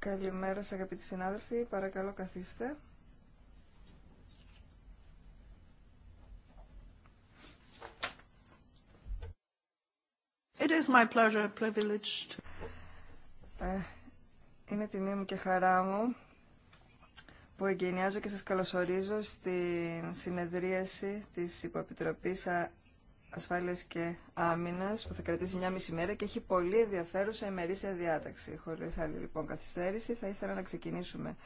Καλημέρα σας αγαπητοί συνάδελφοι, παρακαλώ καθίστε. It is my pleasure, privilege ε, είναι τιμή μου και χαρά μου που εγκαινιάζω και σας καλωσορίζω στην συνεδρίαση της Υποεπιτροπής Ασφάλεια και Άμυνα που θα κρατήσει μια μισή μέρα και έχει πολύ ενδιαφέρουσα ημερήσια διάταξη. Χωρί άλλη λοιπόν καθυστέρηση θα ήθελα να ξεκινήσουμε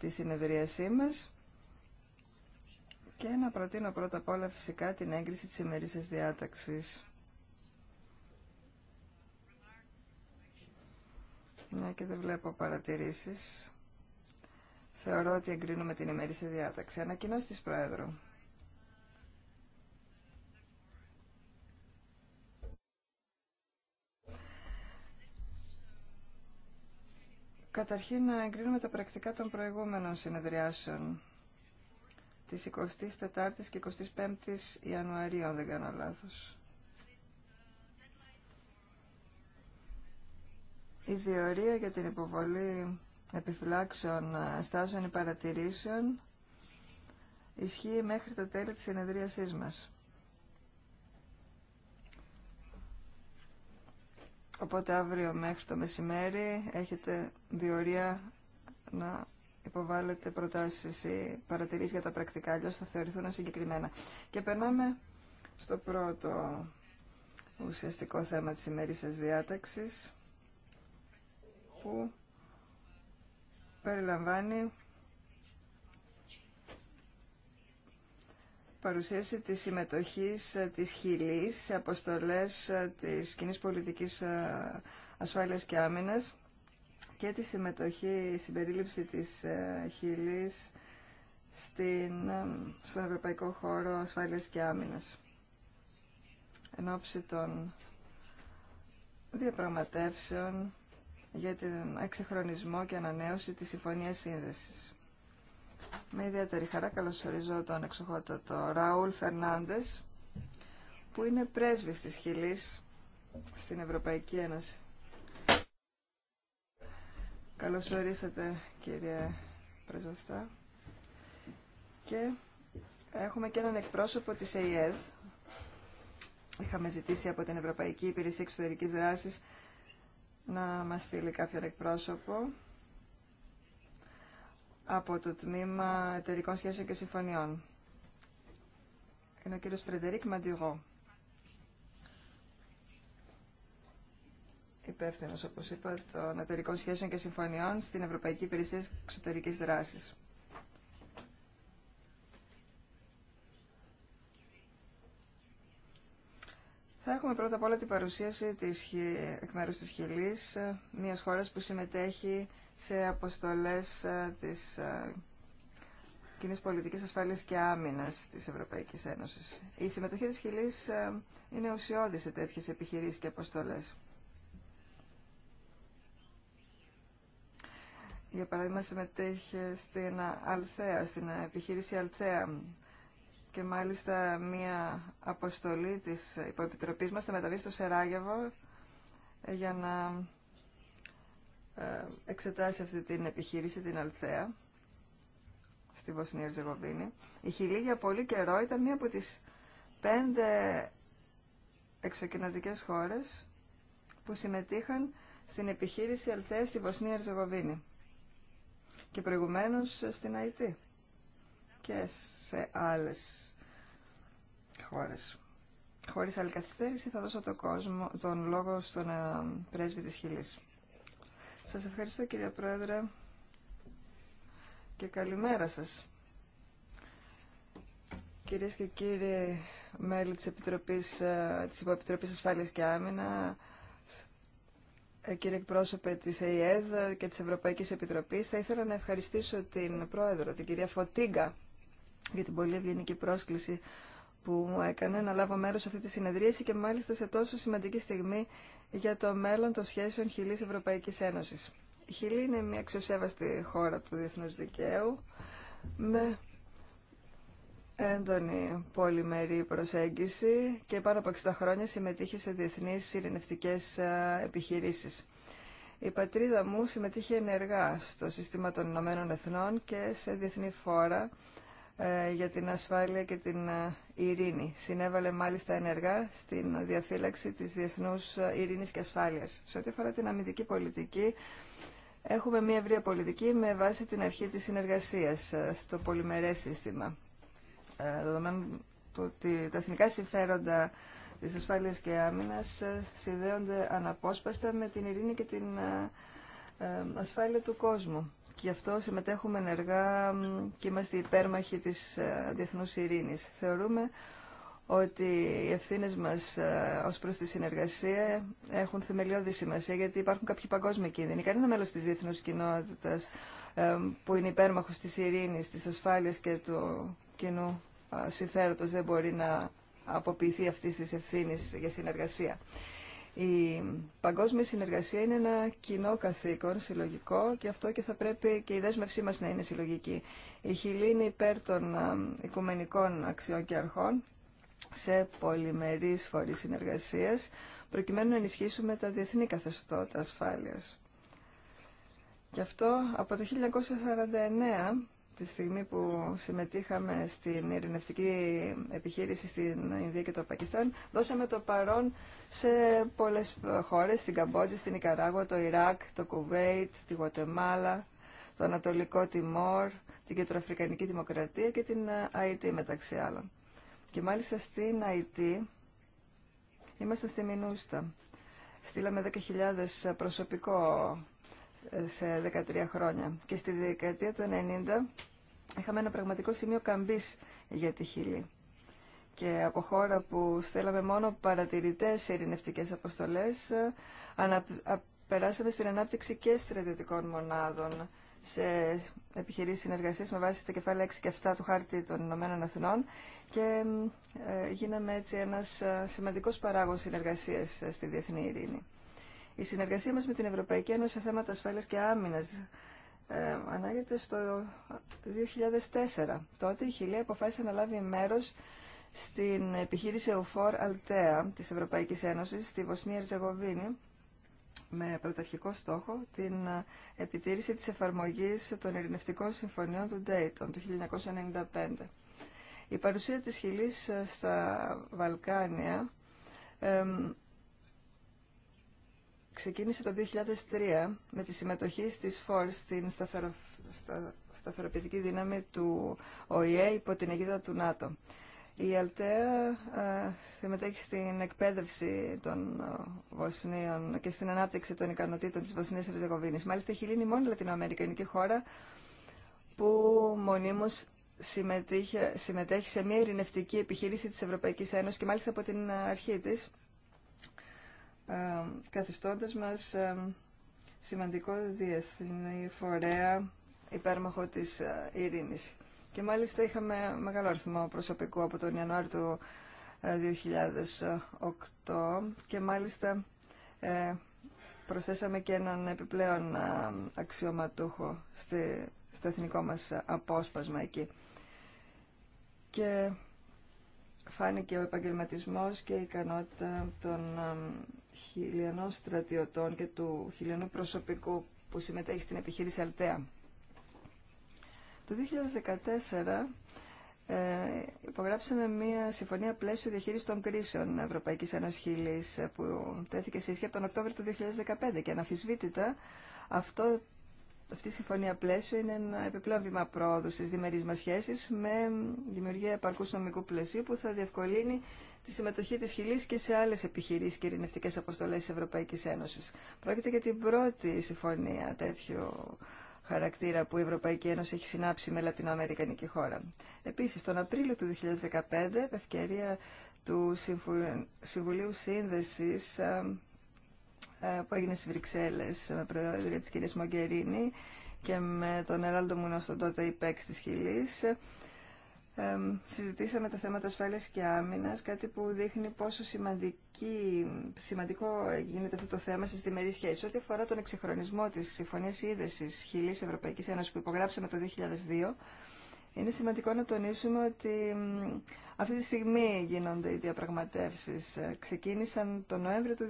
τη συνεδρίασή μας και να προτείνω πρώτα απ' όλα φυσικά την έγκριση της ημερήσια διάταξη. Μια και δεν βλέπω παρατηρήσεις. Θεωρώ ότι εγκρίνουμε την ημερήσια διάταξη. Ανακοινώσεις της Πρόεδρου. Καταρχήν να εγκρίνουμε τα πρακτικά των προηγούμενων συνεδριάσεων της 24ης και 25ης Ιανουαρίου, αν δεν κάνω λάθος. Η διορία για την υποβολή επιφυλάξεων στάσεων ή παρατηρήσεων ισχύει μέχρι τα τέλη της συνεδρίασής μας. Οπότε αύριο μέχρι το μεσημέρι έχετε διορία να υποβάλλετε προτάσεις ή παρατηρήσεις για τα πρακτικά, αλλιώς θα θεωρηθούν συγκεκριμένα. Και περνάμε στο πρώτο ουσιαστικό θέμα της σας διάταξης που περιλαμβάνει παρουσίαση της συμμετοχής ε, της Χιλής σε αποστολές ε, της κοινή πολιτικής ε, ασφάλειας και άμυνας και τη συμμετοχή, συμπερίληψη της Χιλής στην, στον Ευρωπαϊκό Χώρο Ασφάλειας και Άμυνας. Εν ώψη των διαπραγματεύσεων για την εξεχρονισμό και ανανέωση της Συμφωνίας Σύνδεσης. Με ιδιαίτερη χαρά καλωσορίζω τον εξοχότατο Ραούλ Φερνάντες, που είναι πρέσβης της Χιλής στην Ευρωπαϊκή Ένωση. Καλωσορίσατε κύριε Πρεσβευτά. Και έχουμε και έναν εκπρόσωπο της ΕΙΕΔ. Είχαμε ζητήσει από την Ευρωπαϊκή Υπηρεσία Εξωτερικής Δράσης να μας στείλει κάποιον εκπρόσωπο από το Τμήμα Εταιρικών Σχέσεων και Συμφωνιών. Είναι ο κύριος Φρεντερίκ Μαντιουγό. Υπεύθυνο, όπω είπα, των εταιρικών σχέσεων και συμφωνιών στην Ευρωπαϊκή Υπηρεσία Εξωτερική Δράση. Θα έχουμε πρώτα απ' όλα την παρουσίαση της, εκ μέρους της Χιλής, μιας χώρας που συμμετέχει σε αποστολές ε, της ε, κοινή πολιτική ασφάλεια και άμυνα τη Ευρωπαϊκή Ένωση. Η συμμετοχή τη Χιλή ε, είναι ουσιώδη σε τέτοιε επιχειρήσει και αποστολέ. Για παράδειγμα, συμμετέχει στην Αλθέα, στην επιχείρηση Αλθέα και μάλιστα μία αποστολή της υποεπιτροπής μας θα μεταβεί στο Σεράγεβο για να ε, εξετάσει αυτή την επιχείρηση, την Αλθέα, στη Βοσνία Ριζεγοβίνη. Η Χιλή για πολύ καιρό ήταν μία από τις πέντε εξωκοινωτικές χώρες που συμμετείχαν στην επιχείρηση Αλθέα στη Βοσνία Ριζεγοβίνη και προηγουμένως στην ΑΕΤ και σε άλλες χώρες. Χωρίς άλλη θα δώσω το κόσμο, τον λόγο στον ε, πρέσβη της Χιλής. Σας ευχαριστώ κύριε Πρόεδρε και καλημέρα σας. Κυρίες και κύριοι μέλη της, Επιτροπής, ε, της Υποεπιτροπής Ασφάλειας και Άμυνα, ε, κύριε εκπρόσωπε της ΕΙΕΔ και της Ευρωπαϊκής Επιτροπής, θα ήθελα να ευχαριστήσω την Πρόεδρο, την κυρία Φωτίγκα, για την πολύ ευγενική πρόσκληση που μου έκανε να λάβω μέρο σε αυτή τη συνεδρίαση και μάλιστα σε τόσο σημαντική στιγμή για το μέλλον των σχέσεων Χιλή Ευρωπαϊκής Ένωσης. Η Χιλή είναι μια αξιοσέβαστη χώρα του Διεθνου δικαίου με έντονη πολυμερή προσέγγιση και πάνω από 60 χρόνια συμμετείχε σε διεθνείς ειρηνευτικές επιχειρήσει. Η πατρίδα μου συμμετείχε ενεργά στο σύστημα των Ηνωμένων Εθνών και σε διεθνή φόρα ε, για την ασφάλεια και την ε, ειρήνη. Συνέβαλε μάλιστα ενεργά στην διαφύλαξη της διεθνούς ε, ειρήνης και ασφάλειας. Σε ό,τι αφορά την αμυντική πολιτική, έχουμε μια ευρεία πολιτική με βάση την αρχή της συνεργασίας στο πολυμερές σύστημα. Δεδομένου ότι τα εθνικά συμφέροντα της ασφάλειας και άμυνας συνδέονται αναπόσπαστα με την ειρήνη και την ασφάλεια του κόσμου. Γι' αυτό συμμετέχουμε ενεργά και είμαστε υπέρμαχοι της ε, διεθνούς ειρήνης. Θεωρούμε ότι οι ευθύνε μας ε, ως προς τη συνεργασία έχουν θεμελιώδη σημασία γιατί υπάρχουν κάποιοι παγκόσμιοι κίνδυνοι. Κανένα μέλος της διεθνούς κοινότητας ε, που είναι υπέρμαχος της ειρήνης, της ασφάλειας και του κοινού συμφέροντος δεν μπορεί να αποποιηθεί αυτή τη ευθύνη για συνεργασία. Η παγκόσμια συνεργασία είναι ένα κοινό καθήκον, συλλογικό, και αυτό και θα πρέπει και η δέσμευσή μας να είναι συλλογική. Η Χιλή είναι υπέρ των οικουμενικών αξιών και αρχών σε πολυμερείς φορείς συνεργασίας, προκειμένου να ενισχύσουμε τα διεθνή καθεστώτα ασφάλειας. Γι' αυτό από το 1949 τη στιγμή που συμμετείχαμε στην ειρηνευτική επιχείρηση στην Ινδία και το Πακιστάν, δώσαμε το παρόν σε πολλές χώρες, στην Καμπότζη, στην Ικαράγουα, το Ιράκ, το Κουβέιτ, τη Γουατεμάλα, το Ανατολικό Τιμόρ, την Κεντροαφρικανική Δημοκρατία και την ΑΕΤ μεταξύ άλλων. Και μάλιστα στην ΑΕΤ ήμασταν στη Μινούστα. Στείλαμε 10.000 προσωπικό σε 13 χρόνια. Και στη δεκαετία του 90 είχαμε ένα πραγματικό σημείο καμπής για τη Χιλή. Και από χώρα που στέλαμε μόνο παρατηρητές ειρηνευτικές αποστολές, περάσαμε στην ανάπτυξη και στρατιωτικών μονάδων σε επιχειρήσεις συνεργασίας με βάση τα κεφάλαια 6 και 7 του χάρτη των Ηνωμένων Εθνών και ε, γίναμε έτσι ένας ε, σημαντικός παράγος συνεργασίας ε, στη διεθνή ειρήνη. Η συνεργασία μας με την Ευρωπαϊκή Ένωση σε θέματα ασφάλειας και άμυνας ε, ανάγεται στο 2004. Τότε η Χιλία αποφάσισε να λάβει μέρος στην επιχείρηση EUFOR Altea της Ευρωπαϊκής Ένωσης στη Βοσνία Ερζεγοβίνη με πρωταρχικό στόχο την ε, επιτήρηση της εφαρμογής των ειρηνευτικών συμφωνιών του Dayton του 1995. Η παρουσία της Χιλής ε, στα Βαλκάνια ξεκίνησε το 2003 με τη συμμετοχή στις ΦΟΡ στην σταθερο... στα... σταθεροποιητική δύναμη του ΟΗΕ υπό την αιγίδα του ΝΑΤΟ. Η Αλτέα ε, συμμετέχει στην εκπαίδευση των ε, Βοσνίων και στην ανάπτυξη των ικανοτήτων της Βοσνίας Ριζεγοβίνης. Μάλιστα έχει λύνει η μόνη λατινοαμερικανική χώρα που μονίμως συμμετέχει σε μια ειρηνευτική επιχείρηση της Ευρωπαϊκής Ένωσης και μάλιστα από την αρχή της ε, καθιστώντας μας ε, σημαντικό διεθνή φορέα υπέρμαχο της ε, ειρήνης. Και μάλιστα είχαμε μεγάλο αριθμό προσωπικού από τον Ιανουάριο του 2008 και μάλιστα προσθέσαμε και έναν επιπλέον αξιωματούχο στο εθνικό μας απόσπασμα εκεί. Και φάνηκε ο επαγγελματισμός και η ικανότητα των χιλιανών στρατιωτών και του χιλιανού προσωπικού που συμμετέχει στην επιχείρηση Αλτέα. Το 2014 ε, υπογράψαμε μία συμφωνία πλαίσιο διαχείρισης των κρίσεων Ευρωπαϊκής Ένωσης Χιλής ε, που τέθηκε σε ισχύ από τον Οκτώβριο του 2015 και αναφυσβήτητα αυτό αυτή η συμφωνία πλαίσιο είναι ένα επιπλέον βήμα πρόοδου στι διμερεί μα σχέσει με δημιουργία επαρκού νομικού πλαισίου που θα διευκολύνει τη συμμετοχή τη Χιλής και σε άλλε επιχειρήσει και ειρηνευτικέ αποστολές τη Ευρωπαϊκή Ένωση. Πρόκειται για την πρώτη συμφωνία τέτοιου χαρακτήρα που η Ευρωπαϊκή Ένωση έχει συνάψει με Λατινοαμερικανική χώρα. Επίση, τον Απρίλιο του 2015, ευκαιρία του Συμβουλίου Σύνδεση. Ε, που έγινε στις Βρυξέλλες με προεδρία της κυρίας Μογκερίνη και με τον Εράλντο Μουνό τον τότε υπέξ της Χιλής. Ε, συζητήσαμε τα θέματα ασφάλειας και άμυνας, κάτι που δείχνει πόσο σημαντική, σημαντικό γίνεται αυτό το θέμα στις διμερείς σχέσεις. Ό,τι αφορά τον εξυγχρονισμό της Συμφωνίας Σύνδεσης Χιλής Ευρωπαϊκής Ένωσης που υπογράψαμε το 2002, είναι σημαντικό να τονίσουμε ότι αυτή τη στιγμή γίνονται οι διαπραγματεύσεις. Ε, ξεκίνησαν τον Νοέμβριο του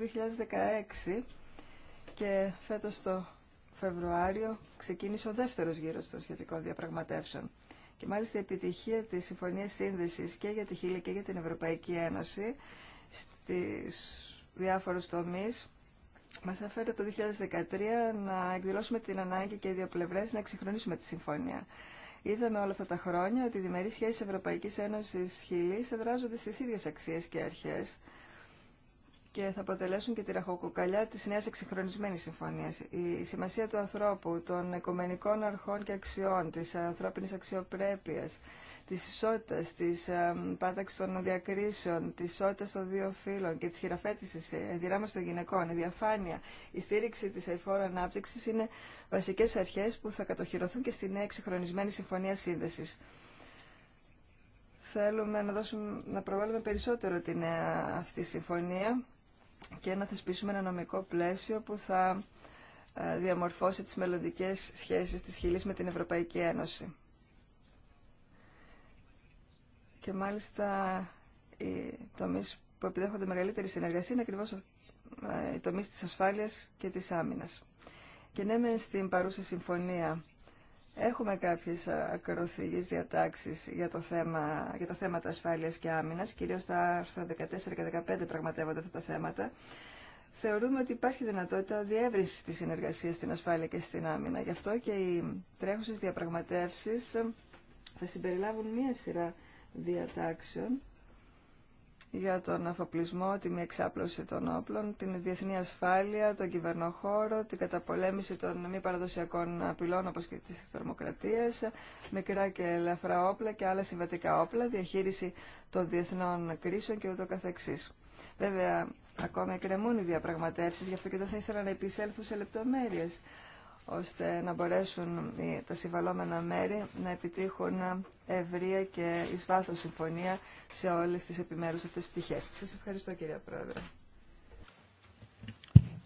2016 και φέτος το Φεβρουάριο ξεκίνησε ο δεύτερος γύρος των σχετικών διαπραγματεύσεων. Και μάλιστα η επιτυχία της Συμφωνίας Σύνδεσης και για τη Χίλη και για την Ευρωπαϊκή Ένωση στις διάφορους τομείς μας έφερε το 2013 να εκδηλώσουμε την ανάγκη και οι δύο πλευρές να εξυγχρονίσουμε τη συμφωνία. Είδαμε όλα αυτά τα χρόνια ότι οι διμερείς σχέσεις Ευρωπαϊκής Ένωσης Χιλής εδράζονται στις ίδιες αξίες και αρχές και θα αποτελέσουν και τη ραχοκοκαλιά της νέας εξυγχρονισμένης συμφωνίας. Η σημασία του ανθρώπου, των οικομενικών αρχών και αξιών, της ανθρώπινης αξιοπρέπειας, της ισότητας, της πάταξης των διακρίσεων, της ισότητας των δύο φύλων και της χειραφέτησης ε, ενδυνάμωσης των γυναικών, η διαφάνεια, η στήριξη της αηφόρου ανάπτυξης είναι βασικές αρχές που θα κατοχυρωθούν και στη νέα εξυγχρονισμένη συμφωνία σύνδεσης. Θέλουμε να, δώσουμε, να προβάλλουμε περισσότερο την ε, αυτή συμφωνία και να θεσπίσουμε ένα νομικό πλαίσιο που θα ε, διαμορφώσει τις μελλοντικές σχέσεις της Χιλής με την Ευρωπαϊκή Ένωση. Και μάλιστα οι τομείς που επιδέχονται μεγαλύτερη συνεργασία είναι ακριβώς ε, οι τομείς της ασφάλειας και της άμυνας. Και ναι, μεν στην παρούσα συμφωνία έχουμε κάποιες ακροθυγείς διατάξεις για, το θέμα, για τα θέματα ασφάλειας και άμυνας, κυρίως τα άρθρα 14 και 15 πραγματεύονται αυτά τα θέματα, θεωρούμε ότι υπάρχει δυνατότητα διεύρυνση τη συνεργασία στην ασφάλεια και στην άμυνα. Γι' αυτό και οι τρέχουσε διαπραγματεύσει θα συμπεριλάβουν μία σειρά διατάξεων για τον αφοπλισμό, μη εξάπλωση των όπλων, την διεθνή ασφάλεια, τον κυβερνοχώρο, την καταπολέμηση των μη παραδοσιακών απειλών όπως και της θερμοκρατίας, μικρά και ελαφρά όπλα και άλλα συμβατικά όπλα, διαχείριση των διεθνών κρίσεων και ούτω καθεξής. Βέβαια, ακόμα εκκρεμούν οι διαπραγματεύσεις, γι' αυτό και δεν θα ήθελα να επισέλθω σε λεπτομέρειες ώστε να μπορέσουν τα συμβαλώμενα μέρη να επιτύχουν ευρεία και εις βάθος συμφωνία σε όλες τις επιμέρους αυτές τις πτυχές. Σας ευχαριστώ κύριε Πρόεδρε.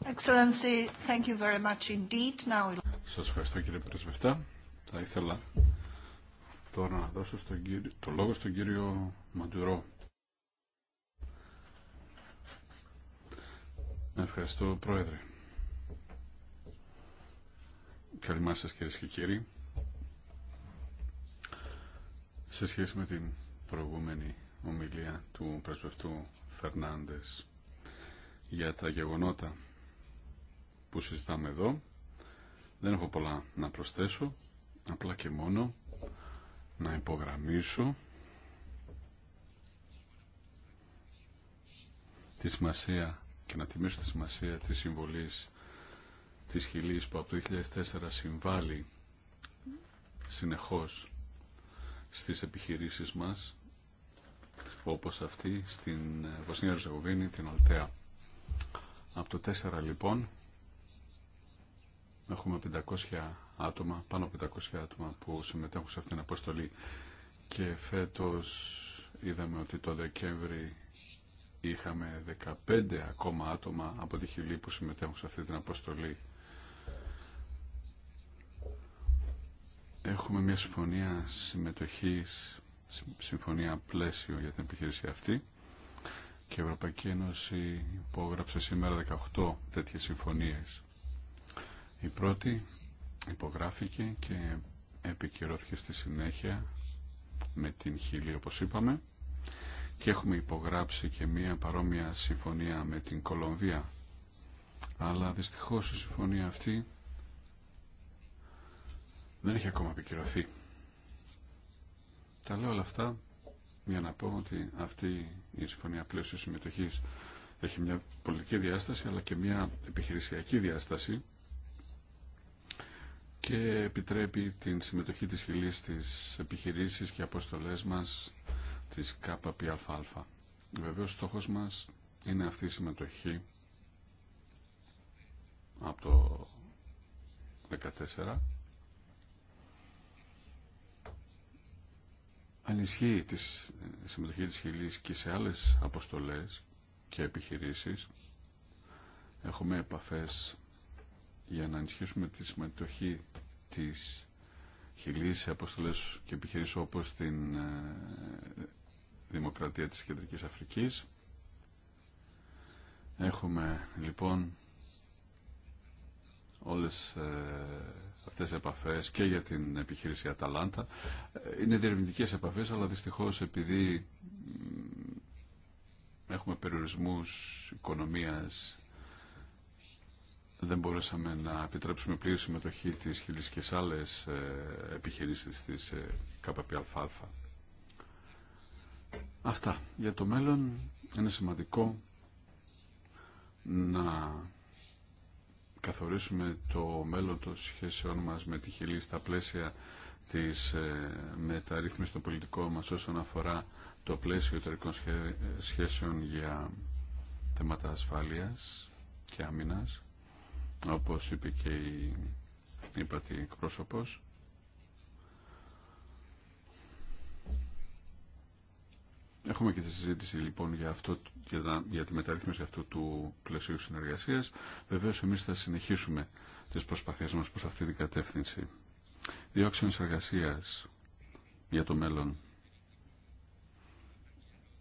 Excellency, thank you very much indeed. Now... Σας ευχαριστώ κύριε Πρεσβευτά. Θα ήθελα τώρα να δώσω στον το λόγο στον κύριο Μαντουρό. Ευχαριστώ Πρόεδρε. Καλημέρα σας κυρίες και κύριοι. Σε σχέση με την προηγούμενη ομιλία του πρεσβευτού Φερνάντες για τα γεγονότα που συζητάμε εδώ, δεν έχω πολλά να προσθέσω, απλά και μόνο να υπογραμμίσω τη σημασία και να τιμήσω τη σημασία της συμβολής της Χιλής που από το 2004 συμβάλλει συνεχώς στις επιχειρήσεις μας όπως αυτή στην Βοσνία την ολτέα. Από το 4 λοιπόν έχουμε 500 άτομα, πάνω από 500 άτομα που συμμετέχουν σε αυτήν την αποστολή και φέτος είδαμε ότι το Δεκέμβρη είχαμε 15 ακόμα άτομα από τη Χιλή που συμμετέχουν σε αυτή την αποστολή έχουμε μια συμφωνία συμμετοχής, συμφωνία πλαίσιο για την επιχείρηση αυτή και η Ευρωπαϊκή Ένωση υπόγραψε σήμερα 18 τέτοιες συμφωνίες. Η πρώτη υπογράφηκε και επικυρώθηκε στη συνέχεια με την Χίλη όπως είπαμε και έχουμε υπογράψει και μία παρόμοια συμφωνία με την Κολομβία αλλά δυστυχώς η συμφωνία αυτή δεν έχει ακόμα επικυρωθεί. Τα λέω όλα αυτά για να πω ότι αυτή η συμφωνία πλαίσιο συμμετοχή έχει μια πολιτική διάσταση αλλά και μια επιχειρησιακή διάσταση και επιτρέπει την συμμετοχή της χιλής στις επιχειρήσεις και αποστολές μας της ΚΠΑ. Βεβαίως στόχος μας είναι αυτή η συμμετοχή από το 14 ανισχύει τη συμμετοχή της Χιλής και σε άλλες αποστολές και επιχειρήσεις. Έχουμε επαφές για να ενισχύσουμε τη συμμετοχή της Χιλής σε αποστολές και επιχειρήσεις όπως την ε, Δημοκρατία της Κεντρικής Αφρικής. Έχουμε λοιπόν όλες ε, αυτές οι επαφές και για την επιχείρηση Αταλάντα. Είναι διερευνητικές επαφές, αλλά δυστυχώς επειδή έχουμε περιορισμούς οικονομίας δεν μπορέσαμε να επιτρέψουμε πλήρη συμμετοχή της χιλής και άλλες ε, επιχειρήσεις της ε, Αυτά. Για το μέλλον είναι σημαντικό να καθορίσουμε το μέλλον των σχέσεών μας με τη Χιλή στα πλαίσια της ε, μεταρρύθμισης των πολιτικών μας όσον αφορά το πλαίσιο εταιρικών σχέσεων για θέματα ασφάλειας και άμυνας όπως είπε και η Υπατη εκπρόσωπος Έχουμε και τη συζήτηση λοιπόν για, αυτό, για, για τη μεταρρύθμιση αυτού του πλαισίου συνεργασία. Βεβαίω εμεί θα συνεχίσουμε τις προσπαθίε μας προ αυτή την κατεύθυνση. Δύο εργασία για το μέλλον.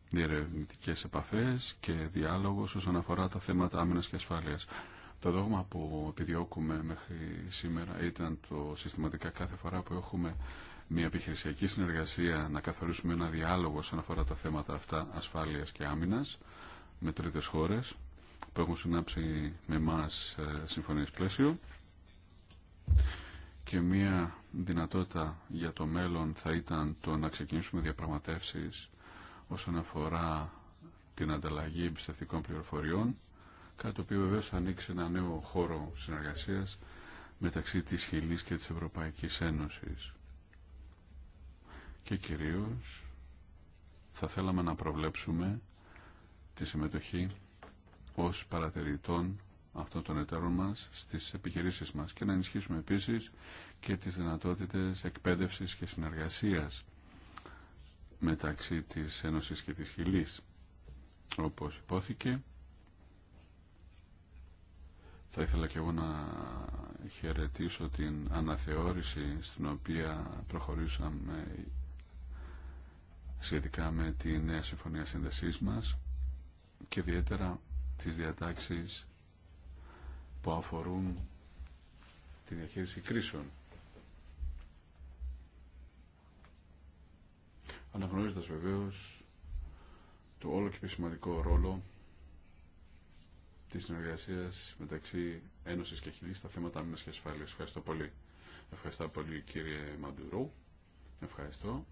Διερευνητικέ επαφέ και διάλογο όσον αφορά τα θέματα άμυνα και ασφάλειας. Το δόγμα που επιδιώκουμε μέχρι σήμερα ήταν το συστηματικά κάθε φορά που έχουμε μια επιχειρησιακή συνεργασία, να καθορίσουμε ένα διάλογο όσον αφορά τα θέματα αυτά ασφάλειας και άμυνας με τρίτες χώρες που έχουν συνάψει με εμά ε, συμφωνίες πλαίσιο και μια δυνατότητα για το μέλλον θα ήταν το να ξεκινήσουμε διαπραγματεύσεις όσον αφορά την ανταλλαγή εμπιστευτικών πληροφοριών κάτι το οποίο βεβαίω θα ανοίξει ένα νέο χώρο συνεργασίας μεταξύ της Χιλής και της Ευρωπαϊκής Ένωσης και κυρίως θα θέλαμε να προβλέψουμε τη συμμετοχή ως παρατηρητών αυτών των εταίρων μας στις επιχειρήσεις μας και να ενισχύσουμε επίσης και τις δυνατότητες εκπαίδευσης και συνεργασίας μεταξύ της Ένωσης και της Χιλής. Όπως υπόθηκε, θα ήθελα και εγώ να χαιρετήσω την αναθεώρηση στην οποία προχωρήσαμε σχετικά με τη νέα συμφωνία σύνδεσής μας και ιδιαίτερα τις διατάξεις που αφορούν τη διαχείριση κρίσεων. Αναγνωρίζοντας βεβαίως το όλο και πιο σημαντικό ρόλο της συνεργασίας μεταξύ Ένωσης και Χιλής στα θέματα άμυνας και ασφάλειας. Ευχαριστώ πολύ. Ευχαριστώ πολύ κύριε Μαντουρού. Ευχαριστώ.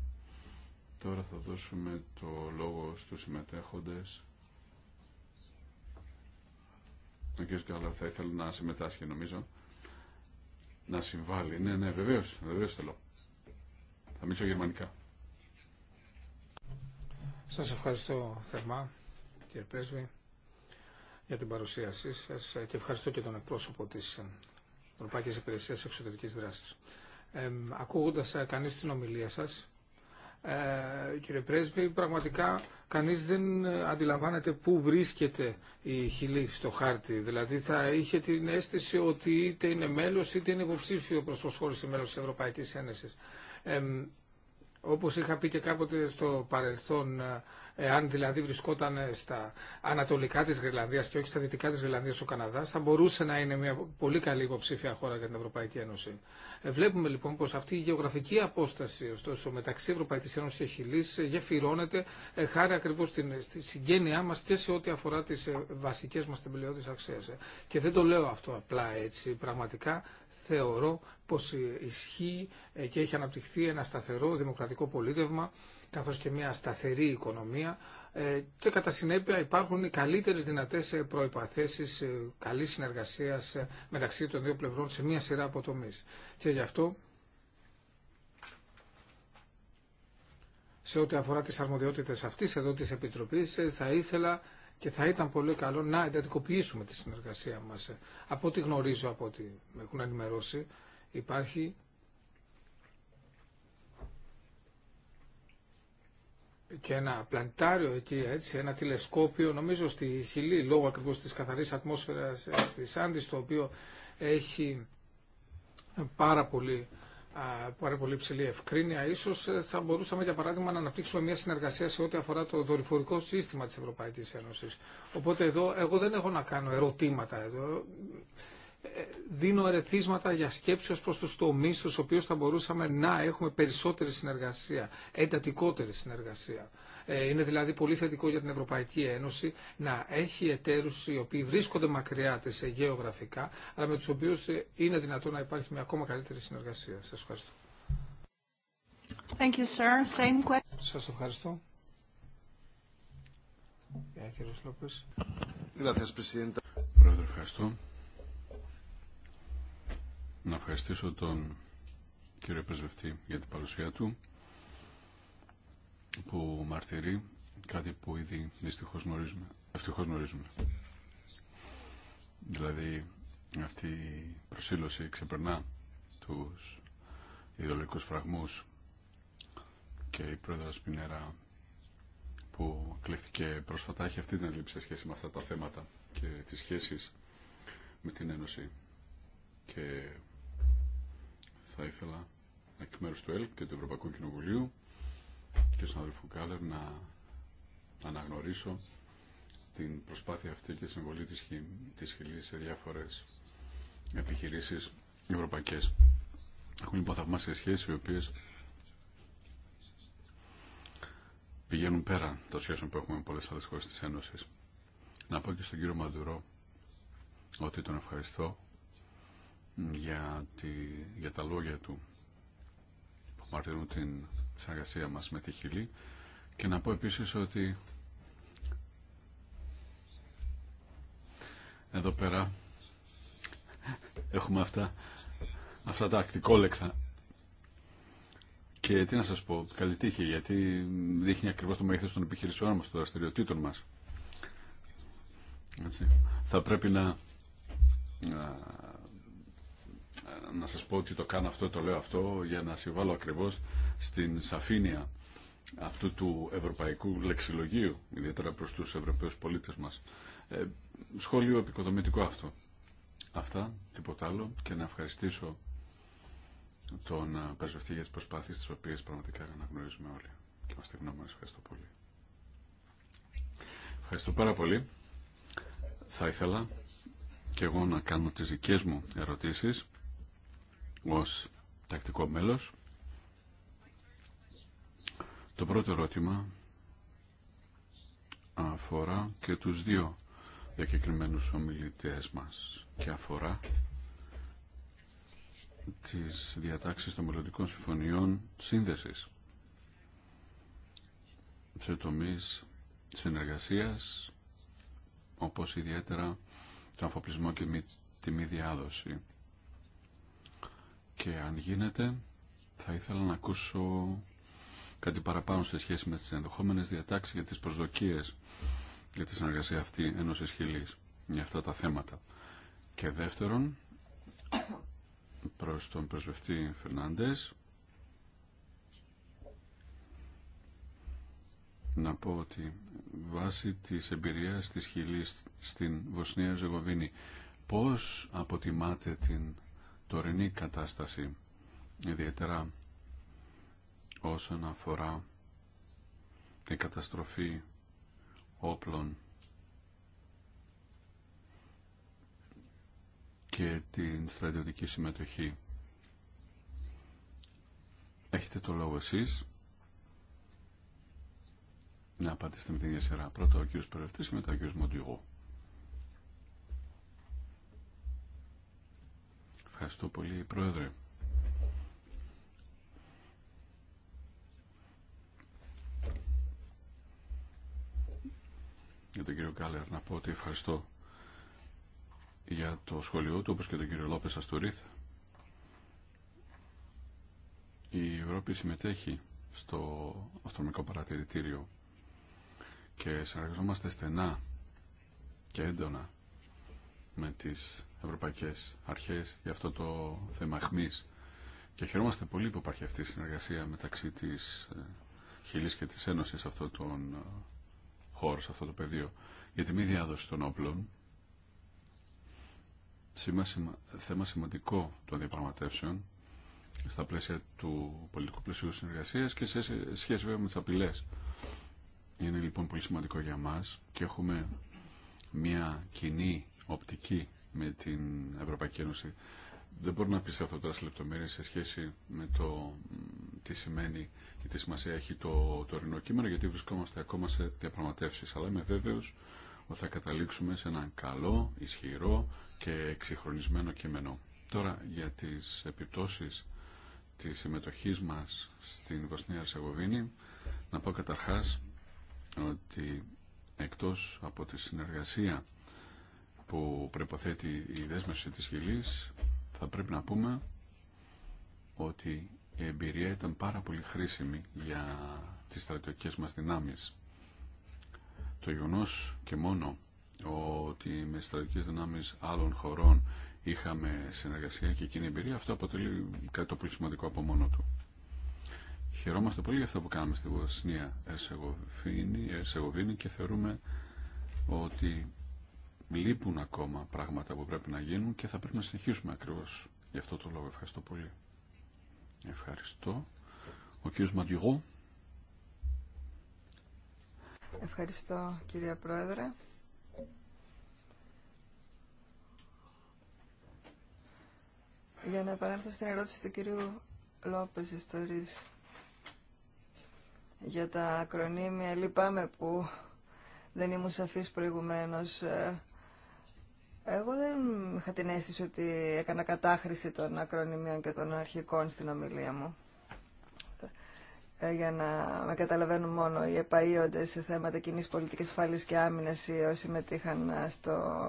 Τώρα θα δώσουμε το λόγο στους συμμετέχοντες. Ο κ. καλά θα ήθελε να συμμετάσχει νομίζω. Να συμβάλλει. Ναι, ναι, βεβαίως, βεβαίως θέλω. Θα μιλήσω γερμανικά. Σας ευχαριστώ θερμά, κύριε Πρέσβη, για την παρουσίασή σας και ευχαριστώ και τον εκπρόσωπο της Ευρωπαϊκής Υπηρεσίας Εξωτερικής Δράσης. Ε, ακούγοντας κανείς την ομιλία σας, ε, κύριε Πρέσβη, πραγματικά κανείς δεν ε, αντιλαμβάνεται πού βρίσκεται η Χιλή στο χάρτη. Δηλαδή θα είχε την αίσθηση ότι είτε είναι μέλος είτε είναι υποψήφιο προς προσχώρηση μέλος της Ευρωπαϊκής Ένωσης. Ε, όπως είχα πει και κάποτε στο παρελθόν, ε, εάν δηλαδή βρισκόταν στα ανατολικά της Γρυλανδίας και όχι στα δυτικά της Γρυλανδίας ο Καναδάς, θα μπορούσε να είναι μια πολύ καλή υποψήφια χώρα για την Ευρωπαϊκή Ένωση. Ε, βλέπουμε λοιπόν πως αυτή η γεωγραφική απόσταση ωστόσο μεταξύ Ευρωπαϊκής Ένωσης και Χιλής ε, γεφυρώνεται ε, χάρη ακριβώς στην, στη συγγένειά μας και σε ό,τι αφορά τις βασικές μας θεμελιώδεις αξίες. Και δεν το λέω αυτό απλά έτσι. Πραγματικά θεωρώ πως ισχύει και έχει αναπτυχθεί ένα σταθερό δημοκρατικό πολίτευμα καθώς και μια σταθερή οικονομία ε, και κατά συνέπεια υπάρχουν οι καλύτερες δυνατές ε, προϋπαθέσεις ε, καλής συνεργασίας μεταξύ των δύο πλευρών σε μια σειρά από τομείς. Και γι' αυτό σε ό,τι αφορά τις αρμοδιότητες αυτής εδώ της Επιτροπής θα ήθελα και θα ήταν πολύ καλό να εντατικοποιήσουμε τη συνεργασία μας. Από ό,τι γνωρίζω, από ό,τι έχουν ενημερώσει, υπάρχει και ένα πλανητάριο εκεί, έτσι, ένα τηλεσκόπιο, νομίζω στη Χιλή, λόγω ακριβώς της καθαρής ατμόσφαιρας ε, τη Αντι, το οποίο έχει πάρα πολύ πάρα πολύ ψηλή ευκρίνεια. Ίσως ε, θα μπορούσαμε για παράδειγμα να αναπτύξουμε μια συνεργασία σε ό,τι αφορά το δορυφορικό σύστημα της Ευρωπαϊκής Ένωσης. Οπότε εδώ εγώ δεν έχω να κάνω ερωτήματα δίνω ερεθίσματα για σκέψη ως προς τους τομείς στους οποίους θα μπορούσαμε να έχουμε περισσότερη συνεργασία, εντατικότερη συνεργασία. Ε, είναι δηλαδή πολύ θετικό για την Ευρωπαϊκή Ένωση να έχει εταίρους οι οποίοι βρίσκονται μακριά της ε, γεωγραφικά, αλλά με τους οποίους ε, είναι δυνατόν να υπάρχει μια ακόμα καλύτερη συνεργασία. Σας ευχαριστώ. Σας ευχαριστώ. ευχαριστώ. Να ευχαριστήσω τον κύριο Πρεσβευτή για την παρουσία του που μαρτυρεί κάτι που ήδη δυστυχώς γνωρίζουμε, ευτυχώς γνωρίζουμε. Δηλαδή αυτή η προσήλωση ξεπερνά τους ιδεολογικούς φραγμούς και η πρόεδρος Πινέρα που κλέφτηκε πρόσφατα έχει αυτή την αντίληψη σχέση με αυτά τα θέματα και τις σχέσεις με την Ένωση και θα ήθελα εκ μέρου του ΕΛΚ και του Ευρωπαϊκού Κοινοβουλίου και στον αδελφού Κάλερ να αναγνωρίσω την προσπάθεια αυτή και τη συμβολή της, Χι, σε διάφορες επιχειρήσεις ευρωπαϊκές. Έχουν λοιπόν θαυμάσια σχέσεις οι οποίες πηγαίνουν πέρα των σχέσεων που έχουμε με πολλές άλλες χώρες της Ένωσης. Να πω και στον κύριο Μαντουρό ότι τον ευχαριστώ για, τη, για τα λόγια του που μαρτυρούν την συνεργασία μας με τη Χιλή και να πω επίσης ότι εδώ πέρα έχουμε αυτά, αυτά τα ακτικόλεξα και τι να σας πω, καλή τύχη γιατί δείχνει ακριβώς το μέγεθος των επιχειρησιών μας, των δραστηριοτήτων μας. Έτσι. Θα πρέπει να ε, να σας πω ότι το κάνω αυτό, το λέω αυτό για να συμβάλλω ακριβώς στην σαφήνεια αυτού του ευρωπαϊκού λεξιλογίου, ιδιαίτερα προς τους ευρωπαίους πολίτες μας. Ε, σχόλιο επικοδομητικό αυτό. Αυτά, τίποτα άλλο και να ευχαριστήσω τον ε, Περσβευτή για τις προσπάθειες τις οποίες πραγματικά αναγνωρίζουμε όλοι. Και μας τη ευχαριστώ πολύ. Ευχαριστώ πάρα πολύ. Θα ήθελα και εγώ να κάνω τις δικές μου ερωτήσεις ως τακτικό μέλος. Το πρώτο ερώτημα αφορά και τους δύο διακεκριμένους ομιλητές μας και αφορά τις διατάξεις των μελλοντικών συμφωνιών σύνδεσης σε τομείς συνεργασίας όπως ιδιαίτερα τον αφοπλισμό και τη μη διάδοση και αν γίνεται θα ήθελα να ακούσω κάτι παραπάνω σε σχέση με τις ενδεχόμενες διατάξεις για τις προσδοκίες για τη συνεργασία αυτή ενός εσχυλής για αυτά τα θέματα. Και δεύτερον, προς τον Προσβευτή Φερνάντες, να πω ότι βάσει της εμπειρίας της Χιλής στην Βοσνία Ζεγοβίνη πώς αποτιμάτε την τωρινή κατάσταση, ιδιαίτερα όσον αφορά την καταστροφή όπλων και την στρατιωτική συμμετοχή. Έχετε το λόγο εσείς. Να απαντήσετε με την ίδια σειρά. Πρώτα ο κύριος Περευτής και μετά ο κύριος Μοντιγού. Ευχαριστώ πολύ, Πρόεδρε. Για τον κύριο Κάλερ να πω ότι ευχαριστώ για το σχολείο του, όπως και τον κύριο Λόπες Αστορίθ. Η Ευρώπη συμμετέχει στο αστρονομικό παρατηρητήριο και συνεργαζόμαστε στενά και έντονα με τις Ευρωπαϊκέ αρχές για αυτό το θέμα αιχμή. Και χαιρόμαστε πολύ που υπάρχει αυτή η συνεργασία μεταξύ της ε, Χιλής και της Ένωσης σε αυτό το ε, χώρο, σε αυτό το πεδίο. Για τη μη διάδοση των όπλων, θέμα σημαντικό των διαπραγματεύσεων στα πλαίσια του πολιτικού πλαισίου συνεργασία και σε σχέση βέβαια με τι απειλέ. Είναι λοιπόν πολύ σημαντικό για μα και έχουμε μια κοινή οπτική με την Ευρωπαϊκή Ένωση. Δεν μπορώ να πιστεύω τώρα σε λεπτομέρειε σε σχέση με το τι σημαίνει ή τι σημασία έχει το τωρινό κείμενο, γιατί βρισκόμαστε ακόμα σε διαπραγματεύσει. Αλλά είμαι βέβαιο ότι θα καταλήξουμε σε έναν καλό, ισχυρό και εξυγχρονισμένο κείμενο. Τώρα για τι επιπτώσει τη συμμετοχή μα στην Βοσνία Ερσεγοβίνη, να πω καταρχά ότι εκτός από τη συνεργασία που προποθέτει η δέσμευση της χιλής θα πρέπει να πούμε ότι η εμπειρία ήταν πάρα πολύ χρήσιμη για τις στρατιωτικές μας δυνάμεις. Το γεγονό και μόνο ότι με στρατιωτικές δυνάμεις άλλων χωρών είχαμε συνεργασία και η εμπειρία, αυτό αποτελεί κάτι το πολύ σημαντικό από μόνο του. Χαιρόμαστε πολύ για αυτό που κάναμε στη Βοσνία Ερσεγοβίνη και θεωρούμε ότι λείπουν ακόμα πράγματα που πρέπει να γίνουν και θα πρέπει να συνεχίσουμε ακριβώς γι' αυτό το λόγο. Ευχαριστώ πολύ. Ευχαριστώ. Ο κύριος Μαντιγό. Ευχαριστώ κυρία Πρόεδρε. Για να επανέλθω στην ερώτηση του κυρίου Λόπες Ιστορής για τα ακρονίμια. Λυπάμαι που δεν ήμουν σαφής προηγουμένως. Ε, εγώ δεν είχα την αίσθηση ότι έκανα κατάχρηση των ακρονιμίων και των αρχικών στην ομιλία μου. Ε, για να με καταλαβαίνουν μόνο οι επαείοντες σε θέματα κοινή πολιτικής ασφάλειας και άμυνας ή όσοι μετήχαν ε, στο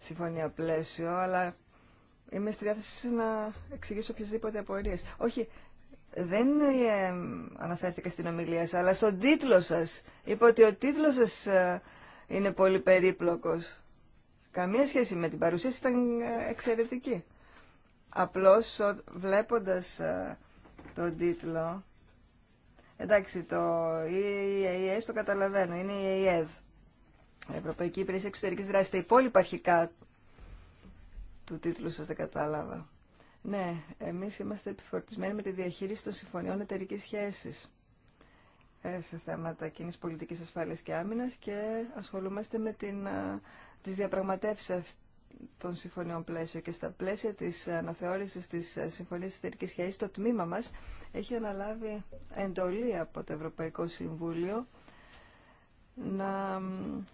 συμφωνία πλαίσιο, αλλά είμαι στη διάθεση να εξηγήσω οποιασδήποτε απορίες. Όχι, δεν ε, αναφέρθηκα στην ομιλία σας, αλλά στον τίτλο σας. Είπα ότι ο τίτλος σας είναι πολύ περίπλοκος καμία σχέση με την παρουσίαση, ήταν ε, εξαιρετική. Απλώς βλέποντας ε, τον τίτλο, εντάξει το EAS το καταλαβαίνω, είναι η ΕΕΔ, e Ευρωπαϊκή Υπηρεσία Εξωτερικής Δράσης, τα υπόλοιπα αρχικά του τίτλου σας δεν κατάλαβα. Ναι, εμείς είμαστε επιφορτισμένοι με τη διαχείριση των συμφωνιών εταιρική σχέσης ε, σε θέματα κοινή πολιτικής ασφάλειας και άμυνας και ασχολούμαστε με την τις διαπραγματεύσεις των συμφωνιών πλαίσιο και στα πλαίσια της αναθεώρησης της Συμφωνίας Εταιρικής Σχέσης το τμήμα μας έχει αναλάβει εντολή από το Ευρωπαϊκό Συμβούλιο να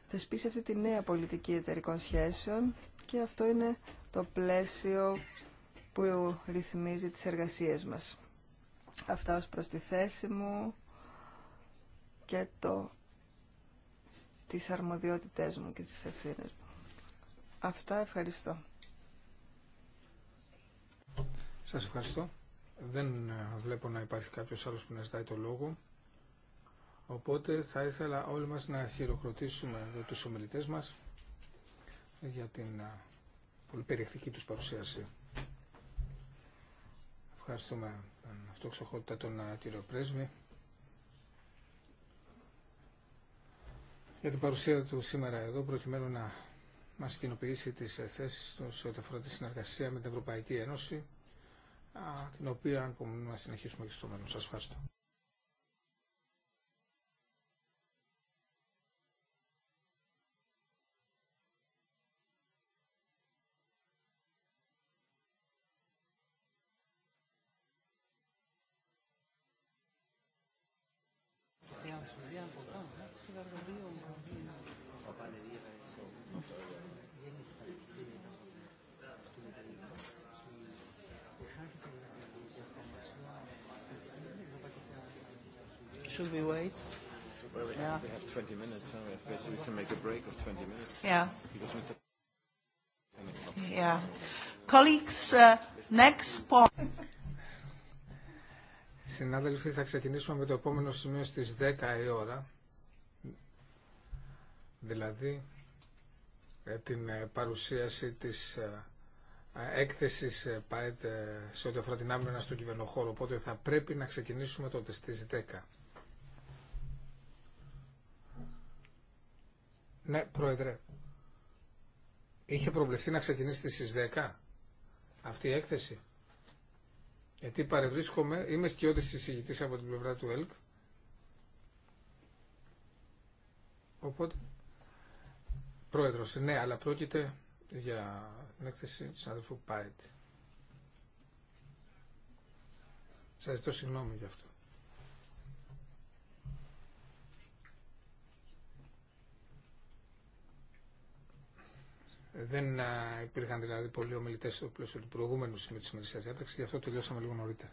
θεσπίσει αυτή τη νέα πολιτική εταιρικών σχέσεων και αυτό είναι το πλαίσιο που ρυθμίζει τις εργασίες μας. Αυτά ως προς τη θέση μου και το τις αρμοδιότητές μου και τις ευθύνες μου. Αυτά ευχαριστώ. Σας ευχαριστώ. Δεν ε, βλέπω να υπάρχει κάποιος άλλος που να ζητάει το λόγο. Οπότε θα ήθελα όλοι μας να χειροκροτήσουμε εδώ τους ομιλητές μας για την ε, πολύ περιεκτική τους παρουσίαση. Ευχαριστούμε τον αυτοξοχότητα τον ε, κύριο Πρέσβη. για την παρουσία του σήμερα εδώ, προκειμένου να μας κοινοποιήσει τις θέσεις του σε ό,τι αφορά τη συνεργασία με την Ευρωπαϊκή Ένωση, την οποία μπορούμε να συνεχίσουμε και στο μέλλον. Σας ευχαριστώ. Should we wait? Well, we have 20 minutes. We can make a break of 20 minutes. Yeah. Because Mr. Yeah. Colleagues, uh, next point. Συνάδελφοι, θα ξεκινήσουμε με το επόμενο σημείο στις 10 η ώρα. Δηλαδή, ε, την ε, παρουσίαση της ε, έκθεσης ΠΑΕΤ σε ό,τι αφορά την άμυνα στον κυβερνοχώρο. Οπότε θα πρέπει να ξεκινήσουμε τότε στις 10. Ναι, Πρόεδρε. Είχε προβλεφθεί να ξεκινήσει στις 10 αυτή η έκθεση. Γιατί παρευρίσκομαι, είμαι σκιώδη συζητητής από την πλευρά του ΕΛΚ. Οπότε, πρόεδρο, ναι, αλλά πρόκειται για την έκθεση του συναδελφού Πάιτ. Σας ζητώ συγγνώμη γι' αυτό. Δεν υπήρχαν δηλαδή πολλοί ομιλητέ στο πλαίσιο του προηγούμενου σημείου τη μερική διάταξη, γι' αυτό τελειώσαμε λίγο νωρίτερα.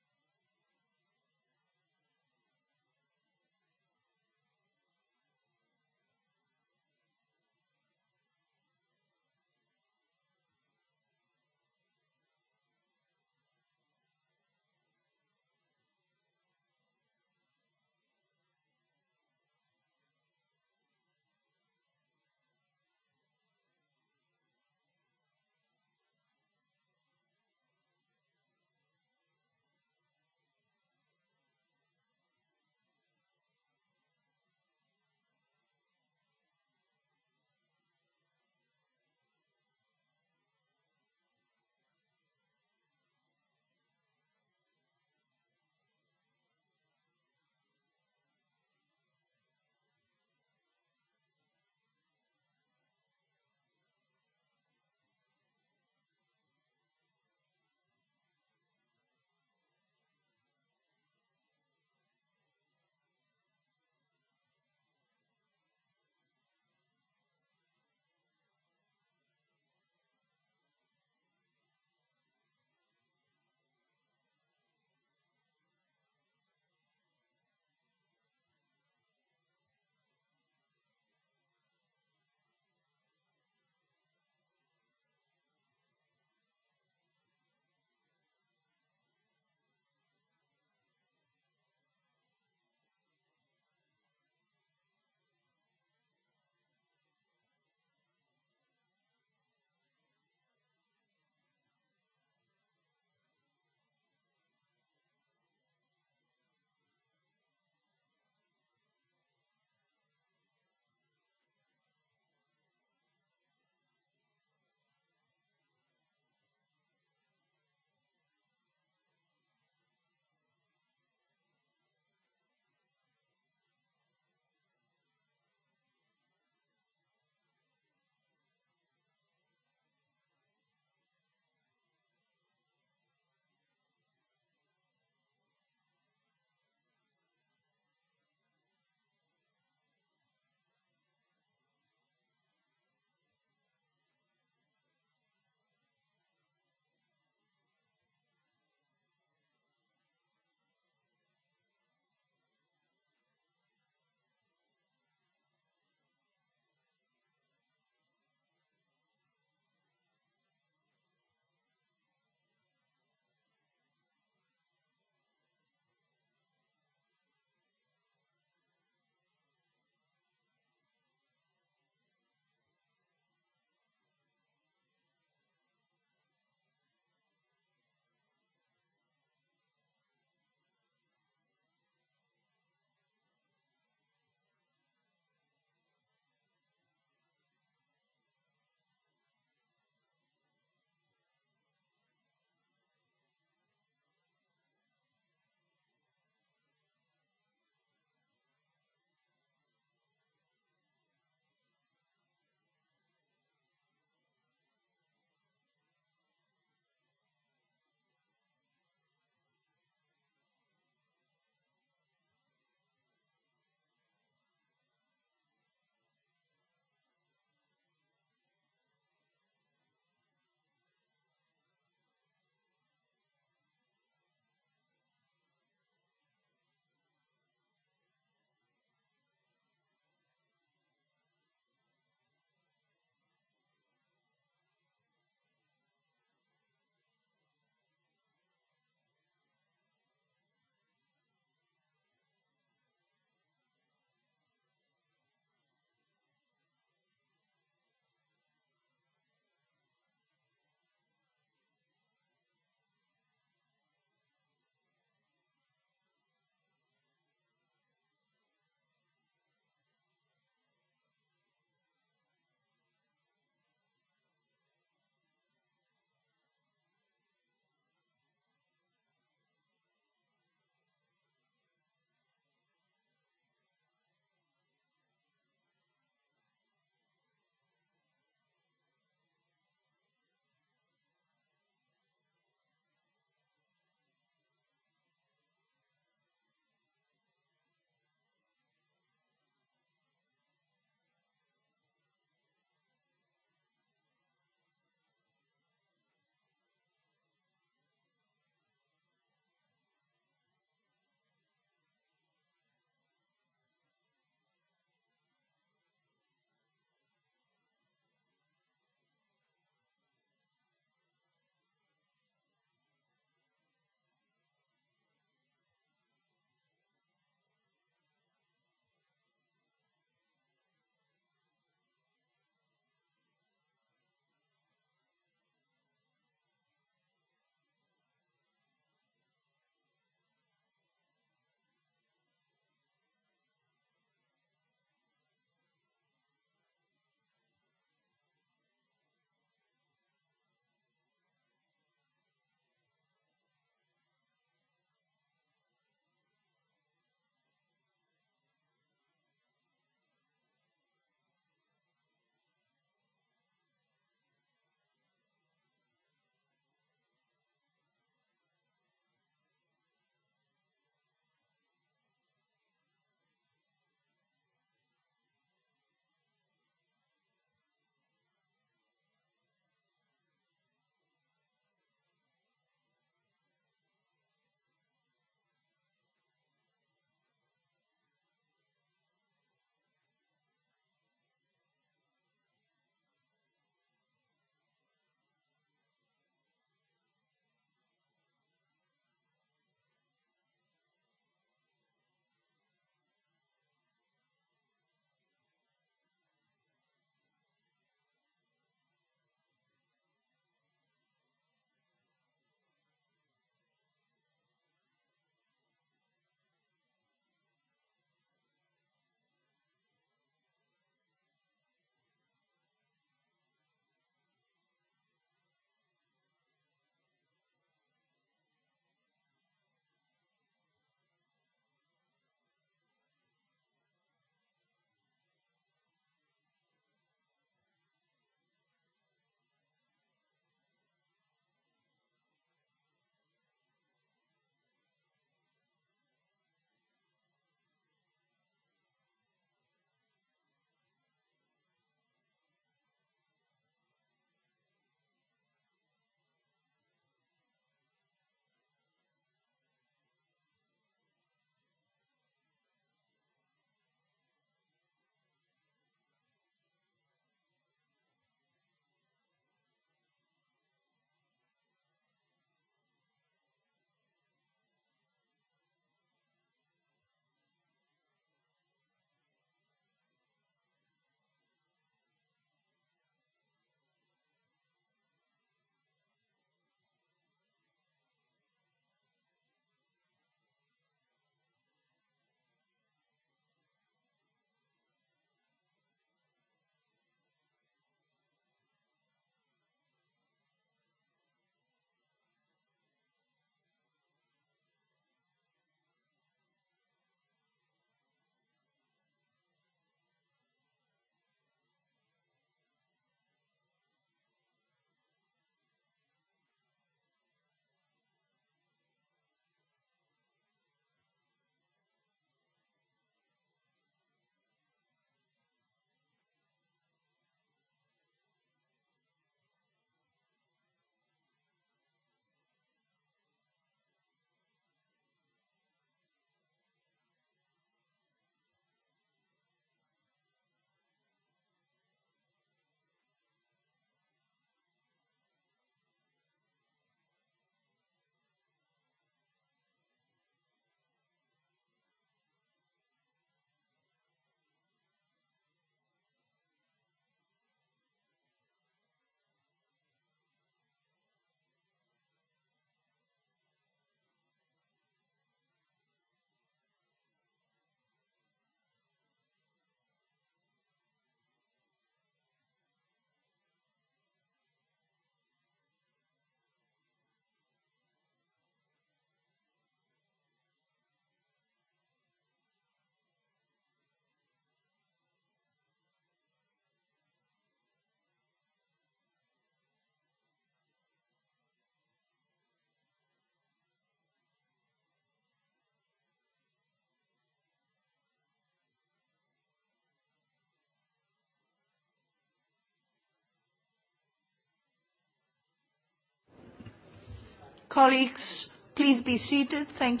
Colleagues, please be seated. Thank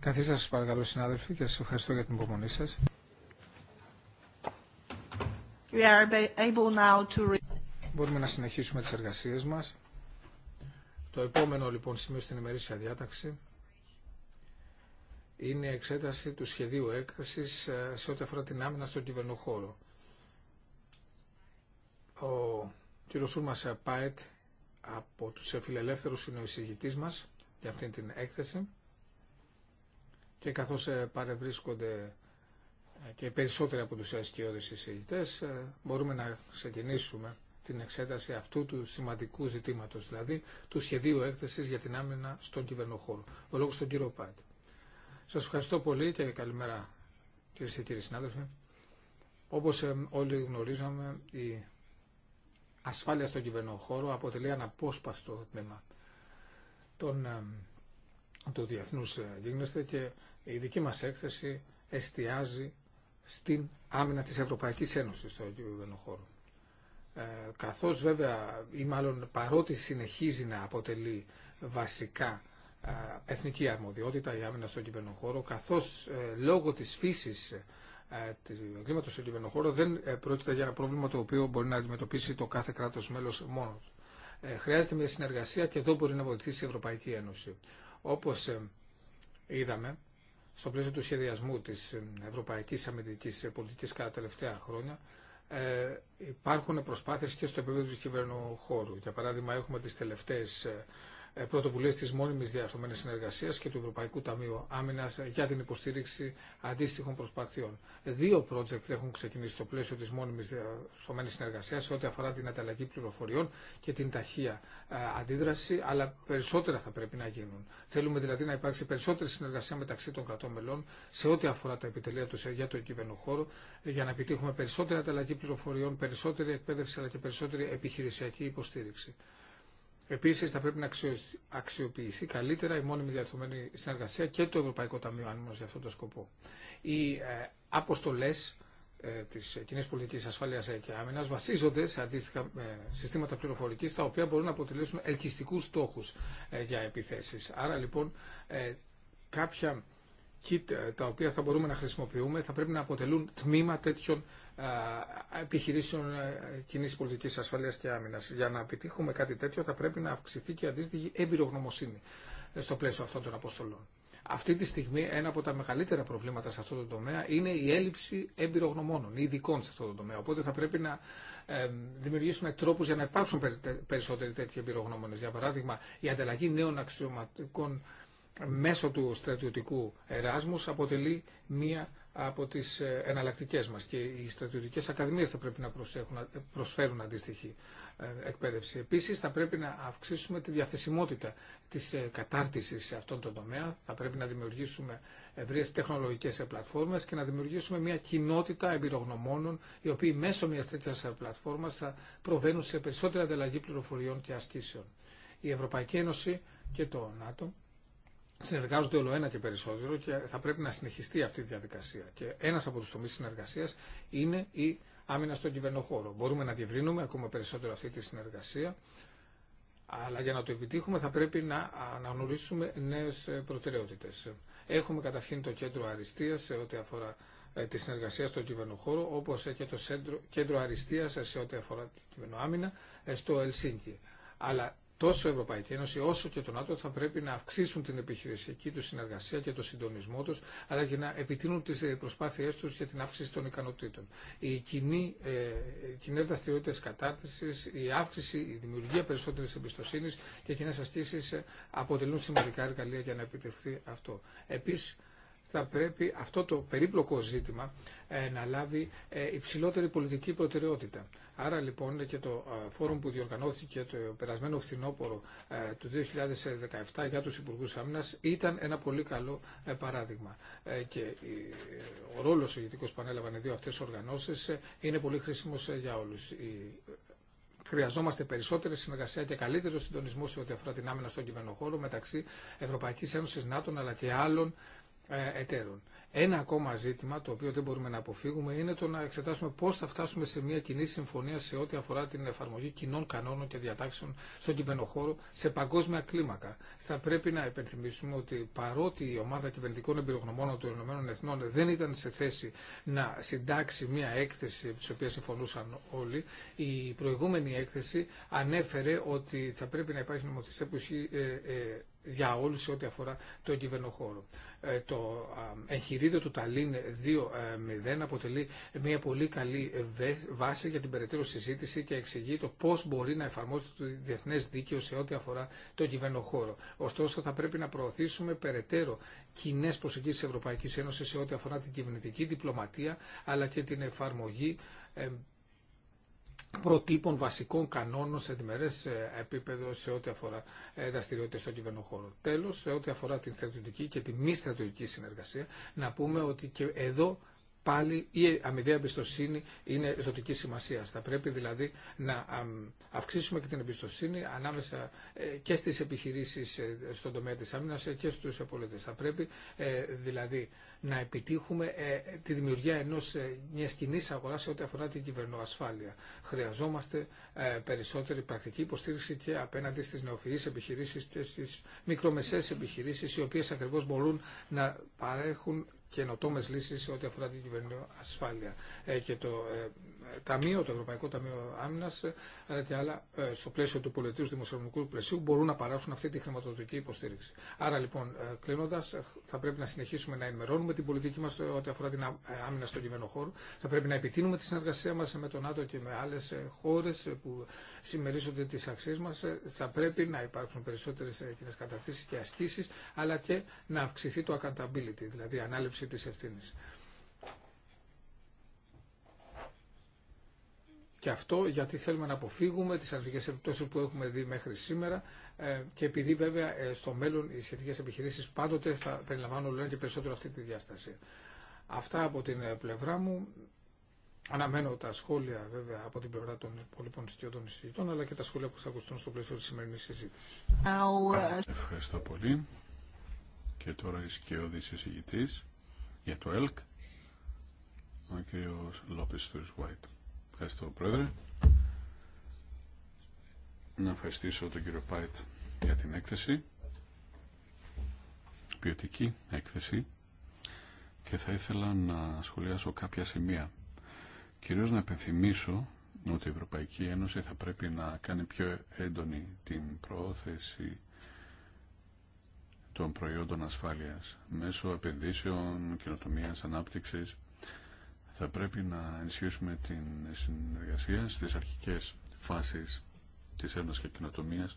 Καθίστε σας παρακαλώ συνάδελφοι και σας ευχαριστώ για την υπομονή σας. Μπορούμε να συνεχίσουμε τις εργασίες μας. Το επόμενο λοιπόν σημείο στην ημερήσια διάταξη είναι η εξέταση του σχεδίου έκθεσης ε, σε ό,τι αφορά την άμυνα στον κυβερνοχώρο. Ο κ. Σούρμας Πάετ από τους φιλελεύθερους είναι ο μας για αυτήν την έκθεση και καθώς ε, παρευρίσκονται ε, και περισσότεροι από τους ασκιώδες εισηγητές ε, μπορούμε να ξεκινήσουμε την εξέταση αυτού του σημαντικού ζητήματος, δηλαδή του σχεδίου έκθεσης για την άμυνα στον κυβερνοχώρο. Ο λόγος στον κύριο Πάτ Σας ευχαριστώ πολύ και καλημέρα κυρίε και κύριοι συνάδελφοι. Όπως όλοι γνωρίζαμε, η ασφάλεια στον κυβερνοχώρο αποτελεί αναπόσπαστο τμήμα των, ε, του διεθνούς ε, γίγνεσθε και η δική μας έκθεση εστιάζει στην άμυνα της Ευρωπαϊκής Ένωσης στον κυβερνοχώρο. Ε, καθώς βέβαια ή μάλλον παρότι συνεχίζει να αποτελεί βασικά ε, εθνική αρμοδιότητα η άμυνα στον κυβερνοχώρο, καθώς ε, λόγω της φύσης ε, του εγκλήματο στον χώρο δεν ε, πρόκειται για ένα πρόβλημα το οποίο μπορεί να αντιμετωπίσει το κάθε κράτο μέλο μόνο ε, Χρειάζεται μια συνεργασία και εδώ μπορεί να βοηθήσει η Ευρωπαϊκή Ένωση. Όπω είδαμε στο πλαίσιο του σχεδιασμού τη Ευρωπαϊκή Αμυντική Πολιτική κατά τα τελευταία χρόνια, υπάρχουν προσπάθειες και στο επίπεδο του χώρου. Για παράδειγμα, έχουμε τις τελευταίες ε, πρωτοβουλίε τη μόνιμη διαρθρωμένη συνεργασία και του Ευρωπαϊκού Ταμείου Άμυνα για την υποστήριξη αντίστοιχων προσπαθειών. Δύο project έχουν ξεκινήσει στο πλαίσιο τη μόνιμη διαρθρωμένη συνεργασία σε ό,τι αφορά την ανταλλαγή πληροφοριών και την ταχεία ε, αντίδραση, αλλά περισσότερα θα πρέπει να γίνουν. Θέλουμε δηλαδή να υπάρξει περισσότερη συνεργασία μεταξύ των κρατών μελών σε ό,τι αφορά τα επιτελεία του για το χώρο, για να επιτύχουμε περισσότερη ανταλλαγή πληροφοριών, περισσότερη εκπαίδευση αλλά και περισσότερη επιχειρησιακή υποστήριξη. Επίση, θα πρέπει να αξιοποιηθεί καλύτερα η μόνιμη διαρθρωμένη συνεργασία και το Ευρωπαϊκό Ταμείο Άνιμο για αυτόν τον σκοπό. Οι ε, αποστολέ ε, τη κοινή πολιτική ασφάλεια και άμυνα βασίζονται σε αντίστοιχα ε, συστήματα πληροφορική τα οποία μπορούν να αποτελέσουν ελκυστικού στόχου για επιθέσει. Άρα λοιπόν κάποια τα οποία θα μπορούμε να χρησιμοποιούμε θα πρέπει να αποτελούν τμήμα τέτοιων ε, επιχειρήσεων ε, κοινή πολιτική ασφαλεία και άμυνα. Για να επιτύχουμε κάτι τέτοιο, θα πρέπει να αυξηθεί και αντίστοιχη εμπειρογνωμοσύνη ε, στο πλαίσιο αυτών των αποστολών. Αυτή τη στιγμή ένα από τα μεγαλύτερα προβλήματα σε αυτό το τομέα είναι η έλλειψη εμπειρογνωμόνων, ειδικών σε αυτό το τομέα. Οπότε θα πρέπει να δημιουργήσουμε τρόπου για να υπάρξουν περισσότεροι τέτοιοι εμπειρογνώμονε. Για παράδειγμα, η ανταλλαγή νέων αξιωματικών μέσω του στρατιωτικού Εράσμου αποτελεί μία από τις ε, εναλλακτικέ μας και οι στρατιωτικέ ακαδημίες θα πρέπει να προσφέρουν αντίστοιχη ε, εκπαίδευση. Επίσης θα πρέπει να αυξήσουμε τη διαθεσιμότητα της ε, κατάρτισης σε αυτόν τον τομέα, θα πρέπει να δημιουργήσουμε ευρείε τεχνολογικέ πλατφόρμες και να δημιουργήσουμε μια κοινότητα εμπειρογνωμόνων οι οποίοι μέσω μια τέτοια πλατφόρμα θα προβαίνουν σε περισσότερη ανταλλαγή πληροφοριών και ασκήσεων. Η Ευρωπαϊκή Ένωση και το ΝΑΤΟ συνεργάζονται όλο ένα και περισσότερο και θα πρέπει να συνεχιστεί αυτή η διαδικασία. Και ένας από τους τομείς συνεργασίας είναι η άμυνα στον κυβερνοχώρο. Μπορούμε να διευρύνουμε ακόμα περισσότερο αυτή τη συνεργασία, αλλά για να το επιτύχουμε θα πρέπει να αναγνωρίσουμε νέες προτεραιότητες. Έχουμε καταρχήν το κέντρο αριστείας σε ό,τι αφορά ε, τη συνεργασία στον κυβερνοχώρο, όπως και το κέντρο αριστείας σε ό,τι αφορά την κυβερνοάμυνα ε, στο Ελσίνκι. Αλλά τόσο η Ευρωπαϊκή Ένωση όσο και το ΝΑΤΟ θα πρέπει να αυξήσουν την επιχειρησιακή του συνεργασία και το συντονισμό του, αλλά και να επιτείνουν τι ε, προσπάθειέ του για την αύξηση των ικανοτήτων. Οι ε, κοινέ δραστηριότητε κατάρτιση, η αύξηση, η δημιουργία περισσότερη εμπιστοσύνη και κοινέ ασκήσει ε, αποτελούν σημαντικά εργαλεία για να επιτευχθεί αυτό. Επίση, θα πρέπει αυτό το περίπλοκο ζήτημα ε, να λάβει ε, υψηλότερη πολιτική προτεραιότητα. Άρα λοιπόν και το ε, φόρουμ που διοργανώθηκε το περασμένο φθινόπωρο του 2017 για τους Υπουργούς Άμυνας ήταν ένα πολύ καλό παράδειγμα. Και ο ρόλος ο ηγετικός που ανέλαβαν οι δύο αυτές οργανώσεις είναι πολύ χρήσιμος για όλους. Χρειαζόμαστε περισσότερη συνεργασία και καλύτερο συντονισμό σε ό,τι αφορά την άμυνα στον κυβερνοχώρο μεταξύ Ευρωπαϊκή Ένωση, ΝΑΤΟ αλλά και άλλων ε, εταίρων. Ένα ακόμα ζήτημα το οποίο δεν μπορούμε να αποφύγουμε είναι το να εξετάσουμε πώς θα φτάσουμε σε μια κοινή συμφωνία σε ό,τι αφορά την εφαρμογή κοινών κανόνων και διατάξεων στον κυβερνοχώρο σε παγκόσμια κλίμακα. Θα πρέπει να υπενθυμίσουμε ότι παρότι η ομάδα κυβερνητικών Εμπειρογνωμών των ΗΕ δεν ήταν σε θέση να συντάξει μια έκθεση τη οποία συμφωνούσαν όλοι, η προηγούμενη έκθεση ανέφερε ότι θα πρέπει να υπάρχει νομοθεσία που ισχύει ε, ε, για όλους σε ό,τι αφορά ε, το κυβερνοχώρο. Το εγχειρίδιο του Ταλίν 2.0 αποτελεί μια πολύ καλή βάση για την περαιτέρω συζήτηση και εξηγεί το πώς μπορεί να εφαρμόζεται το διεθνές δίκαιο σε ό,τι αφορά το κυβερνοχώρο. Ωστόσο θα πρέπει να προωθήσουμε περαιτέρω κοινέ προσεγγίσεις Ευρωπαϊκής Ένωσης σε ό,τι αφορά την κυβερνητική διπλωματία αλλά και την εφαρμογή ε, προτύπων βασικών κανόνων σε διμερές ε, επίπεδο σε ό,τι αφορά ε, δραστηριότητε στον κυβερνοχώρο. Τέλος, σε ό,τι αφορά την στρατιωτική και τη μη στρατιωτική συνεργασία, να πούμε ότι και εδώ πάλι η αμοιβαία εμπιστοσύνη είναι ζωτική σημασία. Θα πρέπει δηλαδή να αυξήσουμε και την εμπιστοσύνη ανάμεσα ε, και στις επιχειρήσεις στον τομέα της άμυνας και στους πολίτες. Θα πρέπει δηλαδή να επιτύχουμε ε, τη δημιουργία ενός ε, μιας κοινή αγοράς σε ό,τι αφορά την κυβερνοασφάλεια. Χρειαζόμαστε ε, περισσότερη πρακτική υποστήριξη και απέναντι στις νεοφυείς επιχειρήσεις και στις μικρομεσαίες επιχειρήσεις οι οποίες ακριβώς μπορούν να παρέχουν καινοτόμες λύσεις σε ό,τι αφορά την κυβερνοασφάλεια. Και το ταμείο, το Ευρωπαϊκό Ταμείο Άμυνα ε, αλλά και άλλα ε, στο πλαίσιο του πολιτικού δημοσιονομικού πλαισίου μπορούν να παράξουν αυτή τη χρηματοδοτική υποστήριξη. Άρα λοιπόν, ε, κλείνοντα, θα πρέπει να συνεχίσουμε να ενημερώνουμε την πολιτική μα ό,τι αφορά την άμυνα στον χώρο Θα πρέπει να επιτείνουμε τη συνεργασία μα με τον ΝΑΤΟ και με άλλε χώρε που συμμερίζονται τι αξίε μα. Θα πρέπει να υπάρξουν περισσότερε κοινέ κατακτήσει και ασκήσει, αλλά και να αυξηθεί το accountability, δηλαδή η ανάληψη τη ευθύνη. Και αυτό γιατί θέλουμε να αποφύγουμε τις αρνητικές επιπτώσεις που έχουμε δει μέχρι σήμερα ε, και επειδή βέβαια ε, στο μέλλον οι σχετικές επιχειρήσεις πάντοτε θα περιλαμβάνουν όλο και περισσότερο αυτή τη διάσταση. Αυτά από την ε, πλευρά μου. Αναμένω τα σχόλια βέβαια από την πλευρά των υπόλοιπων στιγμών εισηγητών αλλά και τα σχόλια που θα ακουστούν στο πλαίσιο της σημερινής συζήτησης. Ευχαριστώ πολύ. Και τώρα η σκιώδης εισηγητής για το ΕΛΚ, ο κ. Λόπης White. Ευχαριστώ, Πρόεδρε. Να ευχαριστήσω τον κύριο Πάιτ για την έκθεση. Ποιοτική έκθεση. Και θα ήθελα να σχολιάσω κάποια σημεία. Κυρίως να επενθυμίσω ότι η Ευρωπαϊκή Ένωση θα πρέπει να κάνει πιο έντονη την προώθηση των προϊόντων ασφάλειας μέσω επενδύσεων, καινοτομίας, ανάπτυξης θα πρέπει να ενισχύσουμε την συνεργασία στις αρχικές φάσεις της έρευνας και κοινοτομίας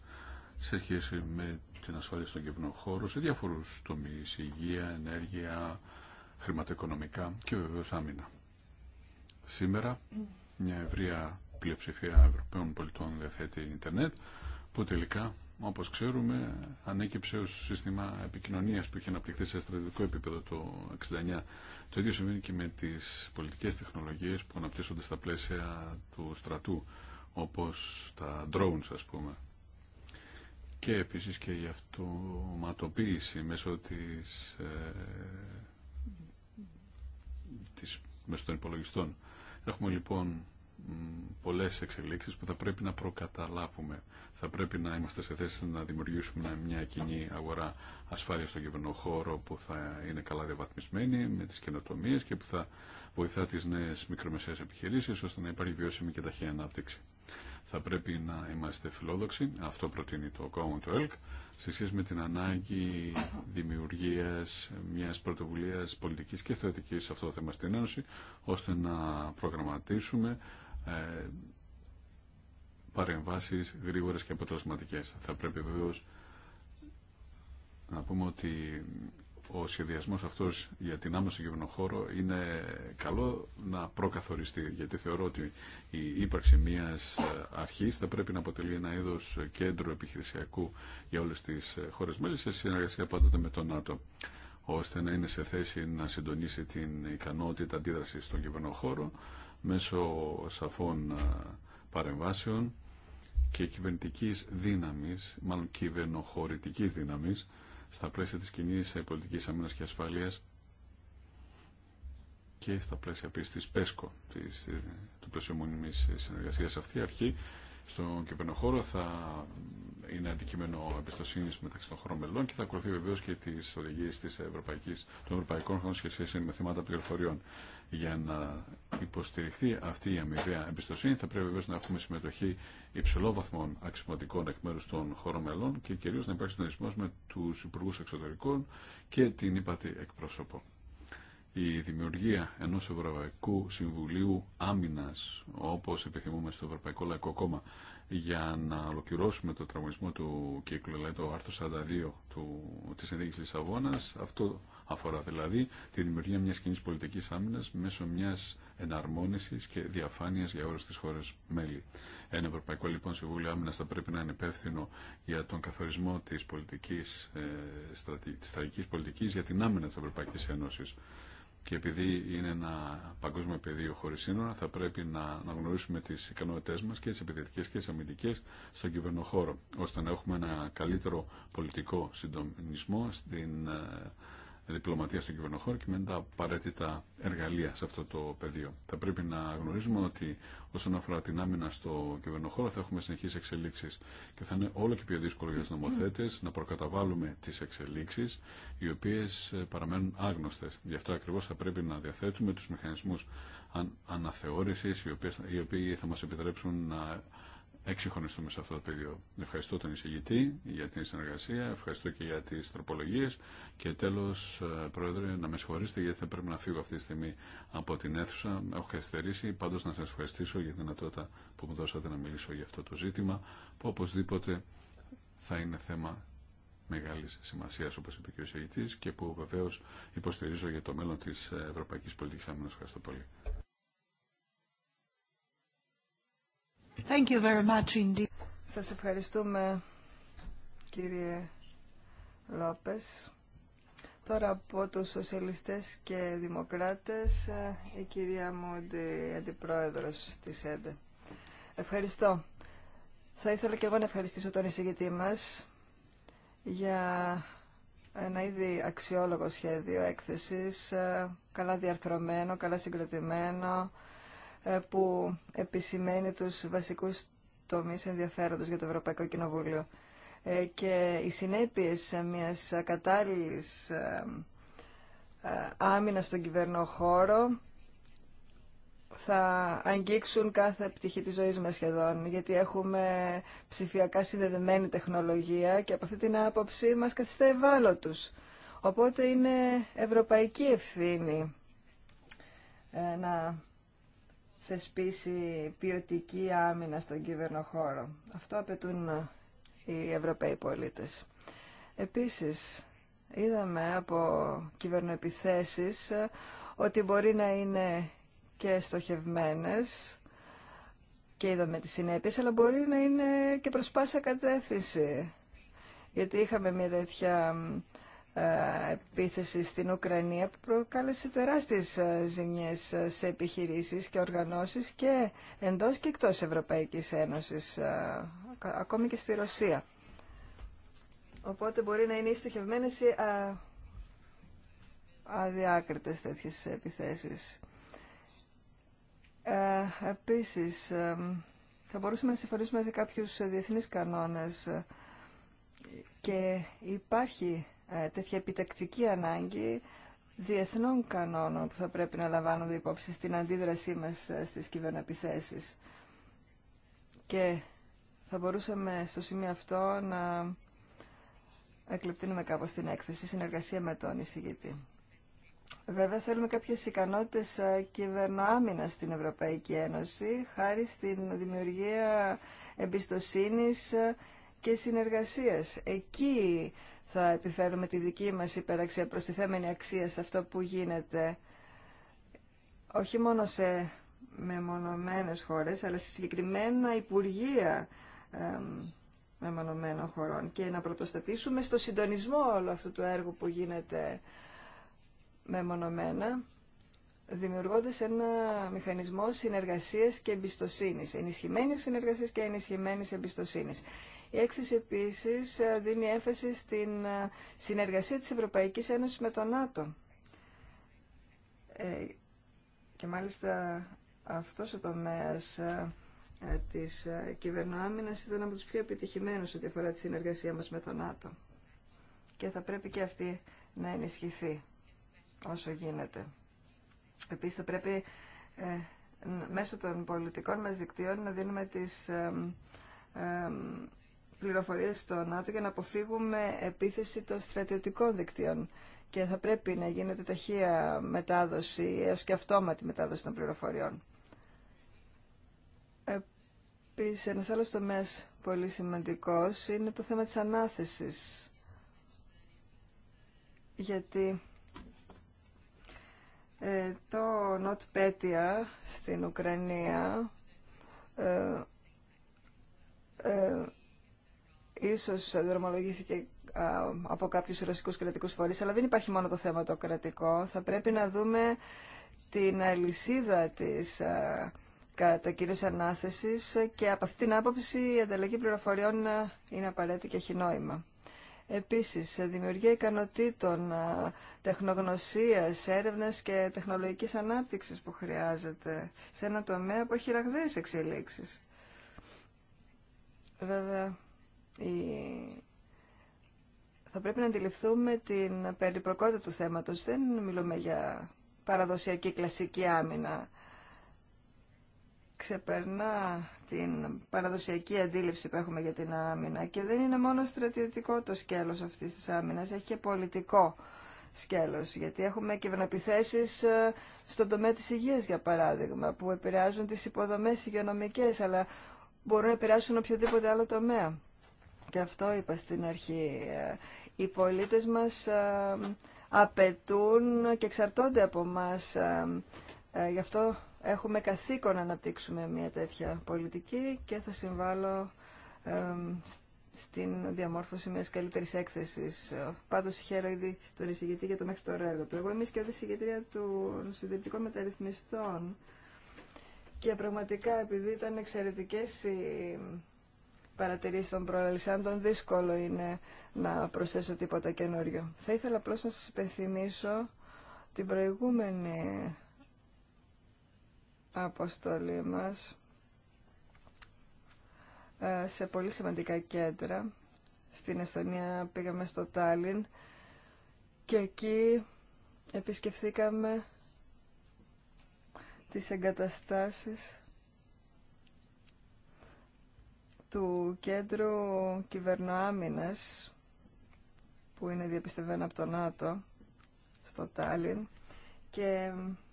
σε σχέση με την ασφάλεια στον κευνό χώρο σε διάφορους τομείς, υγεία, ενέργεια, χρηματοοικονομικά και βεβαίως άμυνα. Σήμερα μια ευρεία πλειοψηφία Ευρωπαίων πολιτών διαθέτει ίντερνετ που τελικά όπως ξέρουμε, ανέκυψε ως σύστημα επικοινωνίας που είχε αναπτυχθεί σε στρατιωτικό επίπεδο το 69. Το ίδιο συμβαίνει και με τις πολιτικές τεχνολογίες που αναπτύσσονται στα πλαίσια του στρατού, όπως τα drones ας πούμε. Και επίσης και η αυτοματοποίηση μέσω της, ε, της μέσω των υπολογιστών. Έχουμε λοιπόν πολλές εξελίξεις που θα πρέπει να προκαταλάβουμε. Θα πρέπει να είμαστε σε θέση να δημιουργήσουμε μια κοινή αγορά ασφάλεια στον κυβερνό χώρο που θα είναι καλά διαβαθμισμένη με τις καινοτομίε και που θα βοηθά τις νέες μικρομεσαίες επιχειρήσεις ώστε να υπάρχει βιώσιμη και ταχύα ανάπτυξη. Θα πρέπει να είμαστε φιλόδοξοι, αυτό προτείνει το κόμμα του ΕΛΚ, σε σχέση με την ανάγκη δημιουργίας μιας πρωτοβουλίας πολιτικής και θεωρητικής σε αυτό το θέμα στην Ένωση, ώστε να προγραμματίσουμε ε, παρεμβάσεις γρήγορες και αποτελεσματικές. Θα πρέπει βεβαίω να πούμε ότι ο σχεδιασμός αυτός για την άμεση χώρο είναι καλό να προκαθοριστεί, γιατί θεωρώ ότι η ύπαρξη μιας ε, αρχής θα πρέπει να αποτελεί ένα είδος κέντρο επιχειρησιακού για όλες τις ε, χώρες μέλη, σε συνεργασία πάντοτε με τον ΝΑΤΟ, ώστε να είναι σε θέση να συντονίσει την ικανότητα αντίδραση στον χώρο μέσω σαφών παρεμβάσεων και κυβερνητικής δύναμης, μάλλον κυβερνοχωρητικής δύναμης, στα πλαίσια της κοινή πολιτικής αμήνας και ασφάλειας και στα πλαίσια επίσης της ΠΕΣΚΟ, του πλαίσιου μονιμής Αυτή η αρχή στον κυβερνοχώρο θα είναι αντικείμενο εμπιστοσύνη μεταξύ των χωρών μελών και θα ακολουθεί βεβαίω και τι οδηγίε των Ευρωπαϊκών χωρών σχετικά με θέματα πληροφοριών. Για να υποστηριχθεί αυτή η αμοιβαία εμπιστοσύνη θα πρέπει βέβαια να έχουμε συμμετοχή υψηλόβαθμων βαθμών αξιωματικών εκ μέρου των χωρών μελών και κυρίω να υπάρχει συντονισμό με του υπουργού εξωτερικών και την ύπατη εκπρόσωπο. Η δημιουργία ενό Ευρωπαϊκού Συμβουλίου Άμυνα, όπω επιθυμούμε στο Ευρωπαϊκό Λαϊκό Κόμμα, για να ολοκληρώσουμε το τραγωνισμό του κύκλου, δηλαδή το άρθρο 42 τη της Λισαβόνα, Αυτό Αφορά δηλαδή τη δημιουργία μιας κοινή πολιτικής άμυνας μέσω μιας εναρμόνισης και διαφάνειας για όλες τις χώρες μέλη. Ένα Ευρωπαϊκό λοιπόν Συμβούλιο Άμυνας θα πρέπει να είναι υπεύθυνο για τον καθορισμό της, πολιτικής, πολιτική ε, στρατηγικής πολιτικής για την άμυνα της Ευρωπαϊκής Ένωσης. Και επειδή είναι ένα παγκόσμιο πεδίο χωρί σύνορα, θα πρέπει να, να γνωρίσουμε τι ικανότητέ μα και τι επιθετικέ και τι αμυντικέ στον κυβερνοχώρο, ώστε να έχουμε ένα καλύτερο πολιτικό συντονισμό στην ε, διπλωματία στον κυβερνοχώρο και με τα απαραίτητα εργαλεία σε αυτό το πεδίο. Θα πρέπει να γνωρίζουμε ότι όσον αφορά την άμυνα στο κυβερνοχώρο θα έχουμε συνεχείς εξελίξεις και θα είναι όλο και πιο δύσκολο για τους νομοθέτες να προκαταβάλουμε τις εξελίξεις οι οποίες ε, παραμένουν άγνωστες. Γι' αυτό ακριβώς θα πρέπει να διαθέτουμε τους μηχανισμούς αναθεώρησης οι οποίοι θα μας επιτρέψουν να εξυγχρονιστούμε σε αυτό το πεδίο. Ευχαριστώ τον εισηγητή για την συνεργασία, ευχαριστώ και για τις τροπολογίες και τέλος, ε, Πρόεδρε, να με συγχωρήσετε γιατί θα πρέπει να φύγω αυτή τη στιγμή από την αίθουσα. Έχω καθυστερήσει, πάντως να σας ευχαριστήσω για την δυνατότητα που μου δώσατε να μιλήσω για αυτό το ζήτημα που οπωσδήποτε θα είναι θέμα μεγάλη σημασία, όπω είπε και ο εισηγητή, και που βεβαίω υποστηρίζω για το μέλλον τη ευρωπαϊκή πολιτική άμυνα. Ευχαριστώ πολύ. Thank Σας ευχαριστούμε κύριε Λόπες. Τώρα από τους σοσιαλιστές και δημοκράτες η κυρία Μούντι, αντιπρόεδρος της ΕΔΕ. Ευχαριστώ. Θα ήθελα και εγώ να ευχαριστήσω τον εισηγητή μας για ένα ήδη αξιόλογο σχέδιο έκθεσης, ε, καλά διαρθρωμένο, καλά συγκροτημένο, ε, που επισημαίνει τους βασικούς τομείς ενδιαφέροντος για το Ευρωπαϊκό Κοινοβούλιο. Ε, και οι συνέπειες μιας κατάλληλης ε, άμυνας στον χώρο θα αγγίξουν κάθε πτυχή της ζωής μας σχεδόν, γιατί έχουμε ψηφιακά συνδεδεμένη τεχνολογία και από αυτή την άποψη μας καθιστά ευάλωτους. Οπότε είναι ευρωπαϊκή ευθύνη να θεσπίσει ποιοτική άμυνα στον κυβερνοχώρο. Αυτό απαιτούν ε, οι Ευρωπαίοι πολίτες. Επίσης, είδαμε από κυβερνοεπιθέσεις ε, ότι μπορεί να είναι και στοχευμένες και είδαμε τις συνέπειες, αλλά μπορεί να είναι και προσπάσα κατεύθυνση. Γιατί είχαμε μια τέτοια ε, επίθεση στην Ουκρανία που προκάλεσε τεράστιες ε, ζημιές ε, σε επιχειρήσεις και οργανώσεις και εντός και εκτός Ευρωπαϊκής Ένωσης, ακόμη και στη Ρωσία. Οπότε μπορεί να είναι ή στοχευμένες ή αδιάκριτες τέτοιες επιθέσεις. επίσης, θα μπορούσαμε να συμφωνήσουμε σε κάποιους διεθνείς κανόνες και υπάρχει ε, τέτοια επιτακτική ανάγκη διεθνών κανόνων που θα πρέπει να λαμβάνονται υπόψη στην αντίδρασή μας ε, στις κυβερναπιθέσεις. Και θα μπορούσαμε στο σημείο αυτό να εκλεπτύνουμε κάπως την έκθεση, συνεργασία με τον εισηγητή. Βέβαια θέλουμε κάποιες ικανότητες ε, κυβερνοάμυνα στην Ευρωπαϊκή Ένωση, χάρη στην δημιουργία εμπιστοσύνης και συνεργασίας. Εκεί θα επιφέρουμε τη δική μας υπεραξία, προστιθέμενη αξία σε αυτό που γίνεται, όχι μόνο σε μεμονωμένες χώρες, αλλά σε συγκεκριμένα υπουργεία μεμονωμένων χωρών και να πρωτοστατήσουμε στο συντονισμό όλου αυτού του έργου που γίνεται μεμονωμένα, δημιουργώντας ένα μηχανισμό συνεργασίας και εμπιστοσύνης, ενισχυμένης συνεργασίας και ενισχυμένης εμπιστοσύνης. Η έκθεση επίσης ε, δίνει έμφαση στην ε, συνεργασία τη Ευρωπαϊκής Ένωσης με τον ΝΑΤΟ. Ε, και μάλιστα αυτός ο τομέας της κυβερνοάμυνα ήταν από του πιο επιτυχημένου ό,τι αφορά τη συνεργασία μας με τον ΝΑΤΟ. Και θα πρέπει και αυτή να ενισχυθεί όσο γίνεται. Επίση θα πρέπει μέσω των πολιτικών μας δικτύων να δίνουμε τις πληροφορίες στο ΝΑΤΟ για να αποφύγουμε επίθεση των στρατιωτικών δικτύων και θα πρέπει να γίνεται ταχεία μετάδοση, έως και αυτόματη μετάδοση των πληροφοριών. Επίσης, ένας άλλος τομέας πολύ σημαντικός είναι το θέμα της ανάθεσης. Γιατί ε, το Νοτπέτια στην Ουκρανία ε, ε, ίσως δρομολογήθηκε από κάποιους ρωσικούς κρατικούς φορείς, αλλά δεν υπάρχει μόνο το θέμα το κρατικό. Θα πρέπει να δούμε την αλυσίδα της κατά ανάθεση ανάθεσης και από αυτήν την άποψη η ανταλλαγή πληροφοριών είναι απαραίτητη και έχει νόημα. Επίσης, δημιουργία ικανοτήτων, τεχνογνωσίας, έρευνα και τεχνολογικής ανάπτυξης που χρειάζεται σε ένα τομέα που έχει ραγδαίες εξελίξεις. Βέβαια, θα πρέπει να αντιληφθούμε την περιπροκότητα του θέματος. Δεν μιλούμε για παραδοσιακή κλασική άμυνα. Ξεπερνά την παραδοσιακή αντίληψη που έχουμε για την άμυνα και δεν είναι μόνο στρατιωτικό το σκέλος αυτής της άμυνας, έχει και πολιτικό σκέλος, γιατί έχουμε βαναπιθέσεις ε, στον τομέα της υγείας, για παράδειγμα, που επηρεάζουν τις υποδομές υγειονομικές, αλλά μπορούν να επηρεάσουν οποιοδήποτε άλλο τομέα. Και αυτό είπα στην αρχή. Ε, οι πολίτες μας ε, απαιτούν και εξαρτώνται από μας. Ε, γι' αυτό έχουμε καθήκον να αναπτύξουμε μια τέτοια πολιτική και θα συμβάλλω στην διαμόρφωση μιας καλύτερης έκθεσης. Πάντως χαίρω ήδη τον εισηγητή για το μέχρι τώρα έργο του. Εγώ είμαι και εισηγητρία των συντηρητικών μεταρρυθμιστών και πραγματικά επειδή ήταν εξαιρετικές οι παρατηρήσει των προελισάντων, δύσκολο είναι να προσθέσω τίποτα καινούριο. Θα ήθελα απλώ να σας υπενθυμίσω την προηγούμενη αποστολή μας ε, σε πολύ σημαντικά κέντρα. Στην Εστονία πήγαμε στο Τάλιν και εκεί επισκεφθήκαμε τις εγκαταστάσεις του Κέντρου Κυβερνοάμυνας που είναι διαπιστευμένο από το ΝΑΤΟ στο Τάλιν και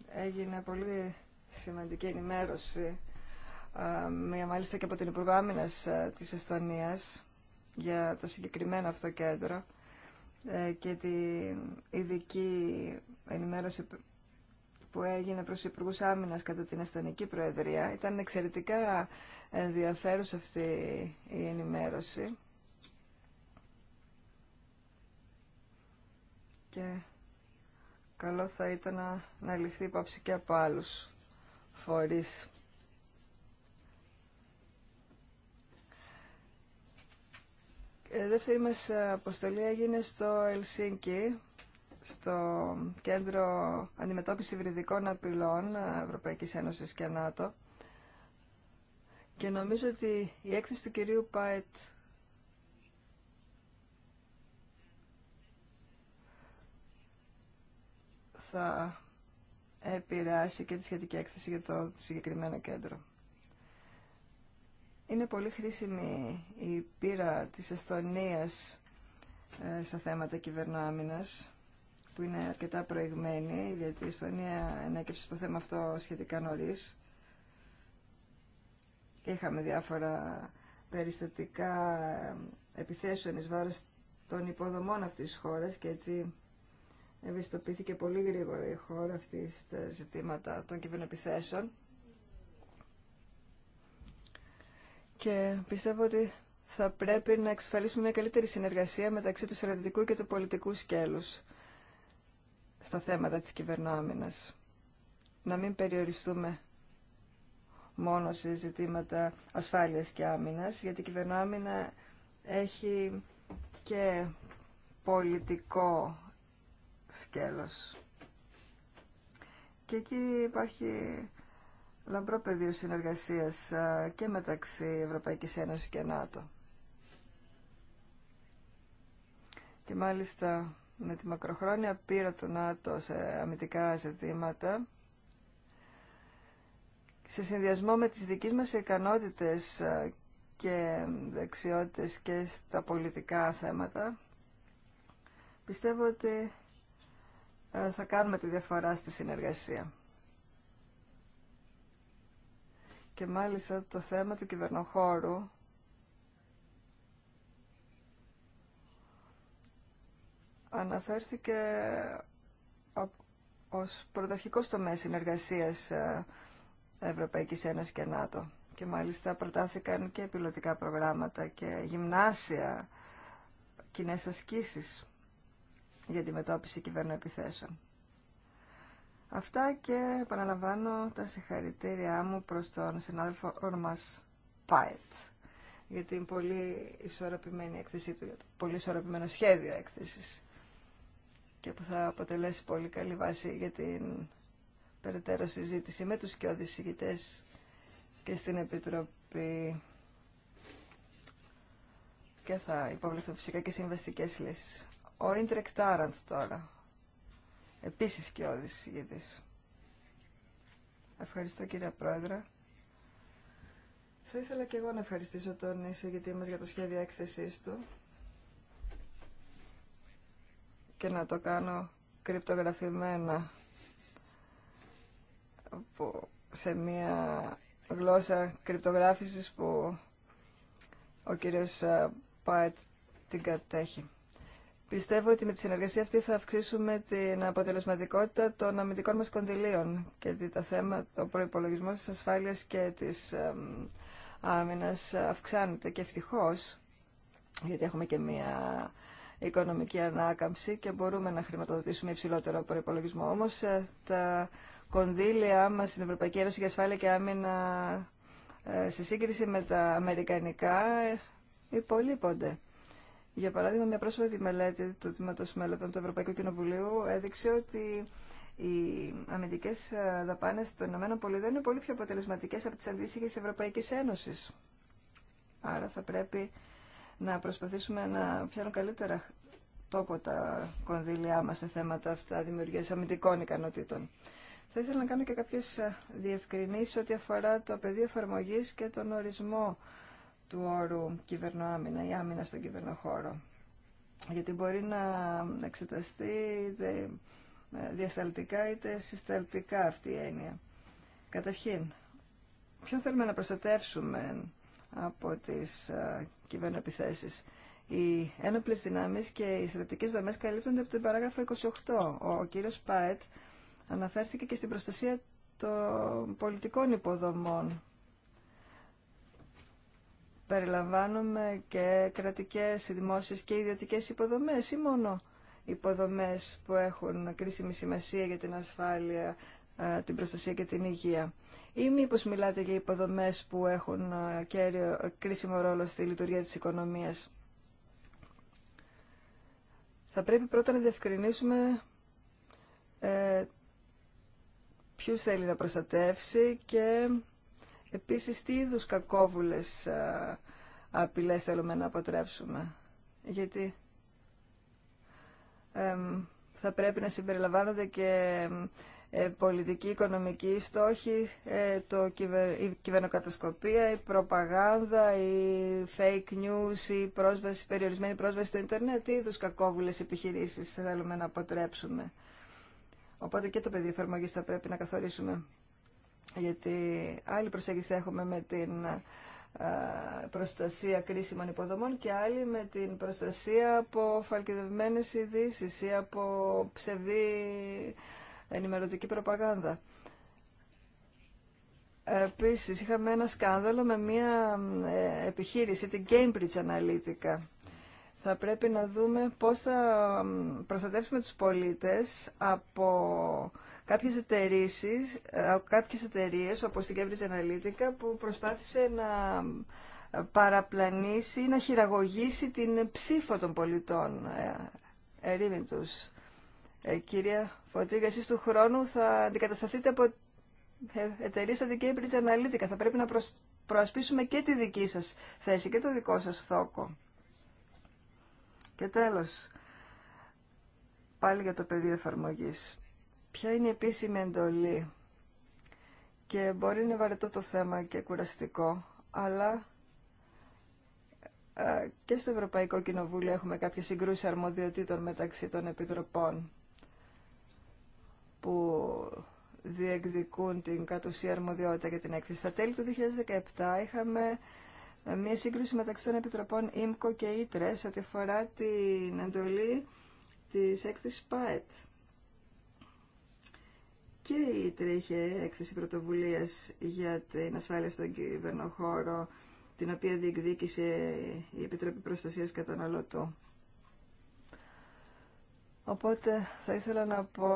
έγινε πολύ σημαντική ενημέρωση μια μάλιστα και από την Υπουργό Άμυνας της Εστονίας για το συγκεκριμένο αυτό κέντρο ε, και την ειδική ενημέρωση που έγινε προς υπουργού Άμυνας κατά την Ασθενική Προεδρία. Ήταν εξαιρετικά ενδιαφέρουσα αυτή η ενημέρωση. Και καλό θα ήταν να, να ληφθεί υπόψη και από άλλους φορείς. Η ε, δεύτερη μας αποστολή έγινε στο Ελσίνκι στο Κέντρο Αντιμετώπιση Βρυδικών Απειλών ε, Ευρωπαϊκής Ένωσης και ΝΑΤΟ και νομίζω ότι η έκθεση του κυρίου Πάιτ θα επηρεάσει και τη σχετική έκθεση για το συγκεκριμένο κέντρο. Είναι πολύ χρήσιμη η πείρα της Εστονίας ε, στα θέματα κυβερνοάμυνας που είναι αρκετά προηγμένη, γιατί η Ιστονία ενέκυψε στο θέμα αυτό σχετικά νωρί. Είχαμε διάφορα περιστατικά επιθέσεων εις βάρος των υποδομών αυτής της χώρας και έτσι ευαισθητοποιήθηκε πολύ γρήγορα η χώρα αυτή στα ζητήματα των κυβερνοεπιθέσεων. Και πιστεύω ότι θα πρέπει να εξασφαλίσουμε μια καλύτερη συνεργασία μεταξύ του στρατητικού και του πολιτικού σκέλους στα θέματα της κυβερνάμινας. Να μην περιοριστούμε μόνο σε ζητήματα ασφάλειας και άμυνας, γιατί η κυβερνοάμυνα έχει και πολιτικό σκέλος. Και εκεί υπάρχει λαμπρό πεδίο συνεργασίας και μεταξύ Ευρωπαϊκής Ένωσης και ΝΑΤΟ. Και μάλιστα με τη μακροχρόνια πείρα του ΝΑΤΟ σε αμυντικά ζητήματα, σε συνδυασμό με τις δικές μας ικανότητες ε, και δεξιότητες και στα πολιτικά θέματα, πιστεύω ότι ε, θα κάνουμε τη διαφορά στη συνεργασία. Και μάλιστα το θέμα του κυβερνοχώρου αναφέρθηκε ως πρωταρχικός τομέας συνεργασίας ε, Ευρωπαϊκής Ένωσης και ΝΑΤΟ. Και μάλιστα προτάθηκαν και πιλωτικά προγράμματα και γυμνάσια, κοινέ ασκήσει για τη μετώπιση επιθέσεων. Αυτά και επαναλαμβάνω τα συγχαρητήριά μου προς τον συνάδελφο Ορμάς Πάιτ για την πολύ ισορροπημένη έκθεσή του, για το πολύ ισορροπημένο σχέδιο έκθεσης και που θα αποτελέσει πολύ καλή βάση για την περαιτέρω συζήτηση με τους και οδησηγητές και στην Επιτροπή και θα υποβληθούν φυσικά και συμβαστικές λύσεις. Ο Ίντρεκ Τάραντ τώρα, επίσης και οδησηγητής. Ευχαριστώ κύριε Πρόεδρε. Θα ήθελα και εγώ να ευχαριστήσω τον εισηγητή μας για το σχέδιο έκθεσής του και να το κάνω κρυπτογραφημένα σε μια γλώσσα κρυπτογράφησης που ο κύριος ε, Πάετ την κατέχει. Πιστεύω ότι με τη συνεργασία αυτή θα αυξήσουμε την αποτελεσματικότητα των αμυντικών μας κονδυλίων και ότι τα θέματα, ο της ασφάλειας και της άμυνας αυξάνεται και ευτυχώς, γιατί έχουμε και μία οικονομική ανάκαμψη και μπορούμε να χρηματοδοτήσουμε υψηλότερο προπολογισμό. Όμω ε, τα κονδύλια μα στην Ευρωπαϊκή Ένωση για ασφάλεια και άμυνα ε, σε σύγκριση με τα αμερικανικά ε, υπολείπονται. Για παράδειγμα, μια πρόσφατη μελέτη του Τμήματο Μελετών του Ευρωπαϊκού Κοινοβουλίου έδειξε ότι οι αμυντικέ δαπάνε των ΗΠΑ είναι πολύ πιο αποτελεσματικέ από τι αντίστοιχε Ευρωπαϊκή Ένωση. Άρα θα πρέπει να προσπαθήσουμε να πιάνουν καλύτερα τόπο τα κονδύλια μας σε θέματα αυτά δημιουργίας αμυντικών ικανοτήτων. Θα ήθελα να κάνω και κάποιες ε, διευκρινήσεις ό,τι αφορά το πεδίο εφαρμογή και τον ορισμό του όρου κυβερνοάμυνα ή άμυνα στον κυβερνοχώρο. Γιατί μπορεί να εξεταστεί είτε ε, διασταλτικά είτε συσταλτικά αυτή η έννοια. Καταρχήν, ποιον θέλουμε να προστατεύσουμε από τις ε, κυβερνοεπιθέσεις. Οι ένοπλες δυνάμεις και οι στρατικές δομές καλύπτονται από την παράγραφο 28. Ο κύριος Πάετ αναφέρθηκε και στην προστασία των πολιτικών υποδομών. Περιλαμβάνουμε και κρατικές, δημόσιες και ιδιωτικές υποδομές ή μόνο υποδομές που έχουν κρίσιμη σημασία για την ασφάλεια ε, την προστασία και την υγεία. Ή μήπω μιλάτε για υποδομέ που έχουν ε, κέριο, ε, κρίσιμο ρόλο στη λειτουργία της οικονομίας. Θα πρέπει πρώτα να διευκρινίσουμε ε, θέλει να προστατεύσει και επίση τι είδου κακόβουλες απειλέ θέλουμε να αποτρέψουμε. Γιατί θα πρέπει να συμπεριλαμβάνονται και ε, πολιτική, οικονομική στόχη, ε, το η κυβερνοκατασκοπία, η προπαγάνδα, η fake news, η πρόσβαση, περιορισμένη πρόσβαση στο ίντερνετ, τι είδους κακόβουλες επιχειρήσεις θέλουμε να αποτρέψουμε. Οπότε και το πεδίο εφαρμογή θα πρέπει να καθορίσουμε, γιατί άλλη προσέγγιση έχουμε με την ε, προστασία κρίσιμων υποδομών και άλλη με την προστασία από φαλκιδευμένες ειδήσει ή από ψευδή ενημερωτική προπαγάνδα. Επίσης, είχαμε ένα σκάνδαλο με μια ε, επιχείρηση, την Cambridge Analytica. Θα πρέπει να δούμε πώς θα προστατεύσουμε τους πολίτες από κάποιες εταιρείες, ε, κάποιες εταιρείες όπως την Cambridge Analytica που προσπάθησε να ε, παραπλανήσει ή να χειραγωγήσει την ψήφο των πολιτών. Ερήμην ε, κυρία Φωτίγα, εσείς του χρόνου θα αντικατασταθείτε από ε, εταιρείες σαν την Cambridge Analytica. Θα πρέπει να προασπίσουμε και τη δική σας θέση και το δικό σας θόκο. Και τέλος, πάλι για το πεδίο εφαρμογής. Ποια είναι η επίσημη εντολή και μπορεί να είναι βαρετό το θέμα και κουραστικό, αλλά ε, και στο Ευρωπαϊκό Κοινοβούλιο έχουμε κάποια συγκρούσεις αρμοδιοτήτων μεταξύ των επιτροπών που διεκδικούν την κατουσία αρμοδιότητα για την έκθεση. Στα τέλη του 2017 είχαμε ε, μια σύγκρουση μεταξύ των επιτροπών ΙΜΚΟ και σε ό,τι αφορά την εντολή της έκθεσης ΠΑΕΤ. Και η ΙΤΡΕ είχε έκθεση πρωτοβουλίας για την ασφάλεια στον κυβερνοχώρο, την οποία διεκδίκησε η Επιτροπή Προστασίας Καταναλωτού. Οπότε θα ήθελα να, πω,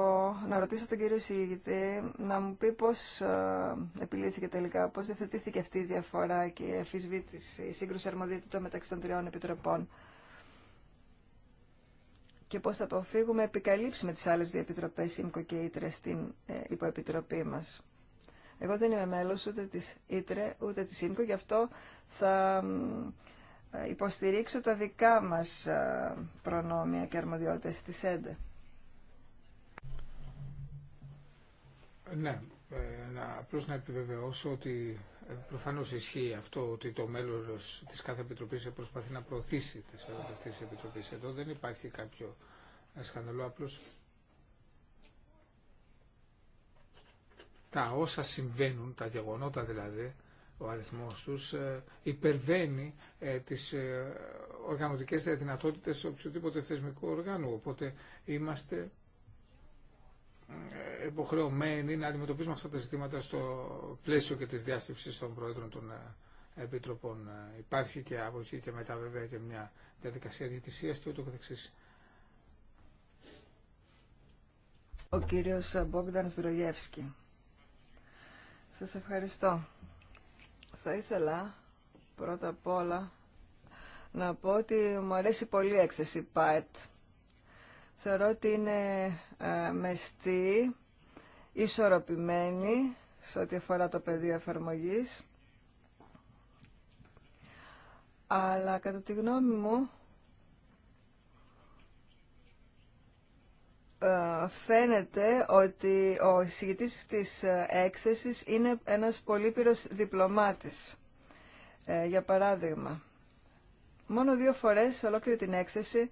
να ρωτήσω τον κύριο Συγητή να μου πει πώς ε, επιλύθηκε τελικά, πώς διαθετήθηκε αυτή η διαφορά και η αφισβήτηση, η σύγκρουση αρμοδιότητα μεταξύ των τριών επιτροπών και πώς θα αποφύγουμε επικαλύψη με τις άλλες δύο επιτροπές, ΙΜΚΟ και ΙΤΡΕ, στην ε, υποεπιτροπή μας. Εγώ δεν είμαι μέλος ούτε της ΙΤΡΕ ούτε της ΙΜΚΟ, γι' αυτό θα υποστηρίξω τα δικά μας ε, προνόμια και αρμοδιότητες της ΕΝΤΕ. Ναι, ε, να, απλώς να επιβεβαιώσω ότι ε, προφανώς ισχύει αυτό ότι το μέλος της κάθε επιτροπής προσπαθεί να προωθήσει τις αυτής της επιτροπής. Εδώ δεν υπάρχει κάποιο σκανδαλό, απλώς τα όσα συμβαίνουν, τα γεγονότα δηλαδή, ο αριθμός τους ε, υπερβαίνει ε, τις ε, οργανωτικές δυνατότητες οποιοδήποτε θεσμικού οργάνου. Οπότε είμαστε υποχρεωμένοι να αντιμετωπίσουμε αυτά τα ζητήματα στο πλαίσιο και της διάσκεψης των Πρόεδρων των Επιτροπών. Υπάρχει και από εκεί και μετά βέβαια και μια διαδικασία διαιτησίας και ούτω καθεξής. Ο κύριος Μπόγκταν Σας ευχαριστώ. Θα ήθελα πρώτα απ' όλα να πω ότι μου αρέσει πολύ η έκθεση ΠΑΕΤ. Θεωρώ ότι είναι ε, μεστή, ισορροπημένη σε ό,τι αφορά το πεδίο εφαρμογής. Αλλά κατά τη γνώμη μου Ε, φαίνεται ότι ο εισηγητής της ε, έκθεσης είναι ένας πολύπυρος διπλωμάτης. Ε, για παράδειγμα, μόνο δύο φορές σε ολόκληρη την έκθεση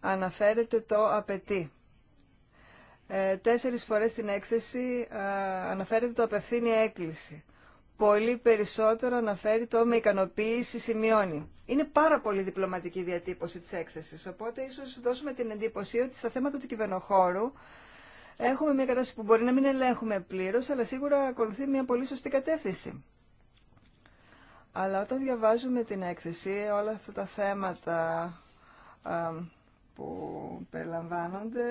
αναφέρεται το απαιτεί. Τέσσερις φορές στην έκθεση αναφέρεται το απευθύνει έκκληση πολύ περισσότερο αναφέρει το με ικανοποίηση σημειώνει. Είναι πάρα πολύ διπλωματική διατύπωση της έκθεσης, οπότε ίσως δώσουμε την εντύπωση ότι στα θέματα του κυβερνοχώρου έχουμε μια κατάσταση που μπορεί να μην ελέγχουμε πλήρως, αλλά σίγουρα ακολουθεί μια πολύ σωστή κατεύθυνση. Αλλά όταν διαβάζουμε την έκθεση, όλα αυτά τα θέματα που περιλαμβάνονται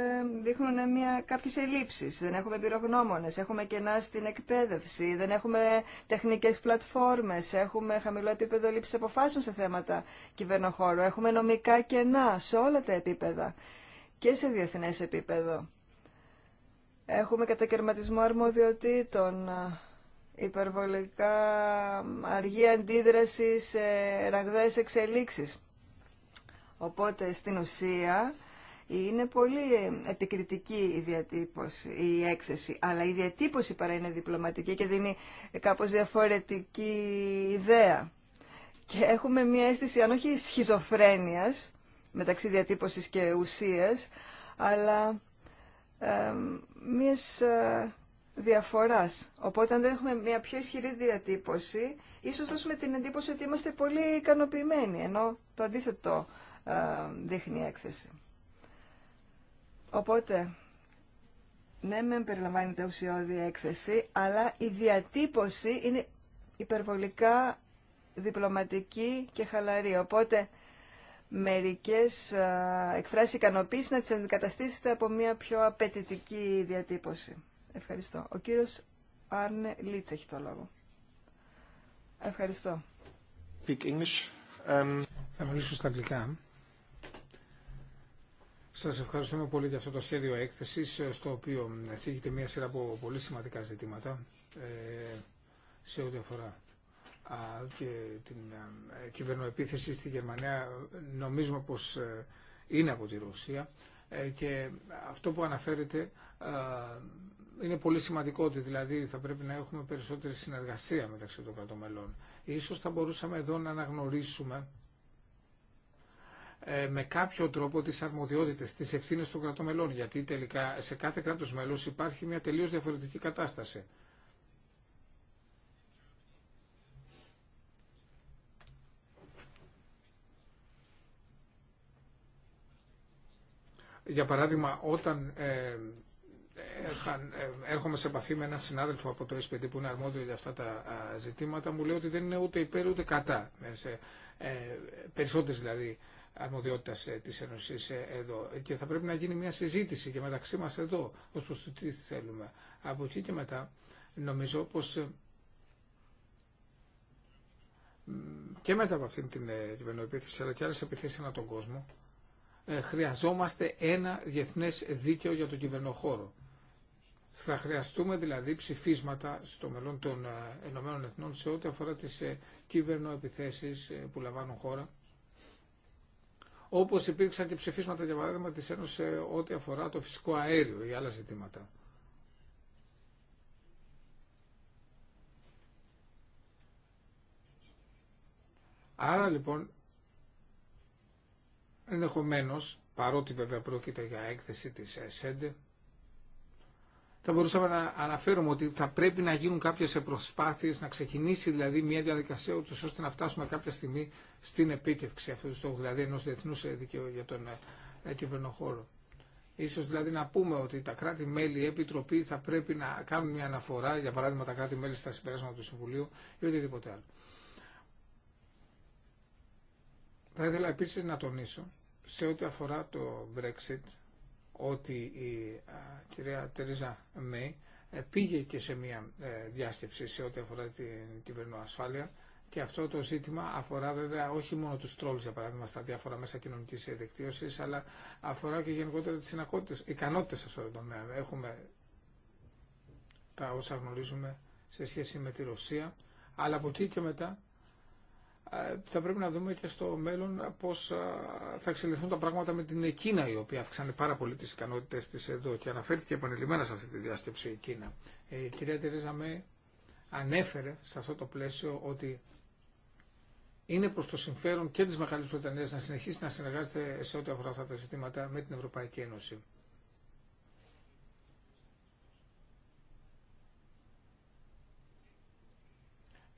δείχνουν μια, κάποιες ελλείψεις. Δεν έχουμε πυρογνώμονες, έχουμε κενά στην εκπαίδευση, δεν έχουμε τεχνικές πλατφόρμες, έχουμε χαμηλό επίπεδο λήψης αποφάσεων σε θέματα κυβερνοχώρου, έχουμε νομικά κενά σε όλα τα επίπεδα και σε διεθνές επίπεδο. Έχουμε κατακαιρματισμό αρμοδιοτήτων, υπερβολικά αργή αντίδραση σε ραγδαίες εξελίξεις. Οπότε στην ουσία είναι πολύ επικριτική η διατύπωση, η έκθεση, αλλά η διατύπωση παρά είναι διπλωματική και δίνει κάπως διαφορετική ιδέα. Και έχουμε μια αίσθηση, αν όχι σχιζοφρένειας, μεταξύ διατύπωσης και ουσίας, αλλά ε, μιας διαφοράς. Οπότε αν δεν έχουμε μια πιο ισχυρή διατύπωση, ίσως δώσουμε την εντύπωση ότι είμαστε πολύ ικανοποιημένοι, ενώ το αντίθετο ε, δείχνει η έκθεση. Οπότε, ναι μεν περιλαμβάνεται ουσιώδη ουσιώδη έκθεση, αλλά η διατύπωση είναι υπερβολικά διπλωματική και χαλαρή. Οπότε, μερικές εκφράσει εκφράσεις ικανοποίηση να τις αντικαταστήσετε από μια πιο απαιτητική διατύπωση. Ευχαριστώ. Ο κύριος Άρνε Λίτς έχει το λόγο. Ευχαριστώ. Speak English. Um, Θα μιλήσω στα αγγλικά. Σας ευχαριστούμε πολύ για αυτό το σχέδιο έκθεσης, ε, στο οποίο ε, θίγεται μια σειρά από πολύ σημαντικά ζητήματα ε, σε ό,τι αφορά και την κυβερνοεπίθεση στη Γερμανία. Νομίζουμε πως είναι από τη Ρωσία και αυτό που αναφέρεται είναι πολύ σημαντικό ότι δηλαδή θα πρέπει να έχουμε περισσότερη συνεργασία μεταξύ των κρατών μελών. Ίσως θα μπορούσαμε εδώ να αναγνωρίσουμε ε, με κάποιο τρόπο τις αρμοδιότητες, τις ευθύνες των κρατών γιατί τελικά σε κάθε κράτος μέλος υπάρχει μια τελείως διαφορετική κατάσταση. Για παράδειγμα, όταν ε, ε έρχομαι σε επαφή με έναν συνάδελφο από το ΕΣΠΕΤΗ που είναι αρμόδιο για αυτά τα ζητήματα, μου λέει ότι δεν είναι ούτε υπέρ ούτε κατά. Ε, περισσότερες δηλαδή αρμοδιότητα ε, τη Ένωσης ε, εδώ. Και θα πρέπει να γίνει μια συζήτηση και μεταξύ μας εδώ ω προ το τι θέλουμε. Από εκεί και μετά νομίζω πως ε, και μετά από αυτήν την κυβερνοεπίθεση αλλά και άλλε επιθέσει ανά τον κόσμο χρειαζόμαστε ένα διεθνές δίκαιο για τον κυβερνοχώρο. Θα χρειαστούμε δηλαδή ψηφίσματα στο μέλλον των Ηνωμένων Εθνών σε ό,τι αφορά τις κυβερνοεπιθέσεις που λαμβάνουν χώρα όπως υπήρξαν και ψηφίσματα για παράδειγμα της Ένωση ό,τι αφορά το φυσικό αέριο ή άλλα ζητήματα. Άρα λοιπόν, ενδεχομένω, παρότι βέβαια πρόκειται για έκθεση της ΕΣΕΝΤΕ, θα μπορούσαμε να αναφέρουμε ότι θα πρέπει να γίνουν κάποιε προσπάθειε να ξεκινήσει δηλαδή μια διαδικασία ούτως ώστε να φτάσουμε κάποια στιγμή στην επίτευξη αυτού του στόχου, δηλαδή ενό διεθνού δικαίου για τον ε, ε, χώρο. Ίσως δηλαδή να πούμε ότι τα κράτη-μέλη, η Επιτροπή θα πρέπει να κάνουν μια αναφορά, για παράδειγμα τα κράτη-μέλη στα συμπεράσματα του Συμβουλίου ή οτιδήποτε άλλο. Θα ήθελα επίσης να τονίσω σε ό,τι αφορά το Brexit, ότι η κυρία Τερίζα Μέη ε, πήγε και σε μια ε, διάσκεψη σε ό,τι αφορά την ασφάλεια και αυτό το ζήτημα αφορά βέβαια όχι μόνο τους τρόλους για παράδειγμα στα διάφορα μέσα κοινωνικής δικτύωσης αλλά αφορά και γενικότερα τις ικανότητες σε αυτό το τομέα. Έχουμε τα όσα γνωρίζουμε σε σχέση με τη Ρωσία αλλά από εκεί και μετά ε, θα πρέπει να δούμε και στο μέλλον πώς ε, θα εξελιχθούν τα πράγματα με την Κίνα η οποία αυξάνει πάρα πολύ τις ικανότητες της εδώ και αναφέρθηκε επανειλημμένα σε αυτή τη διάσκεψη η Κίνα. Ε, η κυρία Τερίζα με ανέφερε σε αυτό το πλαίσιο ότι είναι προς το συμφέρον και της Μεγάλης Βρετανίας να συνεχίσει να συνεργάζεται σε ό,τι αφορά αυτά τα ζητήματα με την Ευρωπαϊκή Ένωση.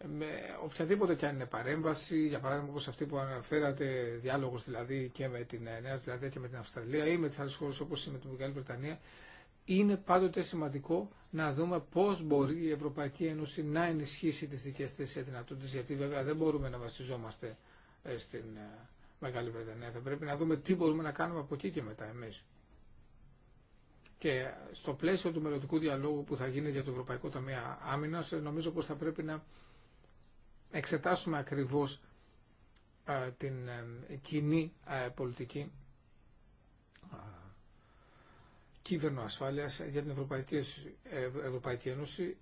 με οποιαδήποτε και αν είναι παρέμβαση, για παράδειγμα όπως αυτή που αναφέρατε, διάλογος δηλαδή και με την ε, Νέα Ζηλανδία και με την Αυστραλία ή με τις άλλες χώρες όπως με την Μεγάλη Βρετανία, είναι πάντοτε σημαντικό να δούμε πώς μπορεί η Ευρωπαϊκή Ένωση να ενισχύσει τις δικές της δυνατότητες, γιατί βέβαια δεν μπορούμε να βασιζόμαστε ε, στην ε, Μεγάλη Βρετανία. Θα πρέπει να δούμε τι μπορούμε να κάνουμε από εκεί και μετά εμείς. Και στο πλαίσιο του μελλοντικού διαλόγου που θα γίνει για το Ευρωπαϊκό Ταμείο Άμυνας, νομίζω πως θα πρέπει να εξετάσουμε ακριβώς την ε, κοινή πολιτική κύβερνο ασφάλειας για την Ευρωπαϊκή, Ευρωπαϊκή Ένωση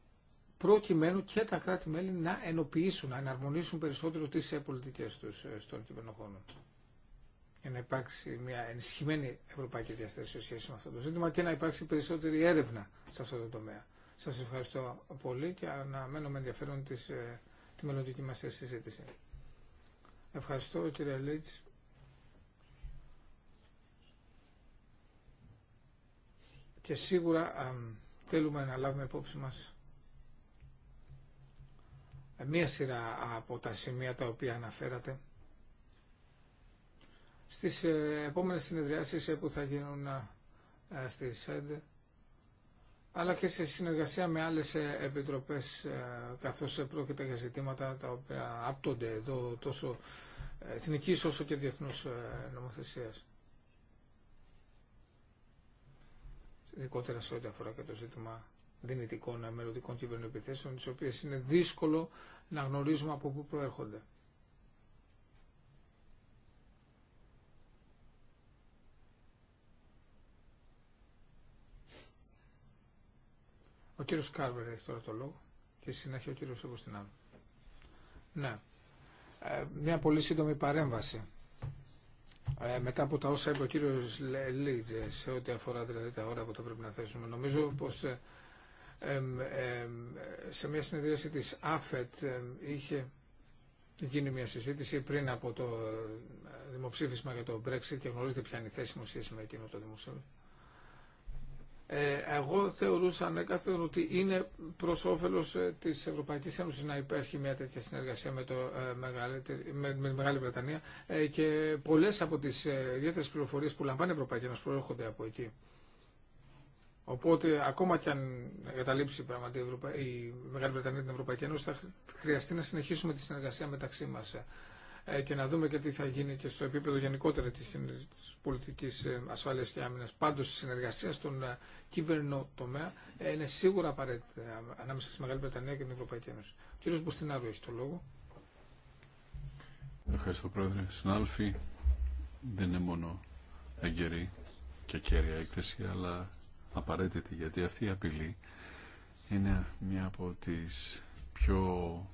προκειμένου και τα κράτη-μέλη να ενοποιήσουν, να εναρμονίσουν περισσότερο τις ε, πολιτικές τους ε, στον κυβερνοχώρο. Για να υπάρξει μια ενισχυμένη ευρωπαϊκή διαστάση σε σχέση με αυτό το ζήτημα και να υπάρξει περισσότερη έρευνα σε αυτό το τομέα. Σας ευχαριστώ πολύ και αναμένω με ενδιαφέρον τις τη μελλοντική μας συζήτηση. Ευχαριστώ κύριε Λίτς. Και σίγουρα α, θέλουμε να λάβουμε υπόψη μας ε, μία σειρά από τα σημεία τα οποία αναφέρατε στις ε, επόμενες συνεδριάσεις ε, που θα γίνουν στη ΣΕΔΕ αλλά και σε συνεργασία με άλλες ε, επιτροπές ε, καθώς ε, πρόκειται για ζητήματα τα οποία άπτονται εδώ τόσο εθνικής όσο και διεθνούς νομοθεσίας. Ειδικότερα σε ό,τι αφορά και το ζήτημα δυνητικών μελλοντικών κυβερνοεπιθέσεων, τις οποίες είναι δύσκολο να γνωρίζουμε από πού προέρχονται. Ο κύριο Κάρβερ έχει τώρα το λόγο και συνέχεια ο κύριο Εποστινάδου. Ναι. Ε, μια πολύ σύντομη παρέμβαση. Ε, μετά από τα όσα είπε ο κύριο Λίτζε σε ό,τι αφορά δηλαδή, τα ώρα που θα πρέπει να θέσουμε, νομίζω πω ε, σε μια συνεδρίαση τη ΑΦΕΤ είχε γίνει μια συζήτηση πριν από το δημοψήφισμα για το Brexit και γνωρίζετε ποια είναι η θέση μου σχέση με εκείνο το δημοψήφισμα. Ε, εγώ θεωρούσα ανέκαθεν ότι είναι προ όφελο ε, τη Ευρωπαϊκή Ένωση να υπάρχει μια τέτοια συνεργασία με, το, ε, με, με τη Μεγάλη Βρετανία και πολλέ από τι ιδιαίτερε πληροφορίε που λαμβάνει η Ευρωπαϊκή Ένωση προέρχονται από εκεί. Οπότε, ακόμα και αν εγκαταλείψει πραγματικά η, η Μεγάλη Βρετανία την Ευρωπαϊκή Ένωση, θα χρειαστεί να συνεχίσουμε τη συνεργασία μεταξύ μα. Ε, και να δούμε και τι θα γίνει και στο επίπεδο γενικότερα της πολιτικής ε, ασφάλειας και άμυνας. Πάντως η συνεργασία στον ε, κυβερνό τομέα είναι σίγουρα απαραίτητη ανάμεσα στη Μεγάλη Βρετανία και την Ευρωπαϊκή Ένωση. Ο κύριος Μποστινάρου έχει το λόγο. Ευχαριστώ πρόεδρε. Συνάδελφοι, δεν είναι μόνο έγκαιρη και κέρια έκθεση, αλλά απαραίτητη γιατί αυτή η απειλή είναι μια από τις πιο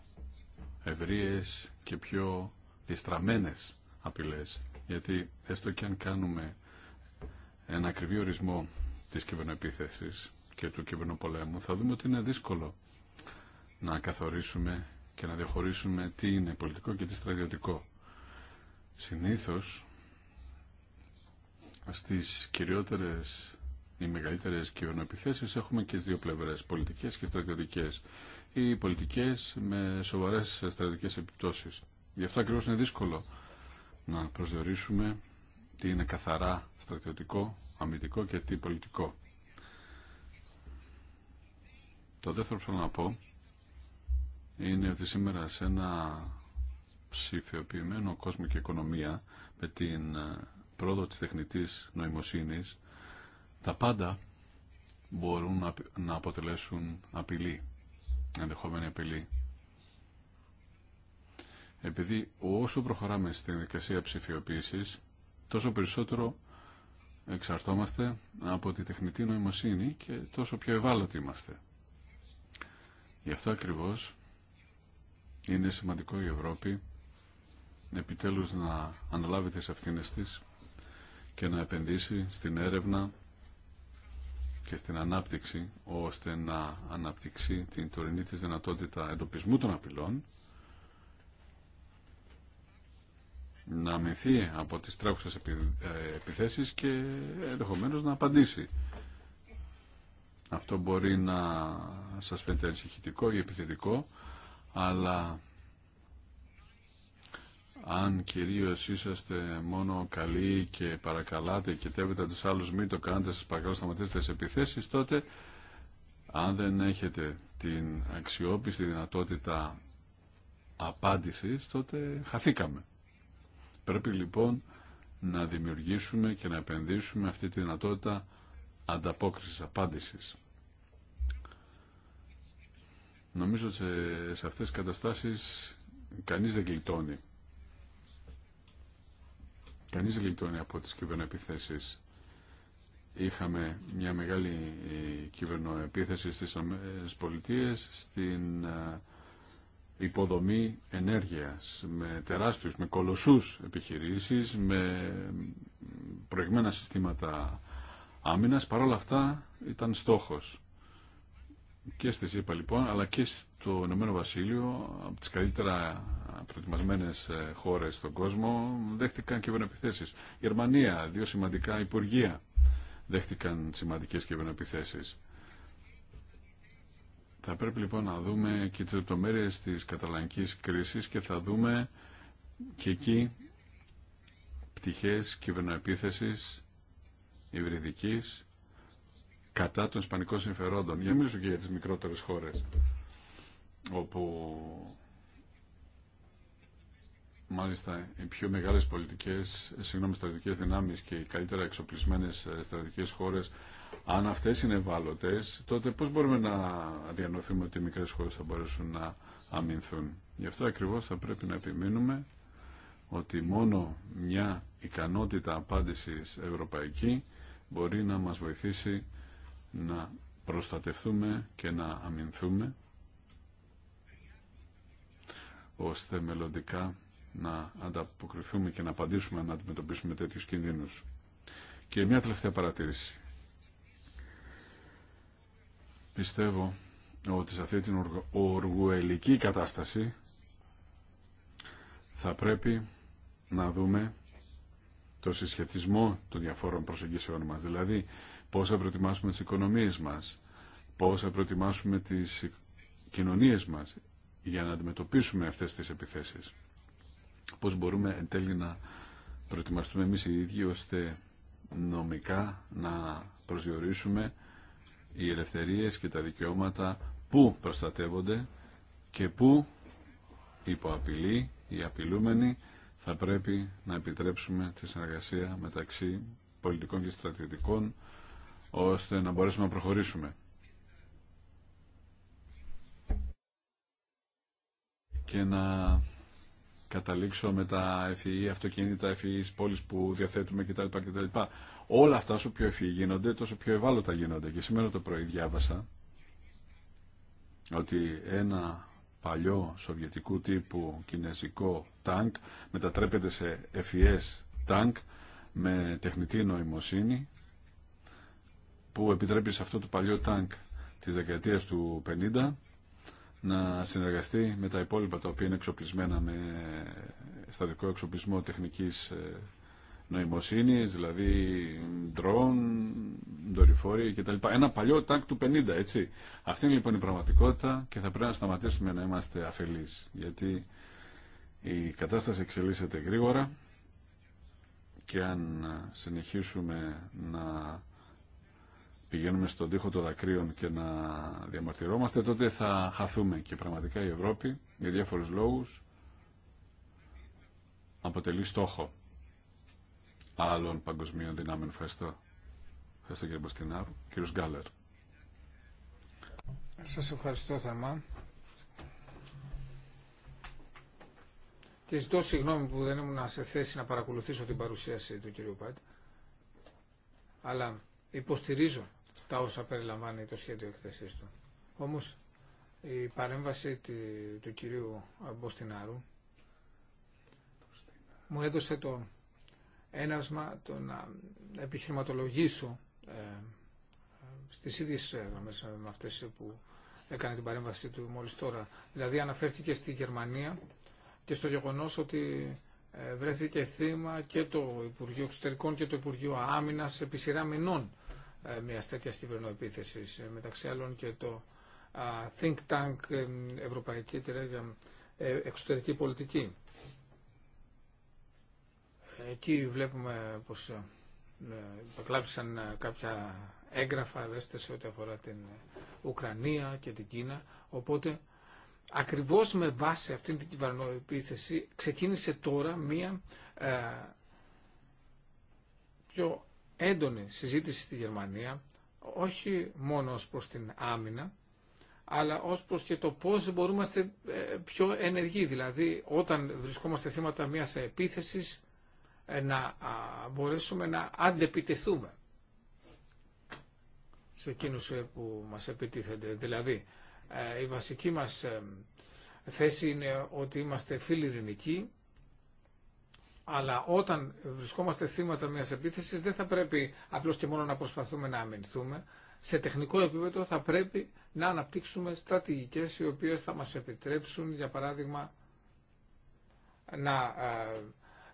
ευρείες και πιο διστραμμένες απειλές, γιατί έστω και αν κάνουμε ένα ακριβή ορισμό της κυβερνοεπίθεσης και του κυβερνοπολέμου, θα δούμε ότι είναι δύσκολο να καθορίσουμε και να διαχωρίσουμε τι είναι πολιτικό και τι στρατιωτικό. Συνήθως στις κυριότερες οι μεγαλύτερες κυβερνοεπιθέσεις έχουμε και στις δύο πλευρές, πολιτικές και στρατιωτικές ή πολιτικές με σοβαρές στρατιωτικές επιπτώσεις. Γι' αυτό ακριβώ είναι δύσκολο να προσδιορίσουμε τι είναι καθαρά στρατιωτικό, αμυντικό και τι πολιτικό. Το δεύτερο που θέλω να πω είναι ότι σήμερα σε ένα ψηφιοποιημένο κόσμο και οικονομία με την ε, πρόοδο της τεχνητής νοημοσύνης τα πάντα μπορούν να αποτελέσουν απειλή, ενδεχόμενη απειλή. Επειδή όσο προχωράμε στην δικασία ψηφιοποίησης, τόσο περισσότερο εξαρτώμαστε από τη τεχνητή νοημοσύνη και τόσο πιο ευάλωτοι είμαστε. Γι' αυτό ακριβώς είναι σημαντικό η Ευρώπη επιτέλους να αναλάβει τις ευθύνες της και να επενδύσει στην έρευνα και στην ανάπτυξη ώστε να αναπτυξεί την τωρινή της δυνατότητα εντοπισμού των απειλών να αμυνθεί από τις τρέχουσες ε, επιθέσεις και ενδεχομένω να απαντήσει. Αυτό μπορεί να σας φαίνεται ανησυχητικό ή επιθετικό, αλλά αν κυρίως είσαστε μόνο καλοί και παρακαλάτε και τέβετε τους άλλους μή το κάνετε, σας παρακαλώ σταματήστε τις επιθέσεις, τότε αν δεν έχετε την αξιόπιστη δυνατότητα απάντησης, τότε χαθήκαμε. Πρέπει λοιπόν να δημιουργήσουμε και να επενδύσουμε αυτή τη δυνατότητα ανταπόκρισης, απάντησης. Νομίζω σε, σε αυτές τις καταστάσεις κανείς δεν γλιτώνει. Κανείς δεν γλιτώνει από τις κυβερνοεπιθέσεις. Είχαμε μια μεγάλη ε, κυβερνοεπίθεση ε, στις Πολιτείες, στην ε, υποδομή ενέργειας, με τεράστιους, με κολοσσούς επιχειρήσεις, με προηγμένα συστήματα άμυνας. Παρ' όλα αυτά ήταν στόχος και στη ΣΥΠΑ λοιπόν, αλλά και στο Ηνωμένο Βασίλειο, από τις καλύτερα προετοιμασμένες ε, χώρες στον κόσμο, δέχτηκαν κυβερνοεπιθέσεις. Γερμανία, δύο σημαντικά υπουργεία δέχτηκαν σημαντικές κυβερνοεπιθέσεις. Θα πρέπει λοιπόν να δούμε και τις λεπτομέρειε της καταλανικής κρίσης και θα δούμε και εκεί πτυχές κυβερνοεπίθεσης υβριδικής κατά των ισπανικών συμφερόντων. Για μιλήσω και για τις μικρότερες χώρες όπου μάλιστα οι πιο μεγάλες πολιτικές, συγγνώμη, στρατιωτικές δυνάμεις και οι καλύτερα εξοπλισμένες ε, στρατιωτικές χώρες αν αυτές είναι ευάλωτέ, τότε πώς μπορούμε να διανοηθούμε ότι οι μικρές χώρες θα μπορέσουν να αμυνθούν. Γι' αυτό ακριβώς θα πρέπει να επιμείνουμε ότι μόνο μια ικανότητα απάντησης ευρωπαϊκή μπορεί να μας βοηθήσει να προστατευτούμε και να αμυνθούμε ώστε μελλοντικά να ανταποκριθούμε και να απαντήσουμε να αντιμετωπίσουμε τέτοιους κινδύνους. Και μια τελευταία παρατήρηση. Πιστεύω ότι σε αυτή την οργουελική κατάσταση θα πρέπει να δούμε το συσχετισμό των διαφόρων προσεγγίσεων μας. Δηλαδή, πώς θα προετοιμάσουμε τις οικονομίες μας, πώς θα προετοιμάσουμε τις κοινωνίες μας για να αντιμετωπίσουμε αυτές τις επιθέσεις. Πώς μπορούμε εν τέλει να προετοιμαστούμε εμείς οι ίδιοι ώστε νομικά να προσδιορίσουμε οι ελευθερίες και τα δικαιώματα που προστατεύονται και που υπό απειλή, οι απειλούμενοι θα πρέπει να επιτρέψουμε τη συνεργασία μεταξύ πολιτικών και στρατιωτικών ώστε να μπορέσουμε να προχωρήσουμε. Και να καταλήξω με τα FEE e, αυτοκίνητα, FEE e πόλεις που διαθέτουμε κτλ. κτλ. Όλα αυτά όσο πιο FEE e γίνονται, τόσο πιο ευάλωτα γίνονται. Και σήμερα το πρωί διάβασα ότι ένα παλιό σοβιετικού τύπου κινέζικο τάγκ μετατρέπεται σε FES τάγκ με τεχνητή νοημοσύνη που επιτρέπει σε αυτό το παλιό τάγκ της δεκαετίας του 50 να συνεργαστεί με τα υπόλοιπα τα οποία είναι εξοπλισμένα με στατικό εξοπλισμό τεχνικής ε, νοημοσύνης, δηλαδή ντρόν, δορυφόροι κτλ. Ένα παλιό τάκ του 50, έτσι. Αυτή είναι λοιπόν η πραγματικότητα και θα πρέπει να σταματήσουμε να είμαστε αφελείς, γιατί η κατάσταση εξελίσσεται γρήγορα και αν συνεχίσουμε να πηγαίνουμε στον τοίχο των δακρύων και να διαμαρτυρόμαστε, τότε θα χαθούμε και πραγματικά η Ευρώπη για διάφορους λόγους αποτελεί στόχο άλλων παγκοσμίων δυνάμεων. Ευχαριστώ. Ευχαριστώ κύριε Μποστινάρου. Κύριος Γκάλερ. Σας ευχαριστώ θερμά. Και ζητώ συγγνώμη που δεν ήμουν σε θέση να παρακολουθήσω την παρουσίαση του κύριου Πάτ. Αλλά υποστηρίζω τα όσα περιλαμβάνει το σχέδιο εκθεσής του. Όμως η παρέμβαση του κυρίου Μποστινάρου μου έδωσε το ένασμα το να επιχειρηματολογήσω ε, στις ίδιες ε, γραμμές ε, με αυτές που έκανε την παρέμβαση του μόλις τώρα. Δηλαδή αναφέρθηκε στη Γερμανία και στο γεγονός ότι βρέθηκε θύμα και το Υπουργείο Εξωτερικών και το Υπουργείο Άμυνας επί σειρά μηνών ε, μια τέτοια κυβερνοεπίθεση. Ε, μεταξύ άλλων και το Think Tank ε, Ευρωπαϊκή Εταιρεία για Εξωτερική Πολιτική. Εκεί βλέπουμε πως υπεκλάβησαν κάποια έγγραφα σε ό,τι αφορά την Ουκρανία και την Κίνα. Οπότε ακριβώς με βάση αυτήν την κυβερνοεπίθεση ξεκίνησε τώρα μία πιο έντονη συζήτηση στη Γερμανία, όχι μόνο ως προς την άμυνα, αλλά ως προς και το πώς μπορούμε να ε, πιο ενεργοί. Δηλαδή, όταν βρισκόμαστε θύματα μιας επίθεσης, ε, να μπορέσουμε να αντεπιτεθούμε σε εκείνους ε, που μας επιτίθενται. Δηλαδή, η βασική μας θέση είναι ότι είμαστε φίλοι ειρηνικοί αλλά όταν βρισκόμαστε θύματα μιας επίθεσης δεν θα πρέπει απλώς και μόνο να προσπαθούμε να αμυνθούμε. Σε τεχνικό επίπεδο θα πρέπει να αναπτύξουμε στρατηγικές οι οποίες θα μας επιτρέψουν, για παράδειγμα, να ε,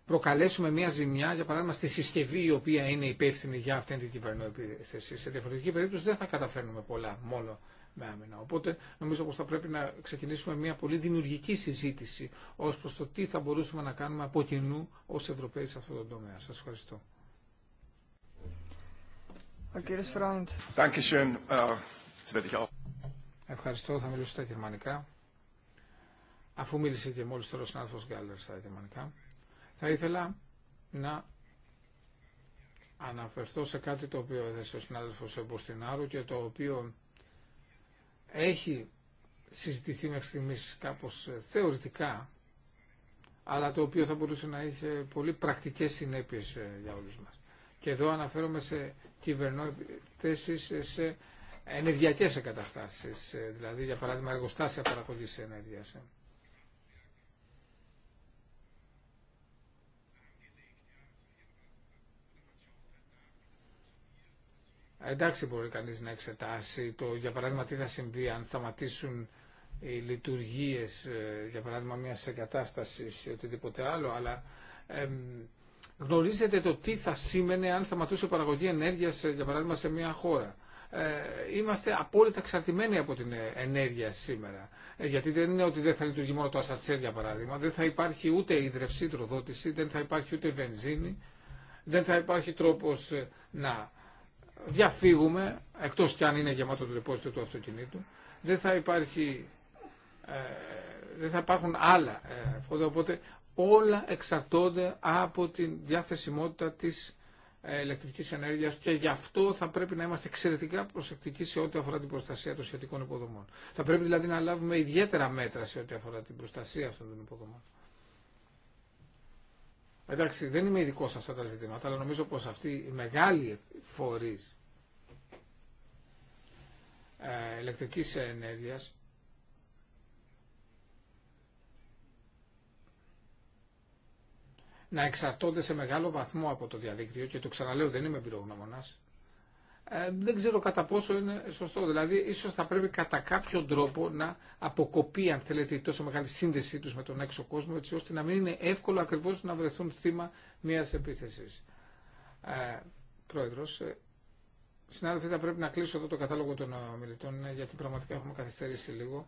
προκαλέσουμε μια ζημιά, για παράδειγμα, στη συσκευή η οποία είναι υπεύθυνη για αυτήν την κυβερνοεπίθεση. Σε διαφορετική περίπτωση δεν θα καταφέρνουμε πολλά μόνο με άμυνα. Οπότε νομίζω πως θα πρέπει να ξεκινήσουμε μια πολύ δημιουργική συζήτηση ως προς το τι θα μπορούσαμε να κάνουμε από κοινού ως Ευρωπαίοι σε αυτό το τομέα. Σας ευχαριστώ. Ο κύριος Φρόντ. Äh, ευχαριστώ, θα μιλήσω στα γερμανικά. Αφού μίλησε και μόλις τώρα ο συνάδελφος Γκάλερ στα γερμανικά, θα ήθελα να αναφερθώ σε κάτι το οποίο έθεσε ο συνάδελφος εμποστινάρου και το οποίο έχει συζητηθεί μέχρι στιγμή κάπως ε, θεωρητικά, αλλά το οποίο θα μπορούσε να είχε πολύ πρακτικές συνέπειες ε, για όλους μας. Και εδώ αναφέρομαι σε κυβερνότητες, ε, σε ενεργειακές εγκαταστάσεις, δηλαδή για παράδειγμα εργοστάσια παραγωγή ενέργειας. Εντάξει μπορεί κανείς να εξετάσει το, για παράδειγμα τι θα συμβεί αν σταματήσουν οι λειτουργίες, ε, για παράδειγμα μια εγκατάσταση ή οτιδήποτε άλλο, αλλά ε, γνωρίζετε το τι θα σήμαινε αν σταματούσε η παραγωγή ενέργειας, ε, για παράδειγμα, σε μια χώρα. Ε, είμαστε απόλυτα εξαρτημένοι από την ε, ενέργεια σήμερα. γιατί δεν είναι ότι δεν θα λειτουργεί μόνο το ασατσέρ, για παράδειγμα. Δεν θα υπάρχει ούτε ίδρυυση, τροδότηση, δεν θα υπάρχει ούτε βενζίνη, δεν θα υπάρχει τρόπος να διαφύγουμε, εκτός κι αν είναι γεμάτο το δεπόζιτο του αυτοκινήτου, δεν θα υπάρχει, ε, δεν θα υπάρχουν άλλα ε, οπότε όλα εξαρτώνται από τη διαθεσιμότητα της ε, ηλεκτρικής ενέργειας και γι' αυτό θα πρέπει να είμαστε εξαιρετικά προσεκτικοί σε ό,τι αφορά την προστασία των σχετικών υποδομών. Θα πρέπει δηλαδή να λάβουμε ιδιαίτερα μέτρα σε ό,τι αφορά την προστασία αυτών των υποδομών. Εντάξει, δεν είμαι ειδικό σε αυτά τα ζητήματα, αλλά νομίζω πως αυτή οι μεγάλη φορείς ε, ηλεκτρικής ενέργειας να εξαρτώνται σε μεγάλο βαθμό από το διαδίκτυο και το ξαναλέω δεν είμαι εμπειρογνώμονας ε, δεν ξέρω κατά πόσο είναι σωστό. Δηλαδή, ίσω θα πρέπει κατά κάποιο τρόπο να αποκοπεί, αν θέλετε, η τόσο μεγάλη σύνδεσή του με τον έξω κόσμο, έτσι ώστε να μην είναι εύκολο ακριβώ να βρεθούν θύμα μια επίθεση. Ε, Πρόεδρο, ε, συνάδελφοι, θα πρέπει να κλείσω εδώ το κατάλογο των ομιλητών, ε, γιατί πραγματικά έχουμε καθυστερήσει λίγο.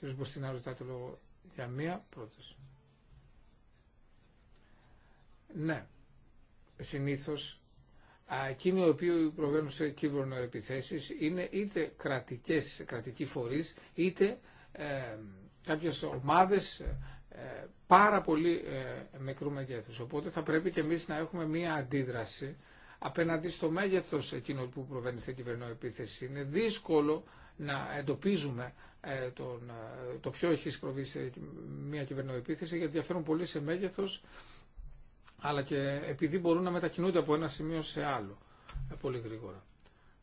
Κ. Μποστινά, ζητάτε λόγο για μία πρόταση. Ναι, συνήθως εκείνοι οι οποίοι προβαίνουν σε κύβρονο είναι είτε κρατικές, κρατικοί φορείς, είτε ε, κάποιες ομάδες ε, πάρα πολύ ε, μικρού μεγέθους. Οπότε θα πρέπει και εμείς να έχουμε μία αντίδραση απέναντι στο μέγεθος εκείνο που προβαίνει σε κυβερνό επίθεση. Είναι δύσκολο να εντοπίζουμε ε, τον, ε, το ποιο έχει προβεί σε μία κυβερνό επίθεση γιατί διαφέρουν πολύ σε μέγεθος αλλά και επειδή μπορούν να μετακινούνται από ένα σημείο σε άλλο ε, πολύ γρήγορα.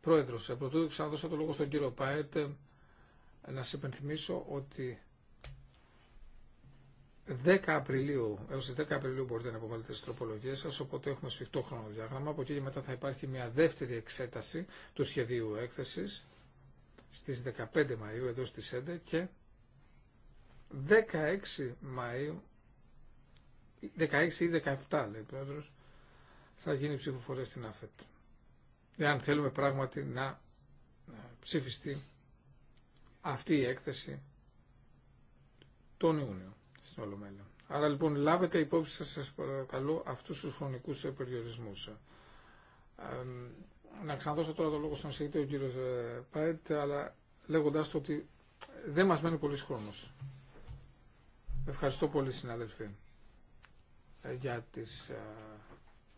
Πρόεδρος, ε, πρωτού ξαναδώσω το λόγο στον κύριο Πάετ, ε, να σας υπενθυμίσω ότι 10 Απριλίου, έως τις 10 Απριλίου μπορείτε να υποβάλλετε τις τροπολογίες σας, οπότε έχουμε σφιχτό χρονοδιάγραμμα. Από εκεί και μετά θα υπάρχει μια δεύτερη εξέταση του σχεδίου έκθεσης στις 15 Μαΐου, εδώ στις 11 και 16 Μαΐου 16 ή 17 λέει ο πρόεδρο, θα γίνει ψηφοφορία στην ΑΦΕΤ. Εάν θέλουμε πράγματι να ψηφιστεί αυτή η έκθεση τον Ιούνιο στην Ολομέλεια. Άρα λοιπόν λάβετε υπόψη σας, σας παρακαλώ αυτούς τους χρονικούς ε, περιορισμούς. Ε, να ξαναδώσω τώρα το λόγο στον συγκεκριτή ο κύριος ε, Πάετ, αλλά λέγοντάς το ότι δεν μας μένει πολύς χρόνος. Ευχαριστώ πολύ συναδελφοί για τις ε,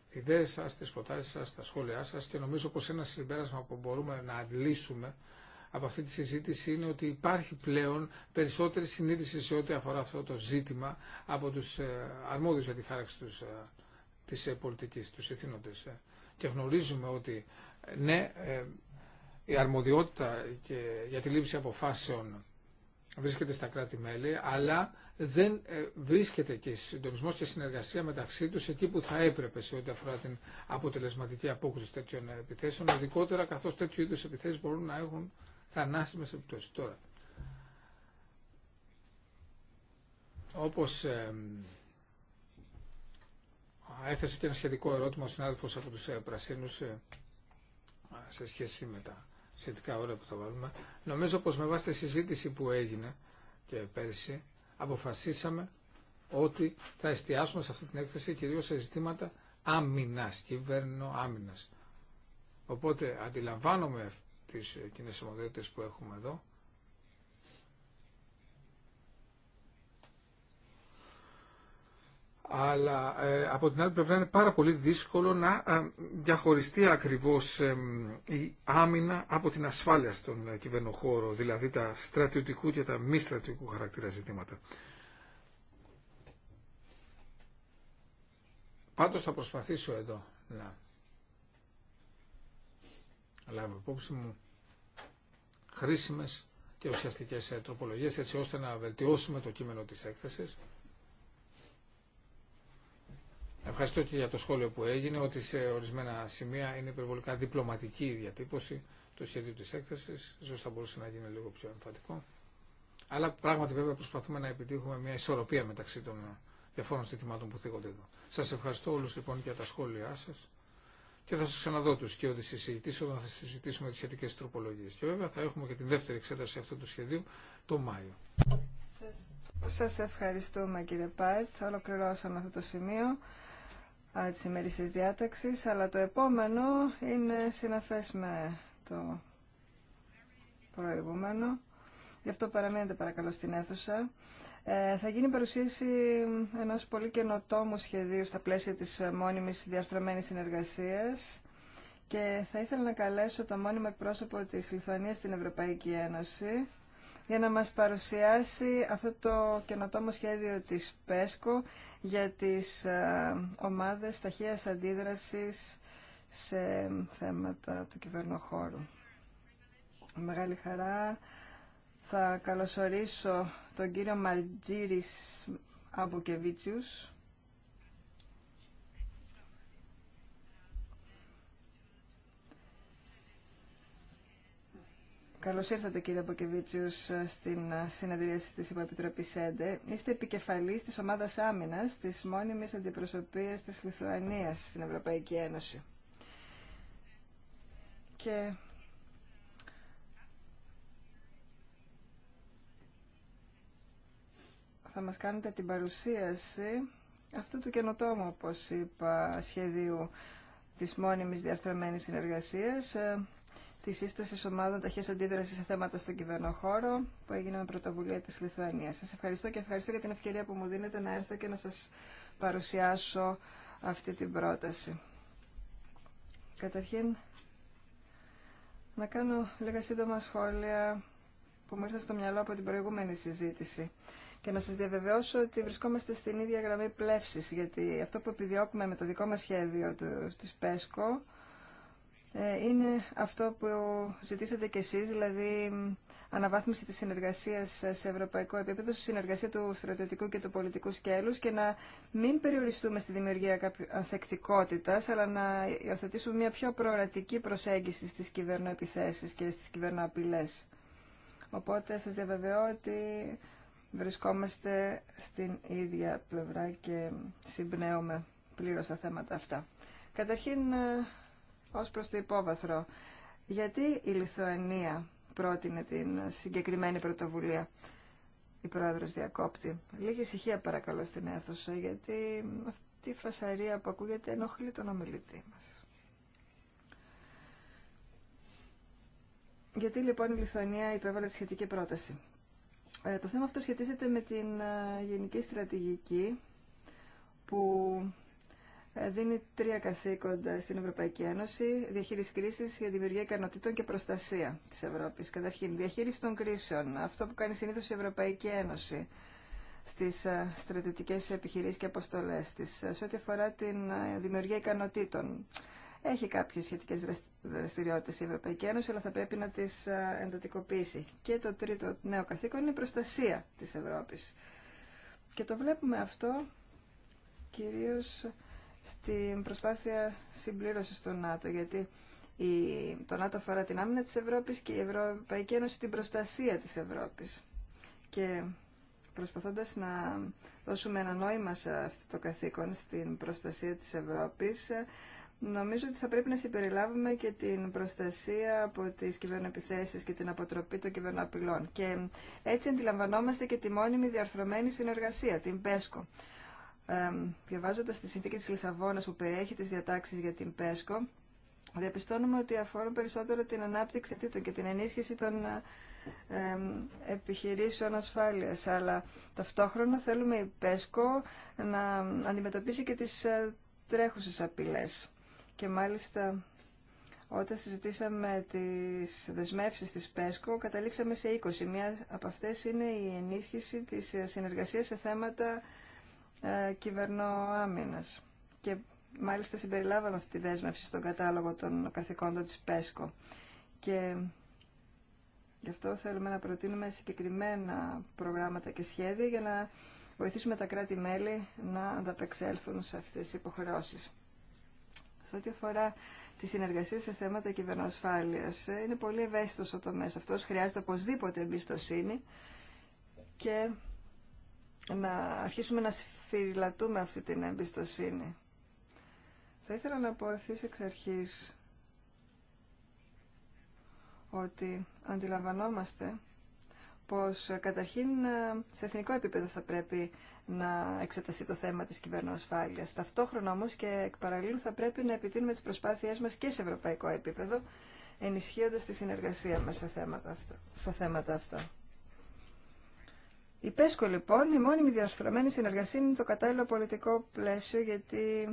ιδέες σας, τις προτάσεις σας, τα σχόλιά σας και νομίζω πως ένα συμπέρασμα που μπορούμε να αντλήσουμε από αυτή τη συζήτηση είναι ότι υπάρχει πλέον περισσότερη συνείδηση σε ό,τι αφορά αυτό το ζήτημα από τους ε, αρμόδιους για τη χάραξη τους, ε, της πολιτικής, τους ηθήνοντες. Και γνωρίζουμε ότι ναι, η αρμοδιότητα και για τη λήψη αποφάσεων βρίσκεται στα κράτη-μέλη, αλλά δεν ε, βρίσκεται και συντονισμό και συνεργασία μεταξύ του εκεί που θα έπρεπε σε ό,τι αφορά την αποτελεσματική απόκριση τέτοιων επιθέσεων, ειδικότερα καθώ τέτοιου είδου επιθέσει μπορούν να έχουν θανάσιμε επιπτώσει. Τώρα, όπω έθεσε και ένα σχετικό ερώτημα ο συνάδελφο από του ε, Πρασίνου ε, σε σχέση με τα σχετικά όλα που θα βάλουμε, νομίζω πως με βάση τη συζήτηση που έγινε και πέρσι, αποφασίσαμε ότι θα εστιάσουμε σε αυτή την έκθεση κυρίως σε ζητήματα άμυνας, κυβέρνο άμυνας. Οπότε αντιλαμβάνομαι τις κοινέ που έχουμε εδώ αλλά ε, από την άλλη πλευρά είναι πάρα πολύ δύσκολο να ε, διαχωριστεί ακριβώς η άμυνα από την ασφάλεια στον κυβερνοχώρο, δηλαδή τα στρατιωτικού και τα μη στρατιωτικού χαρακτήρα ζητήματα. Πάντως θα προσπαθήσω εδώ να λάβω υπόψη μου χρήσιμες και ουσιαστικές ε, τροπολογίες έτσι ώστε να βελτιώσουμε το κείμενο της έκθεσης Ευχαριστώ και για το σχόλιο που έγινε ότι σε ορισμένα σημεία είναι υπερβολικά διπλωματική η διατύπωση του σχεδίου της έκθεσης. Ίσως θα μπορούσε να γίνει λίγο πιο εμφαντικό. Αλλά πράγματι βέβαια προσπαθούμε να επιτύχουμε μια ισορροπία μεταξύ των διαφόρων ζητημάτων που θίγονται εδώ. Σας ευχαριστώ όλους λοιπόν για τα σχόλιά σας και θα σας ξαναδώ τους και ότι όταν θα συζητήσουμε τις σχετικές τροπολογίες. Και βέβαια θα έχουμε και την δεύτερη εξέταση αυτού του σχεδίου το Μάιο. Σας ευχαριστούμε κύριε Πάρτ. Ολοκληρώσαμε αυτό το σημείο. Τη σημερινή διάταξη, αλλά το επόμενο είναι συναφές με το προηγούμενο. Γι' αυτό παραμένετε παρακαλώ στην αίθουσα. Ε, θα γίνει παρουσίαση ενός πολύ καινοτόμου σχεδίου στα πλαίσια της μόνιμης διαρθρωμένη συνεργασίας και θα ήθελα να καλέσω το μόνιμο εκπρόσωπο της Λιθουανίας στην Ευρωπαϊκή Ένωση, για να μας παρουσιάσει αυτό το καινοτόμο σχέδιο της ΠΕΣΚΟ για τις ε, ομάδες ταχείας αντίδρασης σε θέματα του κυβερνοχώρου. μεγάλη χαρά θα καλωσορίσω τον κύριο Μαρτζίρης Αμπουκεβίτσιους, Καλώς ήρθατε κύριε Μποκεβίτσιους στην συνεδρίαση της Υποεπιτροπής ΕΝΤΕ. Είστε επικεφαλής της ομάδας άμυνας της μόνιμης αντιπροσωπείας της Λιθουανίας στην Ευρωπαϊκή Ένωση. Και θα μας κάνετε την παρουσίαση αυτού του καινοτόμου, όπως είπα, σχεδίου της μόνιμης διαρθρωμένης συνεργασίας τη σύσταση ομάδων ταχεία αντίδραση σε θέματα στον χώρο που έγινε με πρωτοβουλία τη Λιθουανία. Σα ευχαριστώ και ευχαριστώ για την ευκαιρία που μου δίνετε να έρθω και να σα παρουσιάσω αυτή την πρόταση. Καταρχήν, να κάνω λίγα σύντομα σχόλια που μου ήρθαν στο μυαλό από την προηγούμενη συζήτηση και να σας διαβεβαιώσω ότι βρισκόμαστε στην ίδια γραμμή πλεύσης, γιατί αυτό που επιδιώκουμε με το δικό μας σχέδιο του, της ΠΕΣΚΟ ε, είναι αυτό που ζητήσατε κι εσείς, δηλαδή αναβάθμιση της συνεργασίας σε ευρωπαϊκό επίπεδο, στη συνεργασία του στρατιωτικού και του πολιτικού σκέλους και να μην περιοριστούμε στη δημιουργία κάποιου ανθεκτικότητας, αλλά να υιοθετήσουμε μια πιο προορατική προσέγγιση στις κυβερνοεπιθέσεις και στις κυβερνοαπειλές. Οπότε σας διαβεβαιώ ότι βρισκόμαστε στην ίδια πλευρά και συμπνέουμε πλήρως τα θέματα αυτά. Καταρχήν ως προς το υπόβαθρο. Γιατί η Λιθουανία πρότεινε την συγκεκριμένη πρωτοβουλία. Η πρόεδρος διακόπτη. Λίγη ησυχία παρακαλώ στην αίθουσα, γιατί αυτή η φασαρία που ακούγεται ενοχλεί τον ομιλητή μας. Γιατί λοιπόν η Λιθουανία υπέβαλε τη σχετική πρόταση. Ε, το θέμα αυτό σχετίζεται με την ε, γενική στρατηγική που ε, δίνει τρία καθήκοντα στην Ευρωπαϊκή Ένωση. Διαχείριση κρίση για δημιουργία ικανοτήτων και προστασία τη Ευρώπη. Καταρχήν, διαχείριση των κρίσεων. Αυτό που κάνει συνήθω η Ευρωπαϊκή Ένωση στι ε, στρατιωτικέ επιχειρήσει και αποστολέ τη. Ε, σε ό,τι αφορά τη δημιουργία ικανοτήτων. Έχει κάποιε σχετικέ δραστηριότητε η Ευρωπαϊκή Ένωση, αλλά θα πρέπει να τι εντατικοποιήσει. Και το τρίτο νέο καθήκον είναι η προστασία τη Ευρώπη. Και το βλέπουμε αυτό κυρίως στην προσπάθεια συμπλήρωσης του ΝΑΤΟ, γιατί η, το ΝΑΤΟ αφορά την άμυνα της Ευρώπης και η Ευρωπαϊκή Ένωση την προστασία της Ευρώπης. Και προσπαθώντας να δώσουμε ένα νόημα σε αυτό το καθήκον στην προστασία της Ευρώπης, νομίζω ότι θα πρέπει να συμπεριλάβουμε και την προστασία από τις κυβερνοεπιθέσεις και την αποτροπή των κυβερνοαπειλών. Και έτσι αντιλαμβανόμαστε και τη μόνιμη διαρθρωμένη συνεργασία, την ΠΕΣΚΟ ε, διαβάζοντας τη συνθήκη της Λισαβόνας που περιέχει τις διατάξεις για την ΠΕΣΚΟ, διαπιστώνουμε ότι αφορούν περισσότερο την ανάπτυξη και την ενίσχυση των ε, επιχειρήσεων ασφάλειας. Αλλά ταυτόχρονα θέλουμε η ΠΕΣΚΟ να αντιμετωπίσει και τις ε, τρέχουσες απειλές. Και μάλιστα όταν συζητήσαμε τις δεσμεύσεις της ΠΕΣΚΟ, καταλήξαμε σε 20. Μία από αυτές είναι η ενίσχυση της ε, συνεργασίας σε θέματα ε, Άμυνα. Και μάλιστα συμπεριλάβαμε αυτή τη δέσμευση στον κατάλογο των καθηκόντων της ΠΕΣΚΟ. Και γι' αυτό θέλουμε να προτείνουμε συγκεκριμένα προγράμματα και σχέδια για να βοηθήσουμε τα κράτη-μέλη να ανταπεξέλθουν σε αυτές τις υποχρεώσεις. Σε ό,τι αφορά τη συνεργασία σε θέματα κυβερνοασφάλειας, ε, είναι πολύ ευαίσθητος ο τομέας αυτός, χρειάζεται οπωσδήποτε εμπιστοσύνη και να αρχίσουμε να σφυριλατούμε αυτή την εμπιστοσύνη. Θα ήθελα να πω ευθύς εξ αρχής ότι αντιλαμβανόμαστε πως ε, καταρχήν ε, σε εθνικό επίπεδο θα πρέπει να εξεταστεί το θέμα της κυβερνοασφάλειας. Ταυτόχρονα όμως και εκ παραλλήλου θα πρέπει να επιτείνουμε τις προσπάθειές μας και σε ευρωπαϊκό επίπεδο ενισχύοντας τη συνεργασία μας σε στα θέματα αυτά. Η ΠΕΣΚΟ λοιπόν, η μόνιμη διαρθρωμένη συνεργασία είναι το κατάλληλο πολιτικό πλαίσιο γιατί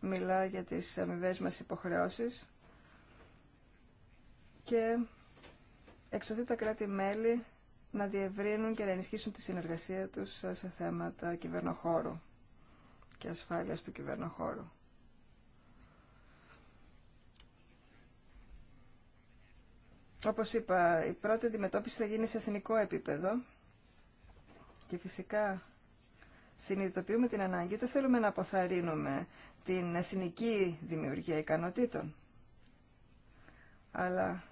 μιλά για τις αμοιβέ μας υποχρεώσεις και εξωθεί τα κράτη-μέλη να διευρύνουν και να ενισχύσουν τη συνεργασία τους σε θέματα κυβερνοχώρου και ασφάλειας του κυβερνοχώρου. Όπως είπα, η πρώτη αντιμετώπιση θα γίνει σε εθνικό επίπεδο και φυσικά συνειδητοποιούμε την ανάγκη, δεν θέλουμε να αποθαρρύνουμε την εθνική δημιουργία ικανοτήτων. Αλλά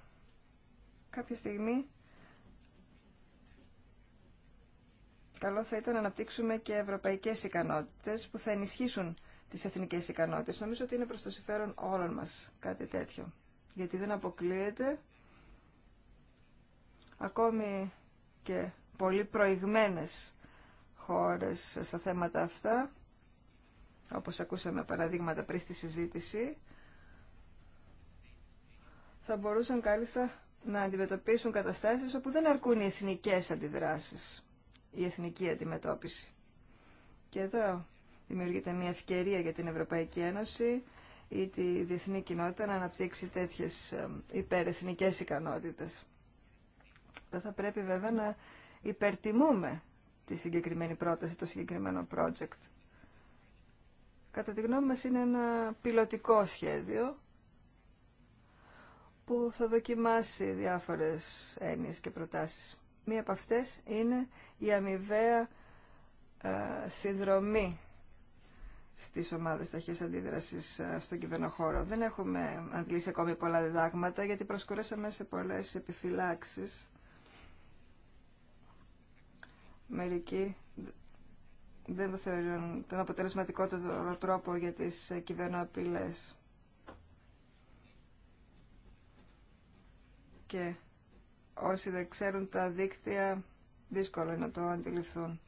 κάποια στιγμή καλό θα ήταν να αναπτύξουμε και ευρωπαϊκές ικανότητες που θα ενισχύσουν τις εθνικές ικανότητες. Νομίζω ότι είναι προς το συμφέρον όλων μας κάτι τέτοιο. Γιατί δεν αποκλείεται ακόμη και πολύ προηγμένες χώρες στα θέματα αυτά, όπως ακούσαμε παραδείγματα πριν στη συζήτηση, θα μπορούσαν κάλλιστα να αντιμετωπίσουν καταστάσεις όπου δεν αρκούν οι εθνικές αντιδράσεις, η εθνική αντιμετώπιση. Και εδώ δημιουργείται μια ευκαιρία για την Ευρωπαϊκή Ένωση ή τη διεθνή κοινότητα να αναπτύξει τέτοιες ε, υπερεθνικές ικανότητες. Θα πρέπει βέβαια να υπερτιμούμε τη συγκεκριμένη πρόταση, το συγκεκριμένο project. Κατά τη γνώμη μας είναι ένα πιλωτικό σχέδιο που θα δοκιμάσει διάφορες έννοιες και προτάσεις. Μία από αυτές είναι η αμοιβαία ε, συνδρομή στις ομάδες ταχείας αντίδρασης ε, στον κυβερνοχώρο. Δεν έχουμε αντλήσει ακόμη πολλά διδάγματα γιατί προσκουρέσαμε σε πολλές επιφυλάξεις Μερικοί δεν το θεωρούν τον αποτελεσματικότερο τρόπο για τις κυβερνοαπειλές. Και όσοι δεν ξέρουν τα δίκτυα, δύσκολο είναι να το αντιληφθούν.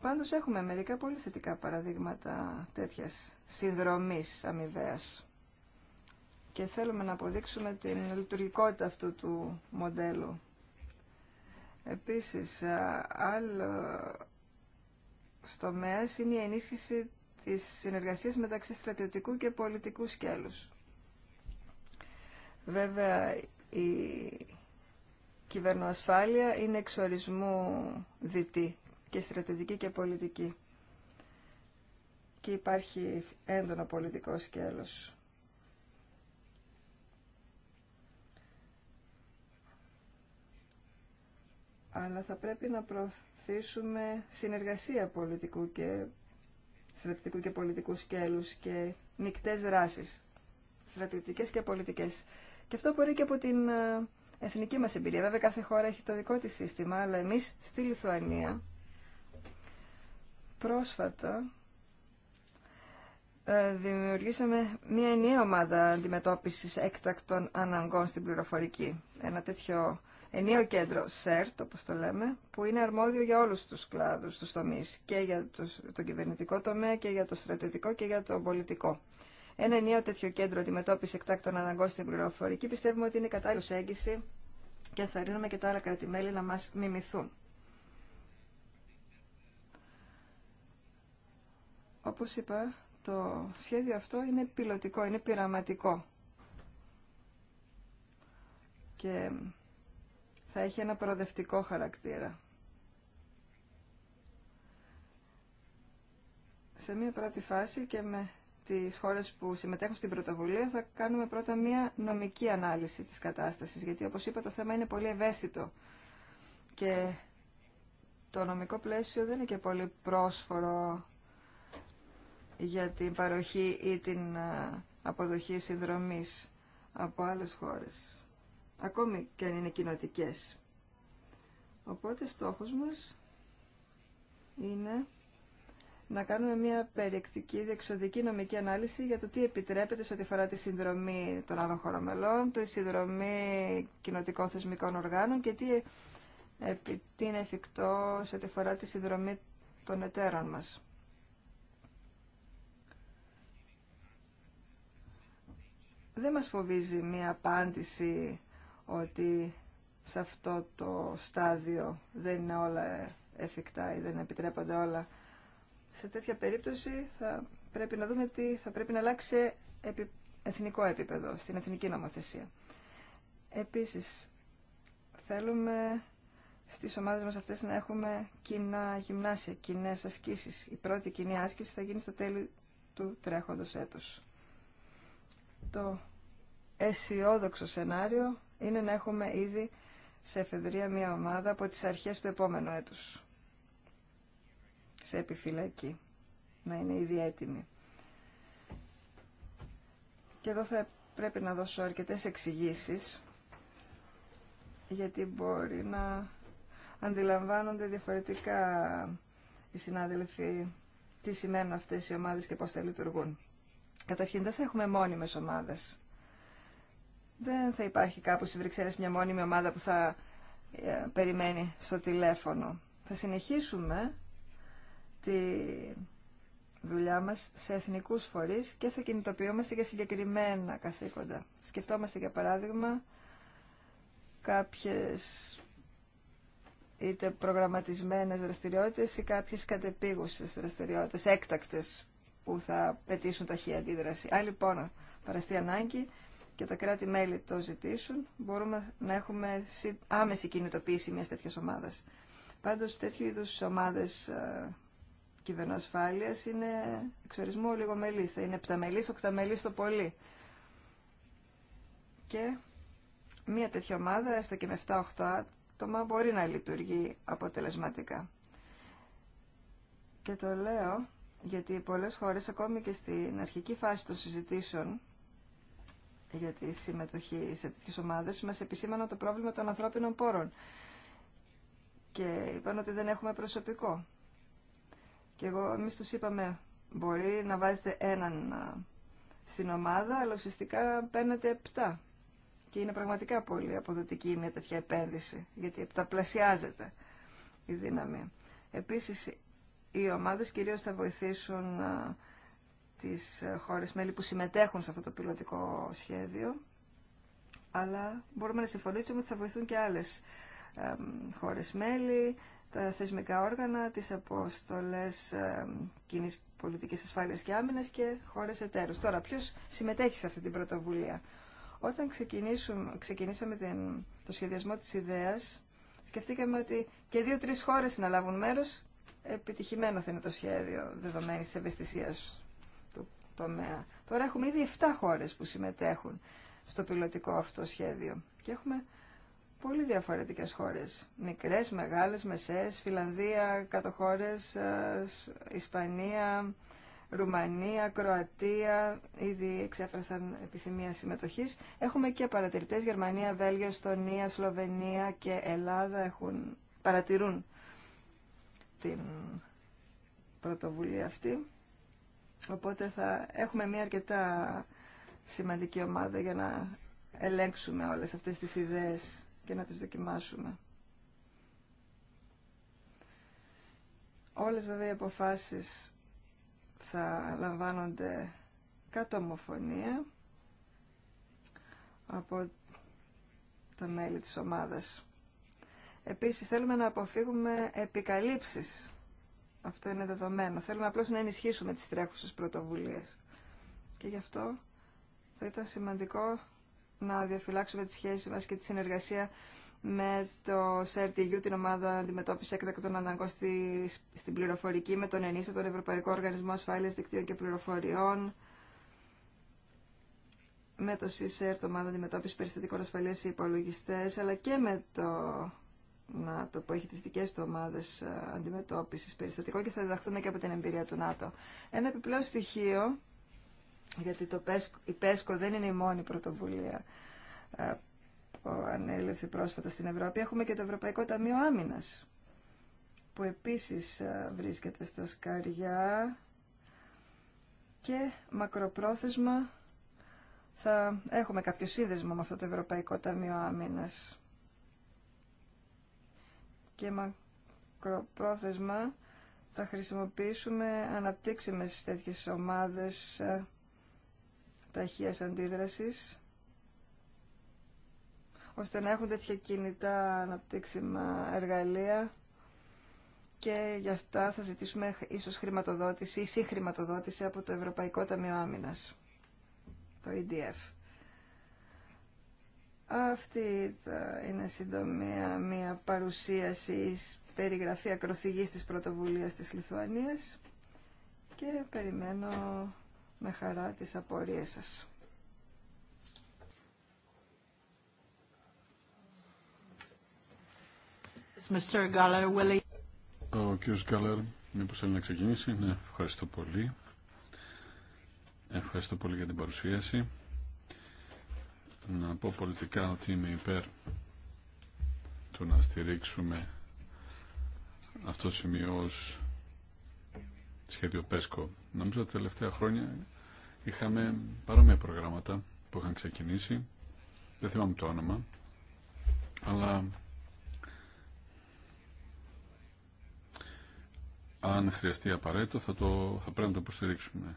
Πάντως έχουμε μερικά πολύ θετικά παραδείγματα τέτοιας συνδρομής αμοιβαία. Και θέλουμε να αποδείξουμε την λειτουργικότητα αυτού του μοντέλου. Επίσης, άλλο τομέα είναι η ενίσχυση της συνεργασίας μεταξύ στρατιωτικού και πολιτικού σκέλους. Βέβαια, η κυβερνοασφάλεια είναι εξορισμού διτή και στρατιωτική και πολιτική. Και υπάρχει έντονο πολιτικό σκέλος. αλλά θα πρέπει να προωθήσουμε συνεργασία πολιτικού και στρατιωτικού και πολιτικού σκέλους και νικτές δράσεις, στρατιωτικές και πολιτικές. Και αυτό μπορεί και από την ε, εθνική μας εμπειρία. Βέβαια κάθε χώρα έχει το δικό της σύστημα, αλλά εμείς στη Λιθουανία πρόσφατα ε, δημιουργήσαμε μια ενιαία ομάδα αντιμετώπισης έκτακτων αναγκών στην πληροφορική. Ένα τέτοιο ενίο κέντρο ΣΕΡΤ, όπως το λέμε, που είναι αρμόδιο για όλους τους κλάδου του τομεί. και για τον κυβερνητικό τομέα, και για το στρατιωτικό και για το πολιτικό. Ένα ενίο τέτοιο κέντρο αντιμετώπιση εκτάκτων αναγκών στην πληροφορική πιστεύουμε ότι είναι κατάλληλη έγκυση και θα ρίνουμε και τα άλλα κρατημέλη να μα μιμηθούν. Όπω είπα, το σχέδιο αυτό είναι πιλωτικό, είναι πειραματικό. Και θα έχει ένα προοδευτικό χαρακτήρα. Σε μία πρώτη φάση και με τις χώρες που συμμετέχουν στην πρωτοβουλία θα κάνουμε πρώτα μία νομική ανάλυση της κατάστασης, γιατί όπως είπα το θέμα είναι πολύ ευαίσθητο και το νομικό πλαίσιο δεν είναι και πολύ πρόσφορο για την παροχή ή την ε, αποδοχή συνδρομής από άλλες χώρες ακόμη και αν είναι κοινοτικέ. Οπότε στόχος μας είναι να κάνουμε μια περιεκτική διεξοδική νομική ανάλυση για το τι επιτρέπεται σε ό,τι αφορά τη συνδρομή των άλλων χωρομελών, τη συνδρομή κοινοτικών θεσμικών οργάνων και τι, τι είναι εφικτό σε ό,τι αφορά τη συνδρομή των εταίρων μας. Δεν μας φοβίζει μια απάντηση ότι σε αυτό το στάδιο δεν είναι όλα εφικτά ή δεν επιτρέπονται όλα. Σε τέτοια περίπτωση θα πρέπει να δούμε τι θα πρέπει να αλλάξει σε εθνικό επίπεδο, στην εθνική νομοθεσία. Επίσης, θέλουμε στις ομάδες μας αυτές να έχουμε κοινά γυμνάσια, κοινέ ασκήσεις. Η πρώτη κοινή άσκηση θα γίνει στα τέλη του τρέχοντος έτους. Το αισιόδοξο σενάριο είναι να έχουμε ήδη σε εφεδρεία μια ομάδα από τις αρχές του επόμενου έτους. Σε επιφυλακή. Να είναι ήδη έτοιμη. Και εδώ θα πρέπει να δώσω αρκετές εξηγήσει γιατί μπορεί να αντιλαμβάνονται διαφορετικά οι συνάδελφοι τι σημαίνουν αυτές οι ομάδες και πώς θα λειτουργούν. Καταρχήν δεν θα έχουμε μόνιμες ομάδες δεν θα υπάρχει κάπου στις Βρυξέλλες μια μόνιμη ομάδα που θα ε, περιμένει στο τηλέφωνο. Θα συνεχίσουμε τη δουλειά μας σε εθνικούς φορείς και θα κινητοποιούμαστε για συγκεκριμένα καθήκοντα. Σκεφτόμαστε για παράδειγμα κάποιες είτε προγραμματισμένες δραστηριότητες ή κάποιες κατεπίγουσες δραστηριότητες, έκτακτες που θα πετήσουν ταχύ αντίδραση. Άλλη λοιπόν παραστεί ανάγκη, και τα κράτη-μέλη το ζητήσουν, μπορούμε να έχουμε άμεση κινητοποίηση μιας τέτοιας ομάδας. Πάντως, τέτοιου είδου ομάδες ε, κυβερνοασφάλειας είναι εξορισμού λίγο μελίστα. Θα είναι επταμελής, οκταμελής το πολύ. Και μια τέτοια ομάδα, έστω και με 7-8 άτομα, μπορεί να λειτουργεί αποτελεσματικά. Και το λέω γιατί πολλές χώρες, ακόμη και στην αρχική φάση των συζητήσεων, για τη συμμετοχή σε τέτοιες ομάδες μας επισήμαναν το πρόβλημα των ανθρώπινων πόρων και είπαν ότι δεν έχουμε προσωπικό. Και εγώ, εμείς τους είπαμε, μπορεί να βάζετε έναν στην ομάδα, αλλά ουσιαστικά παίρνετε επτά. Και είναι πραγματικά πολύ αποδοτική μια τέτοια επένδυση, γιατί επταπλασιάζεται η δύναμη. Επίσης, οι ομάδες κυρίως θα βοηθήσουν τις χώρες μέλη που συμμετέχουν σε αυτό το πιλωτικό σχέδιο, αλλά μπορούμε να συμφωνήσουμε ότι θα βοηθούν και άλλες χώρες μέλη, τα θεσμικά όργανα, τις αποστολές κοινή πολιτικής ασφάλειας και άμυνας και χώρες εταίρους. Τώρα, ποιος συμμετέχει σε αυτή την πρωτοβουλία. Όταν ξεκινήσαμε την, το σχεδιασμό της ιδέας, σκεφτήκαμε ότι και δύο-τρεις χώρες να λάβουν μέρος, επιτυχημένο θα είναι το σχέδιο δεδομένης ευαισθησίας Τώρα έχουμε ήδη 7 χώρες που συμμετέχουν στο πιλωτικό αυτό σχέδιο και έχουμε πολύ διαφορετικές χώρες. Μικρές, μεγάλες, μεσές, Φιλανδία, κάτω χώρες, ε, Ισπανία, Ρουμανία, Κροατία, ήδη εξέφρασαν επιθυμία συμμετοχής. Έχουμε και παρατηρητές, Γερμανία, Βέλγιο, Στονία, Σλοβενία και Ελλάδα έχουν, παρατηρούν την πρωτοβουλία αυτή. Οπότε θα έχουμε μια αρκετά σημαντική ομάδα για να ελέγξουμε όλες αυτές τις ιδέες και να τις δοκιμάσουμε. Όλες βέβαια οι αποφάσεις θα λαμβάνονται κάτω ομοφωνία από τα μέλη της ομάδας. Επίσης θέλουμε να αποφύγουμε επικαλύψεις αυτό είναι δεδομένο. Θέλουμε απλώς να ενισχύσουμε τις τρέχουσες πρωτοβουλίες. Και γι' αυτό θα ήταν σημαντικό να διαφυλάξουμε τη σχέση μας και τη συνεργασία με το ΣΕΡΤΙΓΙΟΥ, την ομάδα αντιμετώπιση έκτακτων αναγκών στη, στην πληροφορική, με τον ΕΝΙΣΑ, τον Ευρωπαϊκό Οργανισμό Ασφάλειας Δικτύων και Πληροφοριών, με το ΣΥΣΕΡ, ομάδα αντιμετώπιση περιστατικών ασφαλείας οι υπολογιστές, αλλά και με το το που έχει τις δικές του ομάδες ε, αντιμετώπισης περιστατικό και θα διδαχθούμε και από την εμπειρία του ΝΑΤΟ. Ένα επιπλέον στοιχείο, γιατί το ΠΕΣΚΟ, η ΠΕΣΚΟ δεν είναι η μόνη πρωτοβουλία ε, που ανέλευθε πρόσφατα στην Ευρώπη, έχουμε και το Ευρωπαϊκό Ταμείο Άμυνας που επίσης ε, βρίσκεται στα σκαριά και μακροπρόθεσμα θα έχουμε κάποιο σύνδεσμο με αυτό το Ευρωπαϊκό Ταμείο Άμυνας και μακροπρόθεσμα θα χρησιμοποιήσουμε αναπτύξιμες τέτοιες ομάδες ε, ταχείας αντίδρασης ώστε να έχουν τέτοια κινητά αναπτύξιμα εργαλεία και γι' αυτά θα ζητήσουμε ίσως χρηματοδότηση ή συγχρηματοδότηση από το Ευρωπαϊκό Ταμείο Άμυνας, το EDF. Αυτή είναι συντομία μια παρουσίαση περιγραφή ακροθυγής της πρωτοβουλίας της Λιθουανίας και περιμένω με χαρά τις απορίες σας. Ο κ. Γκάλερ, μήπως θέλει να ξεκινήσει. Ναι, ευχαριστώ πολύ. Ευχαριστώ πολύ για την παρουσίαση να πω πολιτικά ότι είμαι υπέρ του να στηρίξουμε αυτό το σημείο ως σχέδιο ΠΕΣΚΟ. Νομίζω ότι τα τελευταία χρόνια είχαμε παρόμοια προγράμματα που είχαν ξεκινήσει. Δεν θυμάμαι το όνομα. Αλλά αν χρειαστεί απαραίτητο θα, το, θα πρέπει να το υποστηρίξουμε.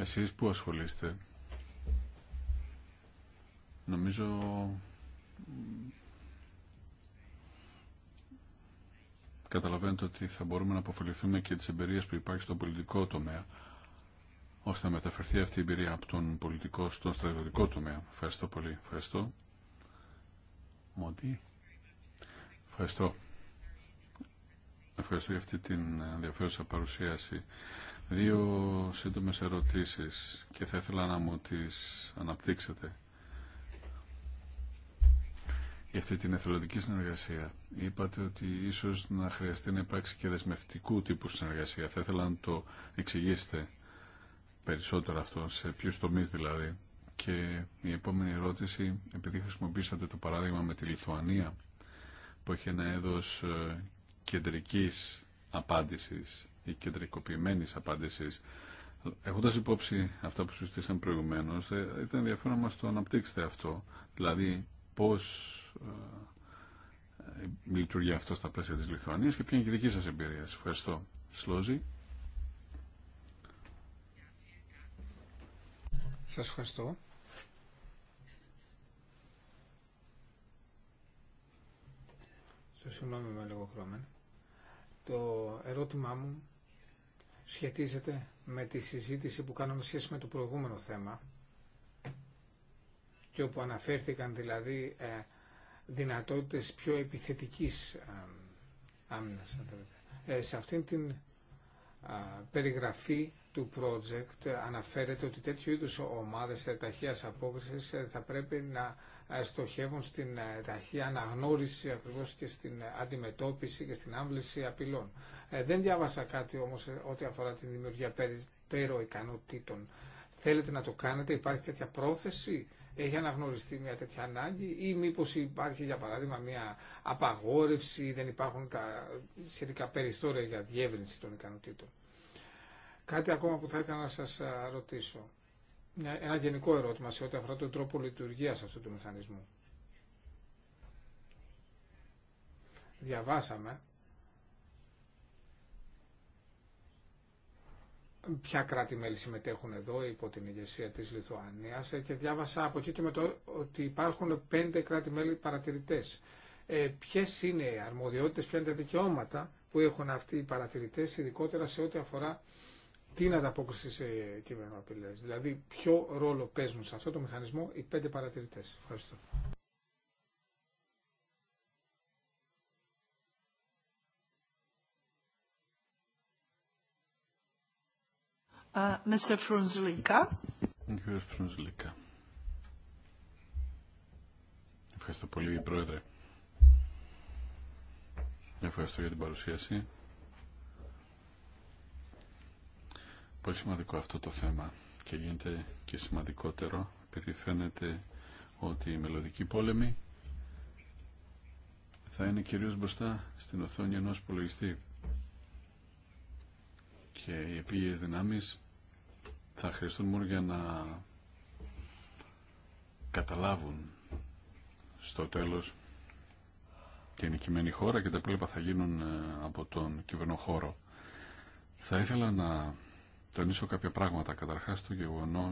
Εσείς που ασχολείστε. Νομίζω καταλαβαίνετε ότι θα μπορούμε να αποφεληθούμε και τις εμπειρίες που υπάρχει στον πολιτικό τομέα ώστε να μεταφερθεί αυτή η εμπειρία από τον πολιτικό στον στρατιωτικό τομέα. Ευχαριστώ πολύ. Ευχαριστώ. Μοντή. Ευχαριστώ. Ευχαριστώ για αυτή την ενδιαφέρουσα παρουσίαση. Δύο σύντομες ερωτήσεις και θα ήθελα να μου τις αναπτύξετε για αυτή την εθελοντική συνεργασία. Είπατε ότι ίσως να χρειαστεί να υπάρξει και δεσμευτικού τύπου συνεργασία. Θα ήθελα να το εξηγήσετε περισσότερο αυτό, σε ποιους τομείς δηλαδή. Και η επόμενη ερώτηση, επειδή χρησιμοποίησατε το παράδειγμα με τη Λιθουανία, που έχει ένα έδος ε, κεντρικής απάντησης ή κεντρικοποιημένης απάντησης. Έχοντα υπόψη αυτά που συζητήσαμε προηγουμένως, ε, ήταν ενδιαφέρον να μας το αναπτύξετε αυτό, δηλαδή πώ ε, λειτουργεί αυτό στα πλαίσια της Λιθουανία και ποια είναι η δική σας εμπειρία. Σας ευχαριστώ. Σλόζη. Σας ευχαριστώ. συγγνώμη με λίγο χρόνο. Το ερώτημά μου σχετίζεται με τη συζήτηση που κάναμε σχέση με το προηγούμενο θέμα και όπου αναφέρθηκαν δηλαδή ε, δυνατότητες πιο επιθετικής άμυνας. Ε, σε αυτήν την περιγραφή του project αναφέρεται ότι τέτοιου είδους ομάδες ταχείας απόκρισης θα πρέπει να ε, στοχεύουν στην ε, ταχεία αναγνώριση ακριβώς και στην ε, αντιμετώπιση και στην άμβληση απειλών. Δεν διάβασα κάτι όμως ό,τι αφορά τη δημιουργία περιττέρω ικανότητων. Θέλετε να το κάνετε, υπάρχει τέτοια πρόθεση, έχει αναγνωριστεί μια τέτοια ανάγκη ή μήπως υπάρχει για παράδειγμα μια απαγόρευση ή δεν υπάρχουν τα σχετικά περιθώρια για διεύρυνση των ικανοτήτων. Κάτι ακόμα που θα ήθελα να σας ρωτήσω. Ένα γενικό ερώτημα σε ό,τι αφορά τον τρόπο λειτουργίας αυτού του μηχανισμού. Διαβάσαμε ποια κράτη-μέλη συμμετέχουν εδώ υπό την ηγεσία της Λιθουανίας και διάβασα από εκεί και με το ότι υπάρχουν πέντε κράτη-μέλη παρατηρητές. Ε, ποιες είναι οι αρμοδιότητες, ποια είναι τα δικαιώματα που έχουν αυτοί οι παρατηρητές, ειδικότερα σε ό,τι αφορά τι είναι ανταπόκριση σε κυβερνοαπειλέ. Δηλαδή, ποιο ρόλο παίζουν σε αυτό το μηχανισμό οι πέντε παρατηρητέ. Ευχαριστώ. Uh, Ευχαριστώ πολύ, Πρόεδρε. Ευχαριστώ για την παρουσίαση. πολύ σημαντικό αυτό το θέμα και γίνεται και σημαντικότερο επειδή φαίνεται ότι οι μελλοντικοί πόλεμοι θα είναι κυρίως μπροστά στην οθόνη ενός υπολογιστή και οι επίγειες δυνάμεις θα χρειαστούν μόνο για να καταλάβουν στο τέλος την νικημένη χώρα και τα πλέπα θα γίνουν ε, από τον κυβερνοχώρο. Θα ήθελα να τονίσω κάποια πράγματα. Καταρχάς το γεγονό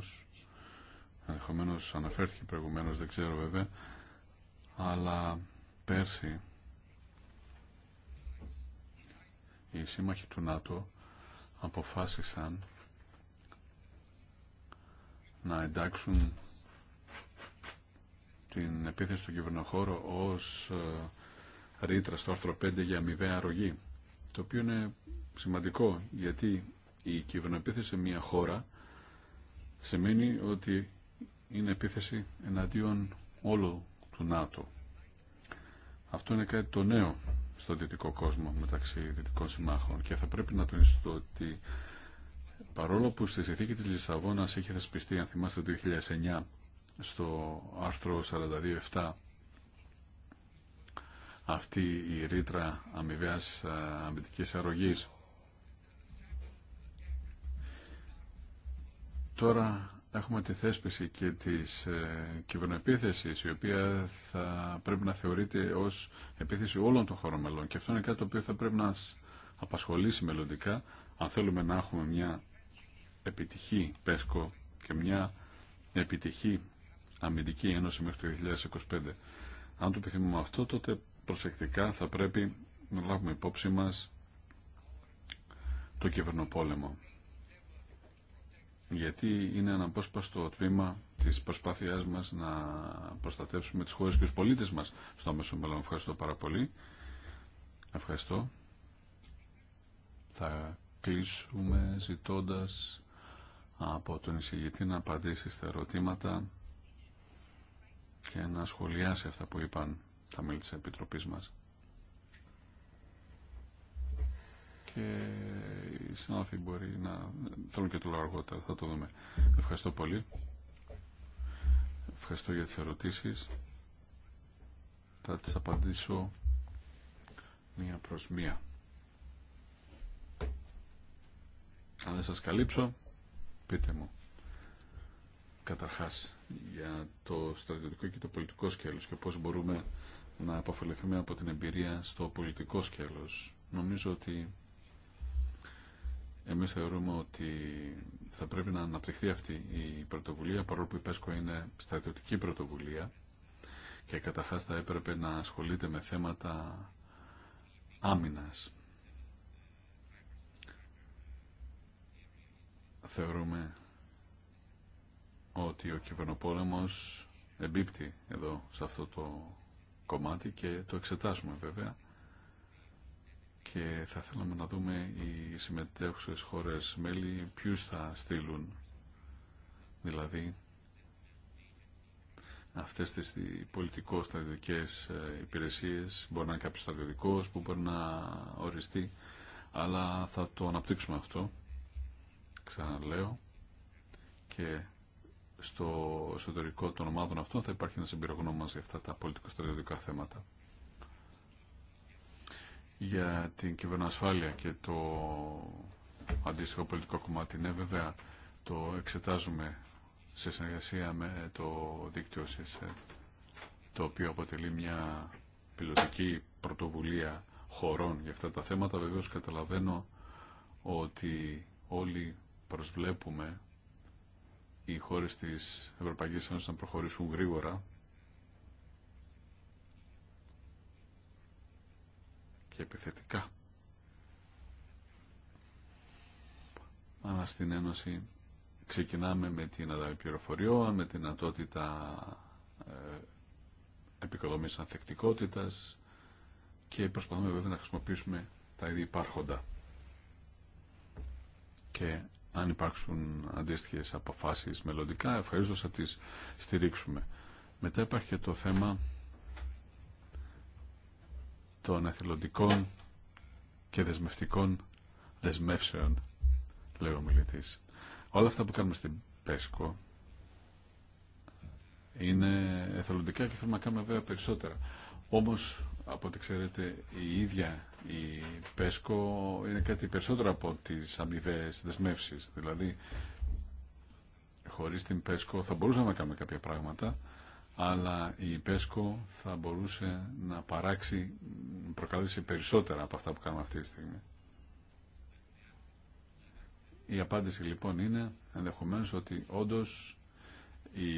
ενδεχομένω αναφέρθηκε προηγουμένω δεν ξέρω βέβαια, αλλά πέρσι οι σύμμαχοι του ΝΑΤΟ αποφάσισαν να εντάξουν την επίθεση του κυβερνοχώρου ως ε, ρήτρα στο άρθρο 5 για αμοιβαία αρρωγή, το οποίο είναι σημαντικό γιατί η κυβερνοεπίθεση σε μια χώρα σημαίνει ότι είναι επίθεση εναντίον όλου του ΝΑΤΟ. Αυτό είναι κάτι το νέο στο δυτικό κόσμο μεταξύ δυτικών συμμάχων και θα πρέπει να τονίσω το ότι παρόλο που στη συνθήκη της Λισαβόνας είχε θεσπιστεί, αν θυμάστε, το 2009 στο άρθρο 42.7 αυτή η ρήτρα αμοιβαίας ε, αμυντικής αρρωγής Τώρα έχουμε τη θέσπιση και της ε, κυβερνοεπίθεσης η οποία θα πρέπει να θεωρείται ως επίθεση όλων των χωρών μελών και αυτό είναι κάτι το οποίο θα πρέπει να απασχολήσει μελλοντικά αν θέλουμε να έχουμε μια επιτυχή ΠΕΣΚΟ και μια επιτυχή αμυντική ένωση μέχρι το 2025. Αν το επιθυμούμε αυτό τότε προσεκτικά θα πρέπει να λάβουμε υπόψη μας το κυβερνοπόλεμο γιατί είναι αναπόσπαστο τμήμα της προσπάθειάς μας να προστατεύσουμε τις χώρε και τους πολίτε μας στο μέσο μέλλον. Ευχαριστώ πάρα πολύ. Ευχαριστώ. Θα κλείσουμε ζητώντα από τον εισηγητή να απαντήσει στα ερωτήματα και να σχολιάσει αυτά που είπαν τα μέλη της Επιτροπής μας. και οι συνάδελφοι μπορεί να θέλουν και το λόγο αργότερα. Θα το δούμε. Ευχαριστώ πολύ. Ευχαριστώ για τις ερωτήσεις. Θα τις απαντήσω μία προς μία. Αν δεν σας καλύψω, πείτε μου. Καταρχάς, για το στρατιωτικό και το πολιτικό σκέλος και πώς μπορούμε να αποφεληθούμε από την εμπειρία στο πολιτικό σκέλος. Νομίζω ότι εμείς θεωρούμε ότι θα πρέπει να αναπτυχθεί αυτή η πρωτοβουλία, παρόλο που η ΠΕΣΚΟ είναι στρατιωτική πρωτοβουλία και καταρχάς θα έπρεπε να ασχολείται με θέματα άμυνας. Θεωρούμε ότι ο κυβερνοπόλεμος εμπίπτει εδώ σε αυτό το κομμάτι και το εξετάσουμε βέβαια και θα θέλαμε να δούμε οι συμμετέχουσες χώρες μέλη ποιους θα στείλουν δηλαδή αυτές τις πολιτικο στρατιωτικές ε, υπηρεσίες μπορεί να είναι κάποιος στρατιωτικός που μπορεί να οριστεί αλλά θα το αναπτύξουμε αυτό ξαναλέω και στο εσωτερικό των ομάδων αυτών θα υπάρχει ένα συμπειρογνώμα για αυτά τα πολιτικο-στρατιωτικά θέματα για την κυβερνοασφάλεια και το αντίστοιχο πολιτικό κομμάτι. Ναι, βέβαια, το εξετάζουμε σε συνεργασία με το δίκτυο σες e, το οποίο αποτελεί μια πιλωτική πρωτοβουλία χωρών για αυτά τα θέματα. Βεβαίως καταλαβαίνω ότι όλοι προσβλέπουμε οι χώρες της Ευρωπαϊκής Ένωσης να προχωρήσουν γρήγορα και επιθετικά. Αλλά στην Ένωση ξεκινάμε με την ανταλλαγή πληροφοριών, με την δυνατότητα ε, επικοδομής ανθεκτικότητας και προσπαθούμε βέβαια να χρησιμοποιήσουμε τα ήδη υπάρχοντα. Και αν υπάρξουν αντίστοιχε αποφάσεις μελλοντικά, ευχαρίστω θα τις στηρίξουμε. Μετά υπάρχει και το θέμα των εθελοντικών και δεσμευτικών δεσμεύσεων, λέει ο μιλητής. Όλα αυτά που κάνουμε στην ΠΕΣΚΟ είναι εθελοντικά και θέλουμε να κάνουμε βέβαια περισσότερα. Όμως, από ό,τι ξέρετε, η ίδια η ΠΕΣΚΟ είναι κάτι περισσότερο από τις αμοιβέ δεσμεύσεις. Δηλαδή, χωρίς την ΠΕΣΚΟ θα μπορούσαμε να κάνουμε κάποια πράγματα, αλλά η ΠΕΣΚΟ θα μπορούσε να παράξει, να προκαλέσει περισσότερα από αυτά που κάνουμε αυτή τη στιγμή. Η απάντηση λοιπόν είναι ενδεχομένως ότι όντως η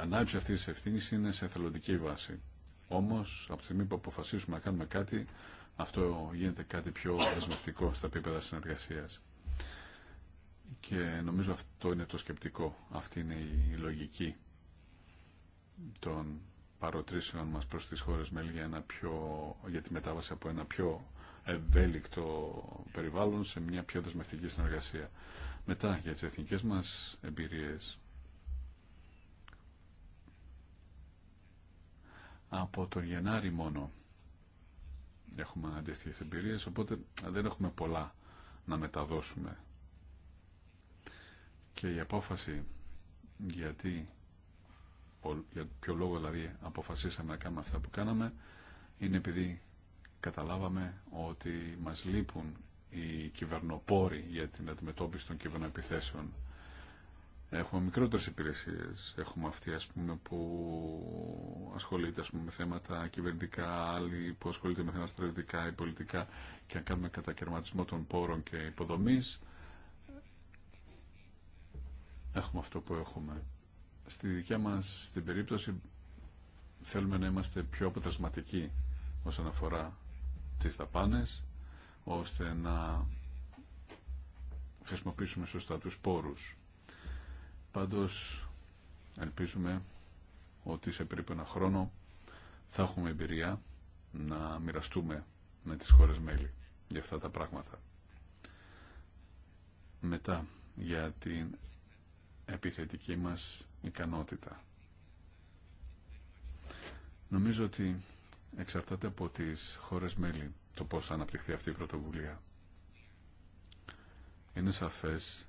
ανάπτυξη αυτής της ευθύνης είναι σε θελοντική βάση. Όμως, από τη στιγμή που αποφασίσουμε να κάνουμε κάτι, αυτό γίνεται κάτι πιο δεσμευτικό στα επίπεδα συνεργασίας. Και νομίζω αυτό είναι το σκεπτικό, αυτή είναι η λογική των παροτρήσεων μας προς τις χώρες μέλη για, ένα πιο, για τη μετάβαση από ένα πιο ευέλικτο περιβάλλον σε μια πιο δεσμευτική συνεργασία. Μετά για τις εθνικές μας εμπειρίες από το Γενάρη μόνο έχουμε αντίστοιχε εμπειρίες οπότε δεν έχουμε πολλά να μεταδώσουμε και η απόφαση γιατί για ποιο λόγο δηλαδή αποφασίσαμε να κάνουμε αυτά που κάναμε, είναι επειδή καταλάβαμε ότι μας λείπουν οι κυβερνοπόροι για την αντιμετώπιση των κυβερνοεπιθέσεων. Έχουμε μικρότερες υπηρεσίες. Έχουμε αυτή ας πούμε, που ασχολείται ας πούμε, με θέματα κυβερνητικά, άλλοι που ασχολείται με θέματα στρατιωτικά ή πολιτικά και αν κάνουμε κατακαιρματισμό των πόρων και υποδομής. Έχουμε αυτό που έχουμε στη δικιά μας την περίπτωση θέλουμε να είμαστε πιο αποτελεσματικοί όσον αφορά τις δαπάνες ώστε να χρησιμοποιήσουμε σωστά τους πόρους. Πάντως ελπίζουμε ότι σε περίπου ένα χρόνο θα έχουμε εμπειρία να μοιραστούμε με τις χώρες μέλη για αυτά τα πράγματα. Μετά για την επιθετική μας ικανότητα. Νομίζω ότι εξαρτάται από τις χώρες μέλη το πώς θα αναπτυχθεί αυτή η πρωτοβουλία. Είναι σαφές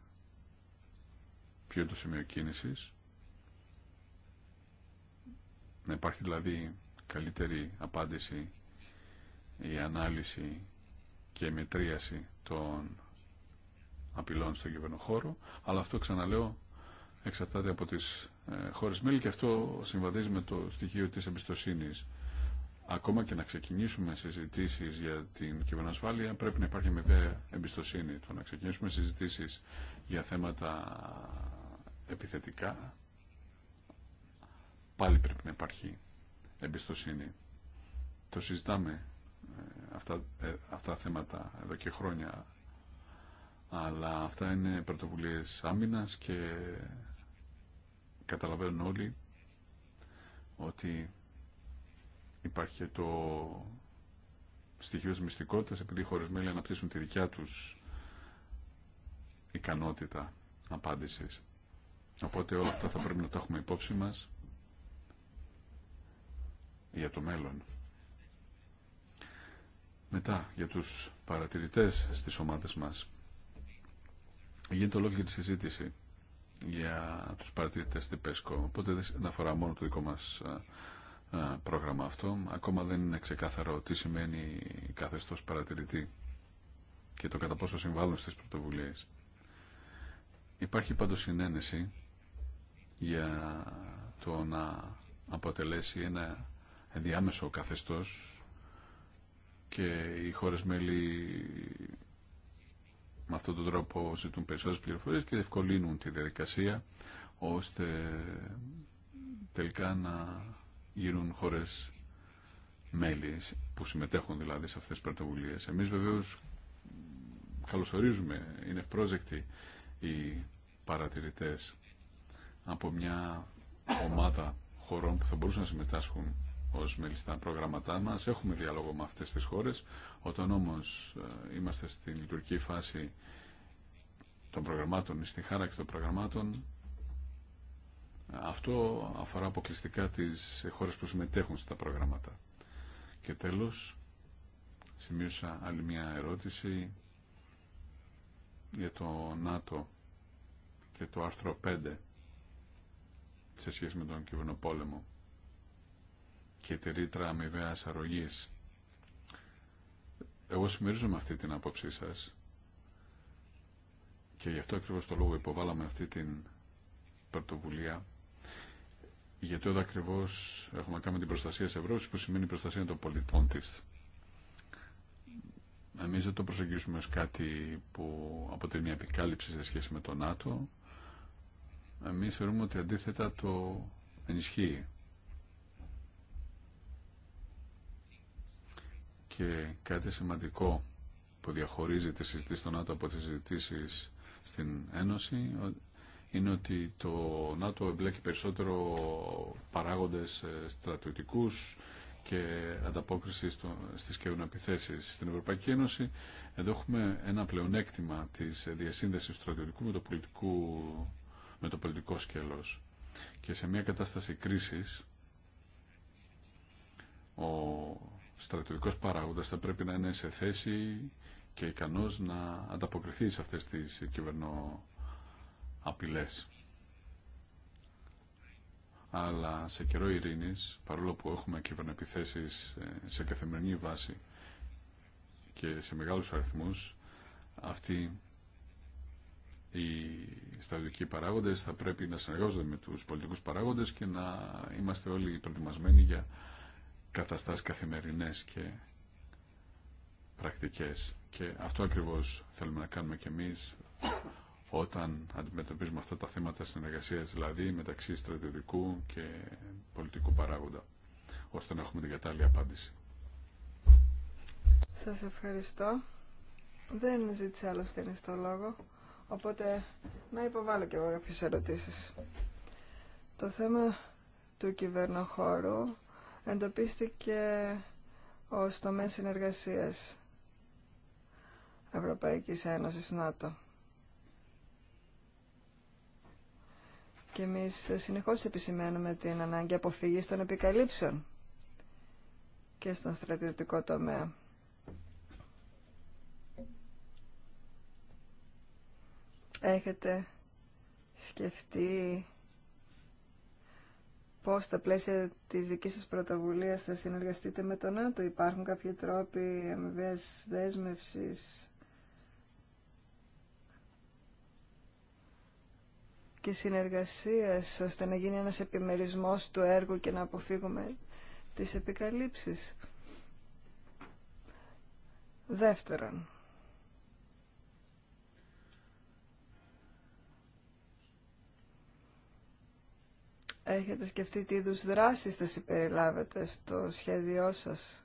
ποιο είναι το σημείο κίνησης, να υπάρχει δηλαδή καλύτερη απάντηση η ανάλυση και η μετρίαση των απειλών στον κυβερνοχώρο, αλλά αυτό ξαναλέω εξαρτάται από τις ε, χώρες μέλη και αυτό συμβαδίζει με το στοιχείο της εμπιστοσύνης. Ακόμα και να ξεκινήσουμε συζητήσει για την κυβερνοασφάλεια, πρέπει να υπάρχει βέβαια εμπιστοσύνη. Το να ξεκινήσουμε συζητήσει για θέματα επιθετικά, πάλι πρέπει να υπάρχει εμπιστοσύνη. Το συζητάμε ε, αυτά, ε, αυτά τα θέματα εδώ και χρόνια, αλλά αυτά είναι πρωτοβουλίες άμυνας και καταλαβαίνουν όλοι ότι υπάρχει και το στοιχείο της μυστικότητας επειδή οι χωρισμένοι αναπτύσσουν τη δικιά τους ικανότητα απάντησης. Οπότε όλα αυτά θα πρέπει να τα έχουμε υπόψη μας για το μέλλον. Μετά, για τους παρατηρητές στις ομάδες μας. Γίνεται ολόκληρη συζήτηση για τους παρατηρητές της ΠΕΣΚΟ. Οπότε δεν αφορά μόνο το δικό μας πρόγραμμα αυτό. Ακόμα δεν είναι ξεκάθαρο τι σημαίνει καθεστώς παρατηρητή και το κατά πόσο συμβάλλουν στις πρωτοβουλίες. Υπάρχει πάντως συνένεση για το να αποτελέσει ένα ενδιάμεσο καθεστώς και οι χώρες μέλη με αυτόν τον τρόπο ζητούν περισσότερες πληροφορίες και ευκολύνουν τη διαδικασία ώστε τελικά να γίνουν χώρες μέλη που συμμετέχουν δηλαδή σε αυτές τις πρωτοβουλίες. Εμείς βεβαίως καλωσορίζουμε, είναι ευπρόζεκτοι οι παρατηρητές από μια ομάδα χωρών που θα μπορούσαν να συμμετάσχουν ως μέλη στα προγραμματά μας. Έχουμε διάλογο με αυτές τις χώρες, όταν όμως ε, είμαστε στην λειτουργική φάση των προγραμμάτων ή στη χάραξη των προγραμμάτων, αυτό αφορά αποκλειστικά τις χώρες που συμμετέχουν στα προγράμματα. Και τέλος, σημείωσα άλλη μια ερώτηση για το ΝΑΤΟ και το άρθρο 5 σε σχέση με τον κυβερνοπόλεμο και τη ρήτρα αμοιβαίας αρρωγής. Εγώ με αυτή την άποψή σας και γι' αυτό ακριβώς το λόγο υποβάλαμε αυτή την πρωτοβουλία γιατί εδώ ακριβώς έχουμε κάνει την προστασία της Ευρώπης που σημαίνει προστασία των πολιτών της. Εμείς δεν το προσεγγίζουμε ως κάτι που αποτελεί μια επικάλυψη σε σχέση με τον ΝΑΤΟ. Εμείς θεωρούμε ότι αντίθετα το ενισχύει και κάτι σημαντικό που διαχωρίζει τις συζητήσεις στο ΝΑΤΟ από τις συζητήσεις στην Ένωση είναι ότι το ΝΑΤΟ εμπλέκει περισσότερο παράγοντες ε, στρατιωτικούς και ανταπόκριση στο, στις καιρούν Στην Ευρωπαϊκή Ένωση εδώ έχουμε ένα πλεονέκτημα της διασύνδεσης στρατιωτικού με το, πολιτικού, με το πολιτικό σκέλος. Και σε μια κατάσταση κρίσης ο στρατιωτικός παράγοντας θα πρέπει να είναι σε θέση και ικανός να ανταποκριθεί σε αυτές τις κυβερνό Αλλά σε καιρό ειρήνης, παρόλο που έχουμε κυβερνοεπιθέσεις ε, σε καθημερινή βάση και σε μεγάλους αριθμούς, αυτοί οι στρατιωτικοί παράγοντες θα πρέπει να συνεργάζονται με τους πολιτικούς παράγοντες και να είμαστε όλοι προετοιμασμένοι για καταστάσεις καθημερινές και πρακτικές. Και αυτό ακριβώς θέλουμε να κάνουμε κι εμείς όταν αντιμετωπίζουμε αυτά τα θέματα συνεργασίας, δηλαδή μεταξύ στρατιωτικού και πολιτικού παράγοντα, ώστε να έχουμε την κατάλληλη απάντηση. Σας ευχαριστώ. Δεν ζήτησε άλλος κανεί το λόγο, οπότε να υποβάλω και εγώ κάποιες ερωτήσεις. Το θέμα του κυβερνοχώρου εντοπίστηκε ως τομέα συνεργασίας Ευρωπαϊκή Ένωσης ΝΑΤΟ. Και εμείς συνεχώς επισημαίνουμε την ανάγκη αποφυγή των επικαλύψεων και στον στρατιωτικό τομέα. Έχετε σκεφτεί πώς στα πλαίσια της δικής σας πρωτοβουλίας θα συνεργαστείτε με τον ΝΑΤΟ. Υπάρχουν κάποιοι τρόποι αμοιβαίας δέσμευσης και συνεργασίας ώστε να γίνει ένας επιμερισμός του έργου και να αποφύγουμε τις επικαλύψεις. Δεύτερον, Έχετε σκεφτεί τι είδους δράσεις θα συμπεριλάβετε στο σχέδιό σας.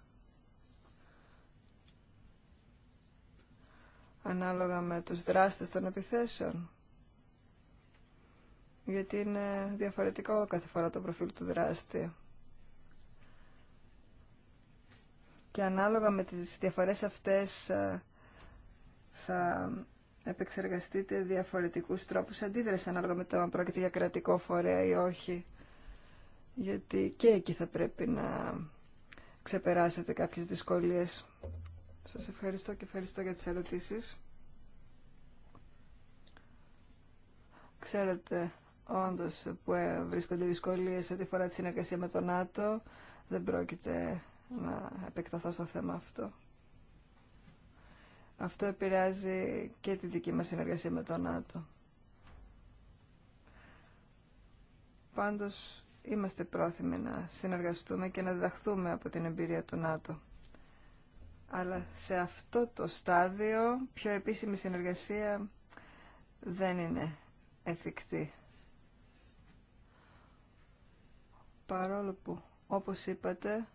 Ανάλογα με τους δράστες των επιθέσεων. Γιατί είναι διαφορετικό κάθε φορά το προφίλ του δράστη. Και ανάλογα με τις διαφορές αυτές ε, θα επεξεργαστείτε διαφορετικούς τρόπους αντίδρασης ανάλογα με το αν πρόκειται για κρατικό φορέα ή όχι γιατί και εκεί θα πρέπει να ξεπεράσετε κάποιες δυσκολίες. Σας ευχαριστώ και ευχαριστώ για τις ερωτήσεις. Ξέρετε όντως που ε, βρίσκονται δυσκολίες ό,τι φορά τη συνεργασία με τον ΝΑΤΟ. Δεν πρόκειται να επεκταθώ στο θέμα αυτό. Αυτό επηρεάζει και τη δική μας συνεργασία με τον ΝΑΤΟ. Πάντως, είμαστε πρόθυμοι να συνεργαστούμε και να διδαχθούμε από την εμπειρία του ΝΑΤΟ. Αλλά σε αυτό το στάδιο πιο επίσημη συνεργασία δεν είναι εφικτή. Παρόλο που, όπως είπατε,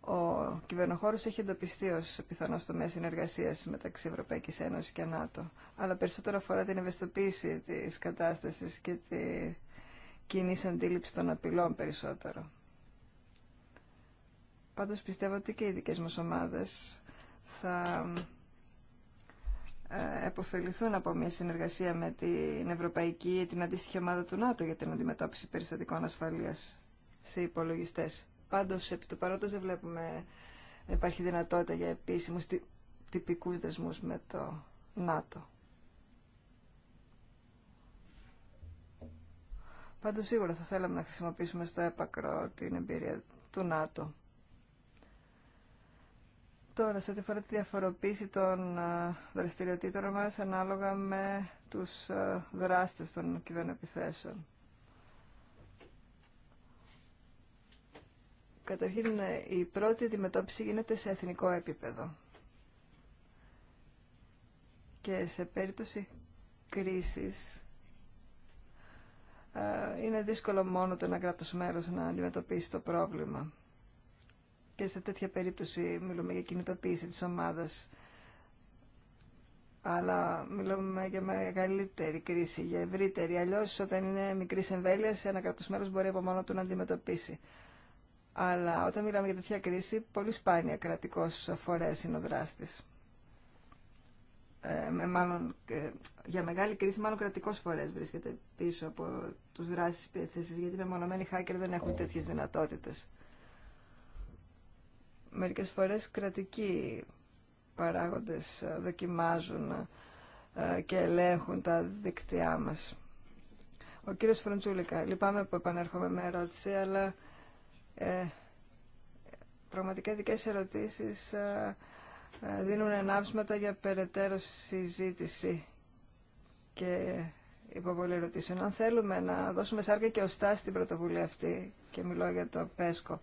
ο κυβερνοχώρος έχει εντοπιστεί ως πιθανός τομέα συνεργασίας μεταξύ Ευρωπαϊκής Ένωσης και ΝΑΤΟ, αλλά περισσότερο αφορά την ευαισθητοποίηση της κατάστασης και τη κοινή αντίληψη των απειλών περισσότερο. Πάντως πιστεύω ότι και οι δικές μας ομάδες θα ε, εποφεληθούν από μια συνεργασία με την Ευρωπαϊκή ή την αντίστοιχη ομάδα του ΝΑΤΟ για την αντιμετώπιση περιστατικών ασφαλείας σε υπολογιστές. Πάντως, επί του παρόντος δεν βλέπουμε υπάρχει δυνατότητα για επίσημους τυπικούς δεσμούς με το ΝΑΤΟ. Πάντως σίγουρα θα θέλαμε να χρησιμοποιήσουμε στο έπακρο την εμπειρία του ΝΑΤΟ. Τώρα, σε ό,τι αφορά τη διαφοροποίηση των ε, δραστηριοτήτων μας ανάλογα με τους ε, δράστες των κυβερνοεπιθέσεων. Καταρχήν, ε, η πρώτη αντιμετώπιση γίνεται σε εθνικό επίπεδο. Και σε περίπτωση κρίσης, ε, είναι δύσκολο μόνο το ένα κράτο μέρος να αντιμετωπίσει το πρόβλημα. Και σε τέτοια περίπτωση μιλούμε για κινητοποίηση της ομάδας. Αλλά μιλούμε για μεγαλύτερη κρίση, για ευρύτερη. Αλλιώ, όταν είναι μικρή εμβέλεια, ένα κράτο μέρο μπορεί από μόνο του να αντιμετωπίσει. Αλλά όταν μιλάμε για τέτοια κρίση, πολύ σπάνια κρατικό φορέα είναι ο δράστης ε, μάλλον, ε, για μεγάλη κρίση, μάλλον κρατικός φορέ βρίσκεται πίσω από τους δράσεις επιθέσεις, γιατί μεμονωμένοι hacker δεν έχουν τέτοιε δυνατότητες. Μερικές φορές κρατικοί παράγοντες ε, δοκιμάζουν ε, και ελέγχουν τα δίκτυά μας. Ο κύριος Φροντσούλικα λυπάμαι που επανέρχομαι με ερώτηση, αλλά πραγματικά δικές ερωτήσεις δίνουν ενάψματα για περαιτέρω συζήτηση και υποβολή ερωτήσεων. Αν θέλουμε να δώσουμε σάρκα και οστά στην πρωτοβουλία αυτή, και μιλώ για το ΠΕΣΚΟ,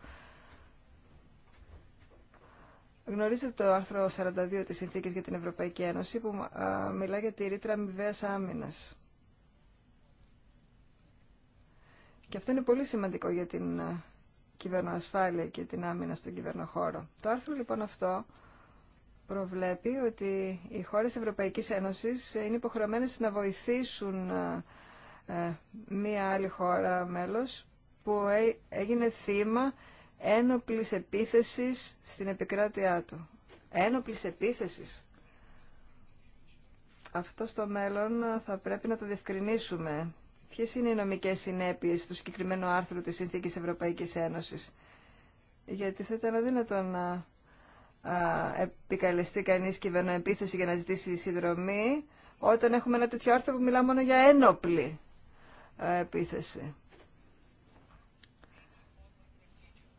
Γνωρίζετε το άρθρο 42 της Συνθήκης για την Ευρωπαϊκή Ένωση που μιλά για τη ρήτρα αμοιβαίας άμυνας. Και αυτό είναι πολύ σημαντικό για την κυβερνοασφάλεια και την άμυνα στον κυβερνοχώρο. Το άρθρο λοιπόν αυτό προβλέπει ότι οι χώρες Ευρωπαϊκής Ένωσης είναι υποχρεωμένες να βοηθήσουν ε, ε, μία άλλη χώρα μέλος που έγινε θύμα ένοπλης επίθεσης στην επικράτειά του. Ένοπλης επίθεσης. Αυτό στο μέλλον θα πρέπει να το διευκρινίσουμε. Ποιες είναι οι νομικές συνέπειες του συγκεκριμένου άρθρου της Συνθήκης Ευρωπαϊκής Ένωσης. Γιατί θα ήταν αδύνατο να επικαλεστεί κανεί κυβερνοεπίθεση για να ζητήσει συνδρομή όταν έχουμε ένα τέτοιο άρθρο που μιλά μόνο για ένοπλη επίθεση.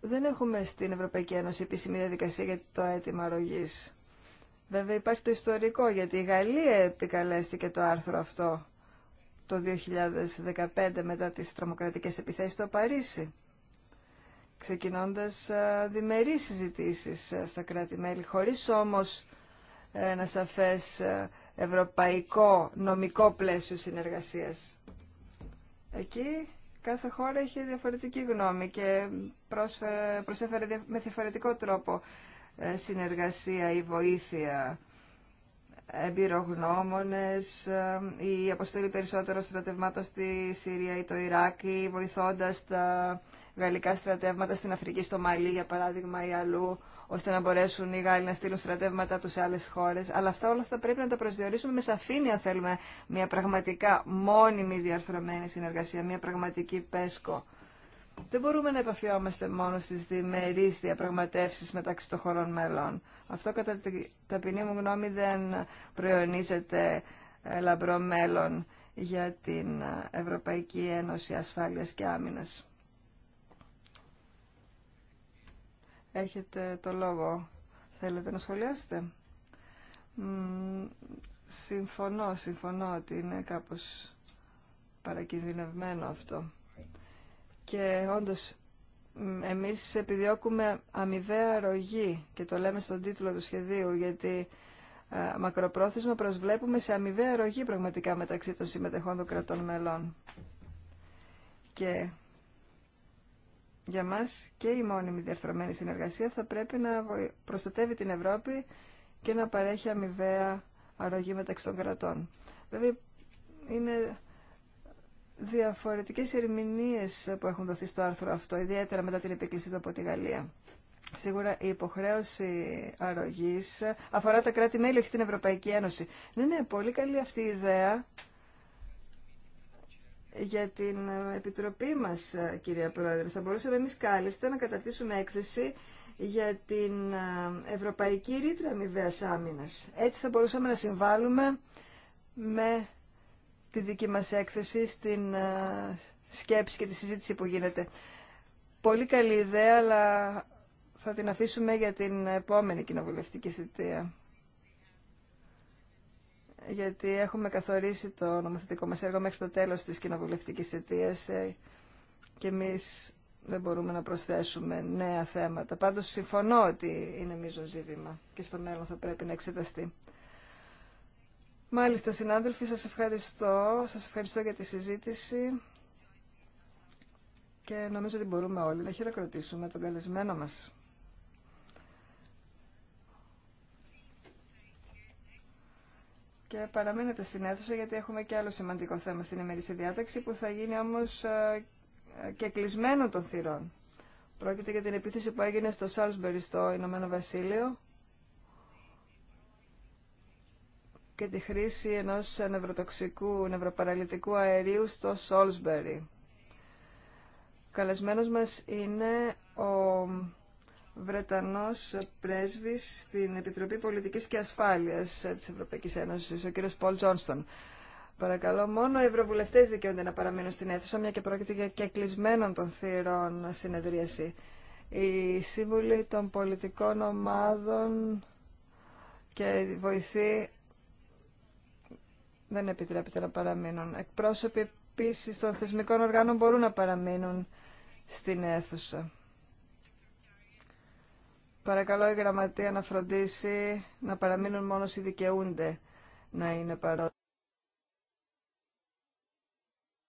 Δεν έχουμε στην Ευρωπαϊκή Ένωση επίσημη διαδικασία για το αίτημα αρρωγή. Βέβαια υπάρχει το ιστορικό, γιατί η Γαλλία επικαλέστηκε το άρθρο αυτό το 2015 μετά τις τρομοκρατικές επιθέσεις στο Παρίσι ξεκινώντας διμερείς συζητήσεις στα κράτη-μέλη, χωρίς όμως ε, ένα σαφές ευρωπαϊκό νομικό πλαίσιο συνεργασίας. Εκεί κάθε χώρα είχε διαφορετική γνώμη και προσέφερε με διαφορετικό τρόπο ε, συνεργασία ή βοήθεια εμπειρογνώμονες, ε, η αποστολή περισσότερων στρατευμάτων στη Συρία ή το Ιράκ βοηθώντας τα γαλλικά στρατεύματα στην Αφρική, στο Μαλί για παράδειγμα ή αλλού, ώστε να μπορέσουν οι Γάλλοι να στείλουν στρατεύματα τους σε άλλες χώρες. Αλλά αυτά όλα αυτά πρέπει να τα προσδιορίσουμε με σαφήνεια, θέλουμε μια πραγματικά μόνιμη διαρθρωμένη συνεργασία, μια πραγματική πέσκο. Δεν μπορούμε να επαφιόμαστε μόνο στις διμερείς διαπραγματεύσεις μεταξύ των χωρών μελών. Αυτό κατά την ταπεινή μου γνώμη δεν προαιωνίζεται ε, λαμπρό μέλλον για την ε, Ευρωπαϊκή Ένωση Ασφάλειας και Άμυνας. Έχετε το λόγο. Θέλετε να σχολιάσετε. Συμφωνώ, συμφωνώ ότι είναι κάπως παρακινδυνευμένο αυτό. Και όντως εμείς επιδιώκουμε αμοιβαία αρρωγή και το λέμε στον τίτλο του σχεδίου γιατί μακροπρόθεσμα προσβλέπουμε σε αμοιβαία αρρωγή πραγματικά μεταξύ των συμμετεχών των κρατών μελών. Και για μας και η μόνιμη διαρθρωμένη συνεργασία θα πρέπει να προστατεύει την Ευρώπη και να παρέχει αμοιβαία αρρωγή μεταξύ των κρατών. Βέβαια είναι διαφορετικές ερμηνείες που έχουν δοθεί στο άρθρο αυτό, ιδιαίτερα μετά την επίκληση του από τη Γαλλία. Σίγουρα η υποχρέωση αρρωγής αφορά τα κράτη-μέλη, όχι την Ευρωπαϊκή Ένωση. Ναι, ναι, πολύ καλή αυτή η ιδέα για την Επιτροπή μας, κυρία Πρόεδρε. Θα μπορούσαμε εμείς κάλλιστα να κατατήσουμε έκθεση για την Ευρωπαϊκή Ρήτρα Αμοιβαίας Άμυνας. Έτσι θα μπορούσαμε να συμβάλλουμε με τη δική μας έκθεση στην ε, σκέψη και τη συζήτηση που γίνεται. Πολύ καλή ιδέα, αλλά θα την αφήσουμε για την επόμενη κοινοβουλευτική θητεία. Γιατί έχουμε καθορίσει το νομοθετικό μας έργο μέχρι το τέλος της κοινοβουλευτικής θητείας ε, και εμείς δεν μπορούμε να προσθέσουμε νέα θέματα. Πάντως συμφωνώ ότι είναι μείζον ζήτημα και στο μέλλον θα πρέπει να εξεταστεί. Μάλιστα, συνάδελφοι, σας ευχαριστώ. Σας ευχαριστώ για τη συζήτηση και νομίζω ότι μπορούμε όλοι να χειροκροτήσουμε τον καλεσμένο μας. Και παραμένετε στην αίθουσα γιατί έχουμε και άλλο σημαντικό θέμα στην ημερήσια διάταξη που θα γίνει όμως ε, και κλεισμένο των θυρών. Πρόκειται για την επίθεση που έγινε στο Σάλσμπερι στο Ηνωμένο Βασίλειο και τη χρήση ενός νευροτοξικού, νευροπαραλυτικού αερίου στο Σόλσμπερι. Καλεσμένος μας είναι ο Βρετανός πρέσβης στην Επιτροπή Πολιτικής και Ασφάλειας της Ευρωπαϊκής Ένωσης, ο κύριος Πολ Τζόνστον. Παρακαλώ, μόνο οι ευρωβουλευτέ δικαιούνται να παραμείνουν στην αίθουσα, μια και πρόκειται για και κλεισμένων των θύρων συνεδρίαση. Οι σύμβουλοι των πολιτικών ομάδων και βοηθοί δεν επιτρέπεται να παραμείνουν. Εκπρόσωποι επίση των θεσμικών οργάνων μπορούν να παραμείνουν στην αίθουσα. Παρακαλώ η Γραμματεία να φροντίσει να παραμείνουν μόνο οι δικαιούνται να είναι παρόντες.